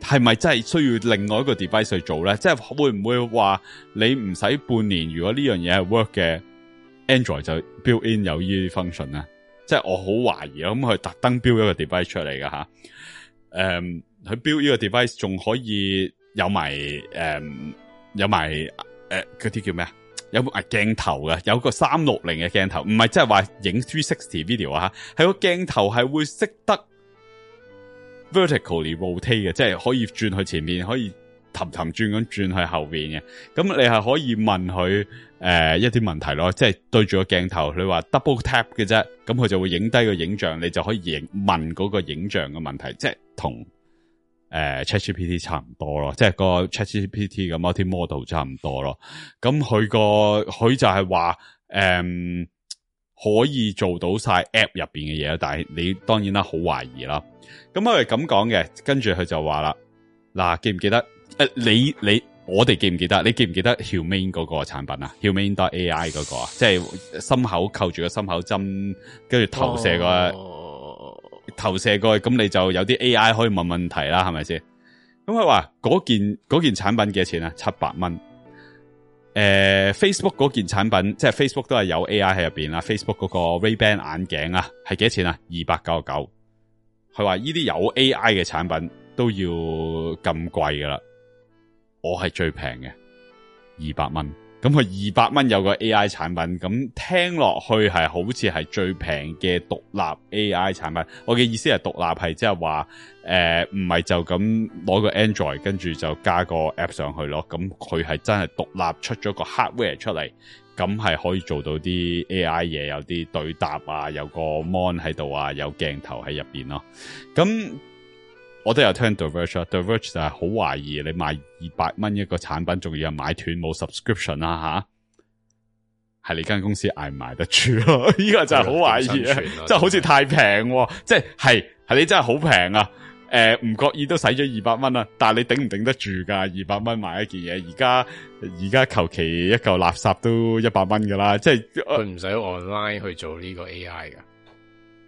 係咪真係需要另外一個 device 去做咧？即係會唔會話你唔使半年？如果呢樣嘢係 work 嘅，Android 就 build in 有呢啲 function 啊。即係我好懷疑啊！咁，嗯，佢特登 build 一個 device 出嚟㗎。吓，啊，誒，佢 build 呢個 device 仲可以有埋誒，啊，有埋誒嗰啲叫咩啊？有鏡頭啊，有個三六零嘅鏡頭，唔係即係話影 three sixty video 啊，係個鏡頭係會識得。vertically 樓梯嘅，rotate，即係可以轉去前面，可以氹氹轉咁轉，轉，轉，轉去後邊嘅。咁你係可以問佢誒、呃、一啲問題咯，即係對住個鏡頭，你話 double tap 嘅啫，咁佢就會影低個影像，你就可以影問嗰個影像嘅問題，即係同誒 ChatGPT、呃、差唔多咯，即係個 ChatGPT 嘅 multimodal 差唔多咯。咁佢個佢就係話誒。呃可以做到晒 App 入邊嘅嘢，但係你當然啦，好懷疑啦。咁佢哋咁講嘅，跟住佢就話啦，嗱，記唔記得？誒、啊，你你我哋記唔記得？你記唔記得 Humane 嗰個產品啊 ？Humane 多 AI 嗰、嗰個啊，即係心口扣住個心口針，跟住投射個、oh. 投射過去，咁你就有啲 AI 可以問問題啦，係咪先？咁佢話嗰件嗰件產品幾錢啊？七百蚊。誒，呃，Facebook 嗰件產品，即係 Facebook 都係有 AI 喺入邊啦。Facebook 嗰個 Ray-Ban 眼鏡啊，係幾多錢啊？二百九十九。佢話呢啲有 AI 嘅產品都要咁貴噶啦，我係最平嘅，二百蚊。咁佢二百蚊有個 AI 產品，咁聽落去係好似係最平嘅獨立 AI 產品。我嘅意思係獨立係即係話，誒唔係就咁攞個 Android 跟住就加個 app 上去咯。咁佢係真係獨立出咗個 hardware 出嚟，咁係可以做到啲 AI 嘢，有啲對答啊，有個 mon 喺度啊，有鏡頭喺入邊咯，咁。我都有聽 The Verge，The Verge 就係好懷疑你賣二百蚊一個產品，仲要人買斷冇 subscription 啊。吓，係你間公司捱唔捱得住咯？呢 個就係了好懷疑、就是、啊，即係好似太平，即係係你真係好平啊！誒，唔覺意都使咗二百蚊啊，但係你頂唔頂得住噶？二百蚊買一件嘢，而家而家求其一嚿垃圾都一百蚊噶啦，即、就、係、是、佢唔使 online 去做呢個 AI 噶。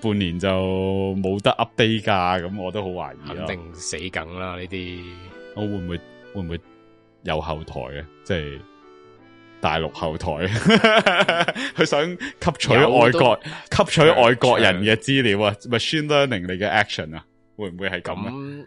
半年就冇得 update 噶，咁我都好懷疑。肯定死梗啦，呢啲我會唔會會唔會有後台嘅，即係大陸後台，佢 想吸取外國、吸取外國人嘅資料啊的，machine learning 你嘅 action 啊，會唔會係咁啊？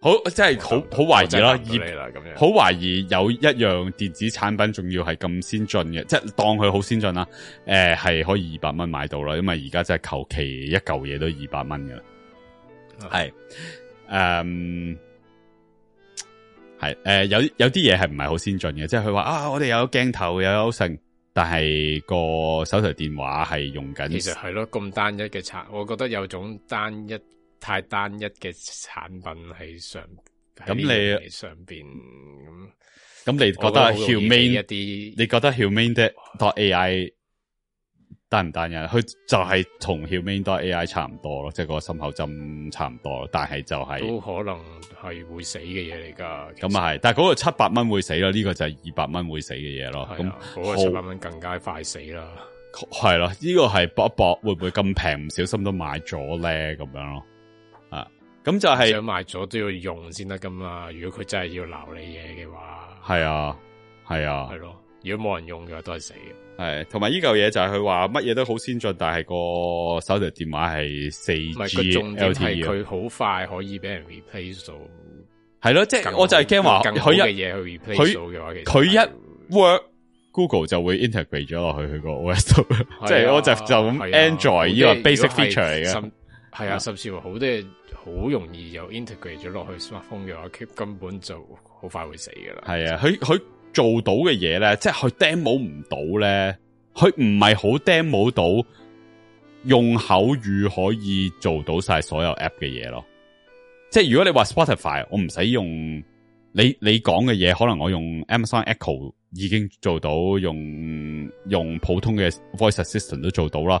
好，即係好就好懷疑啦，咁樣好懷疑有一樣電子產品仲要係咁先進嘅，即係當佢好先進啦。誒、呃，係可以二百蚊買到啦，因為而家真係求其一嚿嘢都二百蚊噶啦。係、啊，誒，係、um,，誒、呃，有有啲嘢係唔係好先進嘅，即係佢話啊，我哋有鏡頭有有成，但係個手提電話係用緊，其實係咯，咁單一嘅測，我覺得有種單一。太單一嘅產品喺上，咁你上邊咁，咁那你，那你覺得 humane 一啲？你覺得 humane dot 哇 AI 單唔單一？佢就係同 humane dot AI 差唔多咯，即、就、係、是、個心口針差唔多咯，但係就係、是、都可能係會死嘅嘢嚟噶。咁啊係，但係嗰個七百蚊會死咯，呢、這個就係二百蚊會死嘅嘢咯。咁嗰、啊、那個七百蚊更加快死啦。係咯，呢、啊這個係搏一搏，會唔會咁平？唔小心都買咗咧，咁樣咯。咁就係想賣咗都要用先得噶嘛，如果佢真係要鬧你嘢嘅話，係啊，係啊，係咯。如果冇人用嘅話都係死。係，同埋呢嚿嘢就係佢話乜嘢都好先進，但係個手提電話係四 G LTE，重點係佢好快可以俾人 replace 到。係咯，即係我就係驚話更好嘅嘢去 replace 嘅話，佢一 work Google 就會 integrate 咗落去佢個 OS 度，即係我就就咁 Android 呢個 basic feature 嚟嘅。係啊，嗯、甚至乎好多嘢好容易又 integrate 咗落去 smartphone 嘅話，佢根本就好快會死噶啦。係啊，佢佢做到嘅嘢咧，即係佢 demo 唔到咧，佢唔係好 demo 到用口語可以做到晒所有 app 嘅嘢咯。即係如果你話 Spotify，我唔使用，用你你講嘅嘢，可能我用 Amazon Echo 已經做到，用用普通嘅 voice assistant 都做到啦。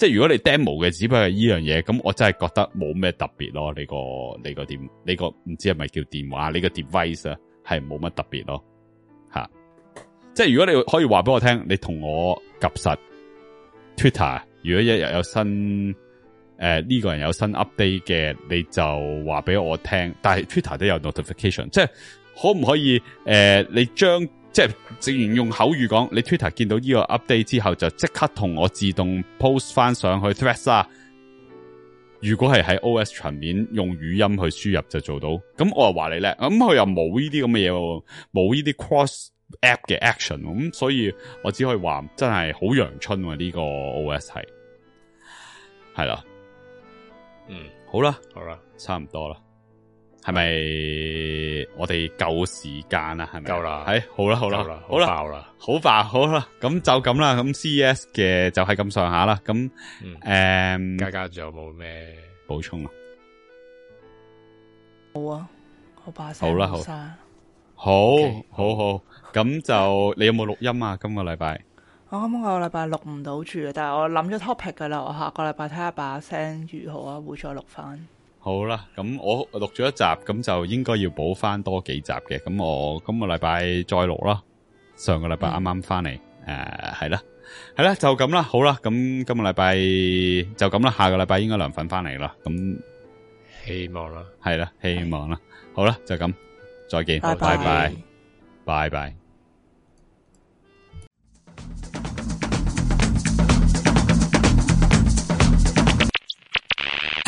即係如果你 demo 嘅，只不過係依樣嘢，咁我真係覺得冇咩特別咯。你個你個電你個唔知係咪叫電話？你個 device 啊，係冇乜特別咯。吓，即係如果你可以話俾我聽，你同我及實 Twitter，如果一日有新誒呢、呃這個人有新 update 嘅，你就話俾我聽。但係 Twitter 都有 notification，即係可唔可以誒、呃？你將即係，直然用口語講，你 Twitter 見到呢個 update 之後，就即刻同我自動 post 翻上去 threads 啦、啊。如果係喺 OS 層面用語音去輸入就做到，咁我就呢又話你叻，咁佢又冇呢啲咁嘅嘢，冇呢啲 cross app 嘅 action，咁所以我只可以話真係好陽春呢、啊呢個 OS 係，係啦，嗯，好啦，好啦，差唔多啦。係咪我哋夠時間啦？係咪夠啦？係好啦，好啦，好啦，好啦，好吧，好啦，咁就咁啦。咁 CES 嘅就係咁上下啦。咁誒，大家仲有冇咩補充好啊？冇啊，好怕聲。好啦，好。好，好好咁就你有冇錄音啊？今個禮拜我今個禮拜錄唔到住，但係我諗咗 topic 噶啦，我下個禮拜睇下把聲如何啊，會再錄翻。好啦，咁我錄咗一集，咁就應該要補翻多幾集嘅，咁我今個禮拜再錄啦。上個禮拜啱啱翻嚟，誒，係啦，係啦，就咁啦，好啦，咁今個禮拜就咁啦，下個禮拜應該兩份翻嚟啦，咁希望啦，係啦，希望啦，好啦，就咁，再見，拜拜，拜拜。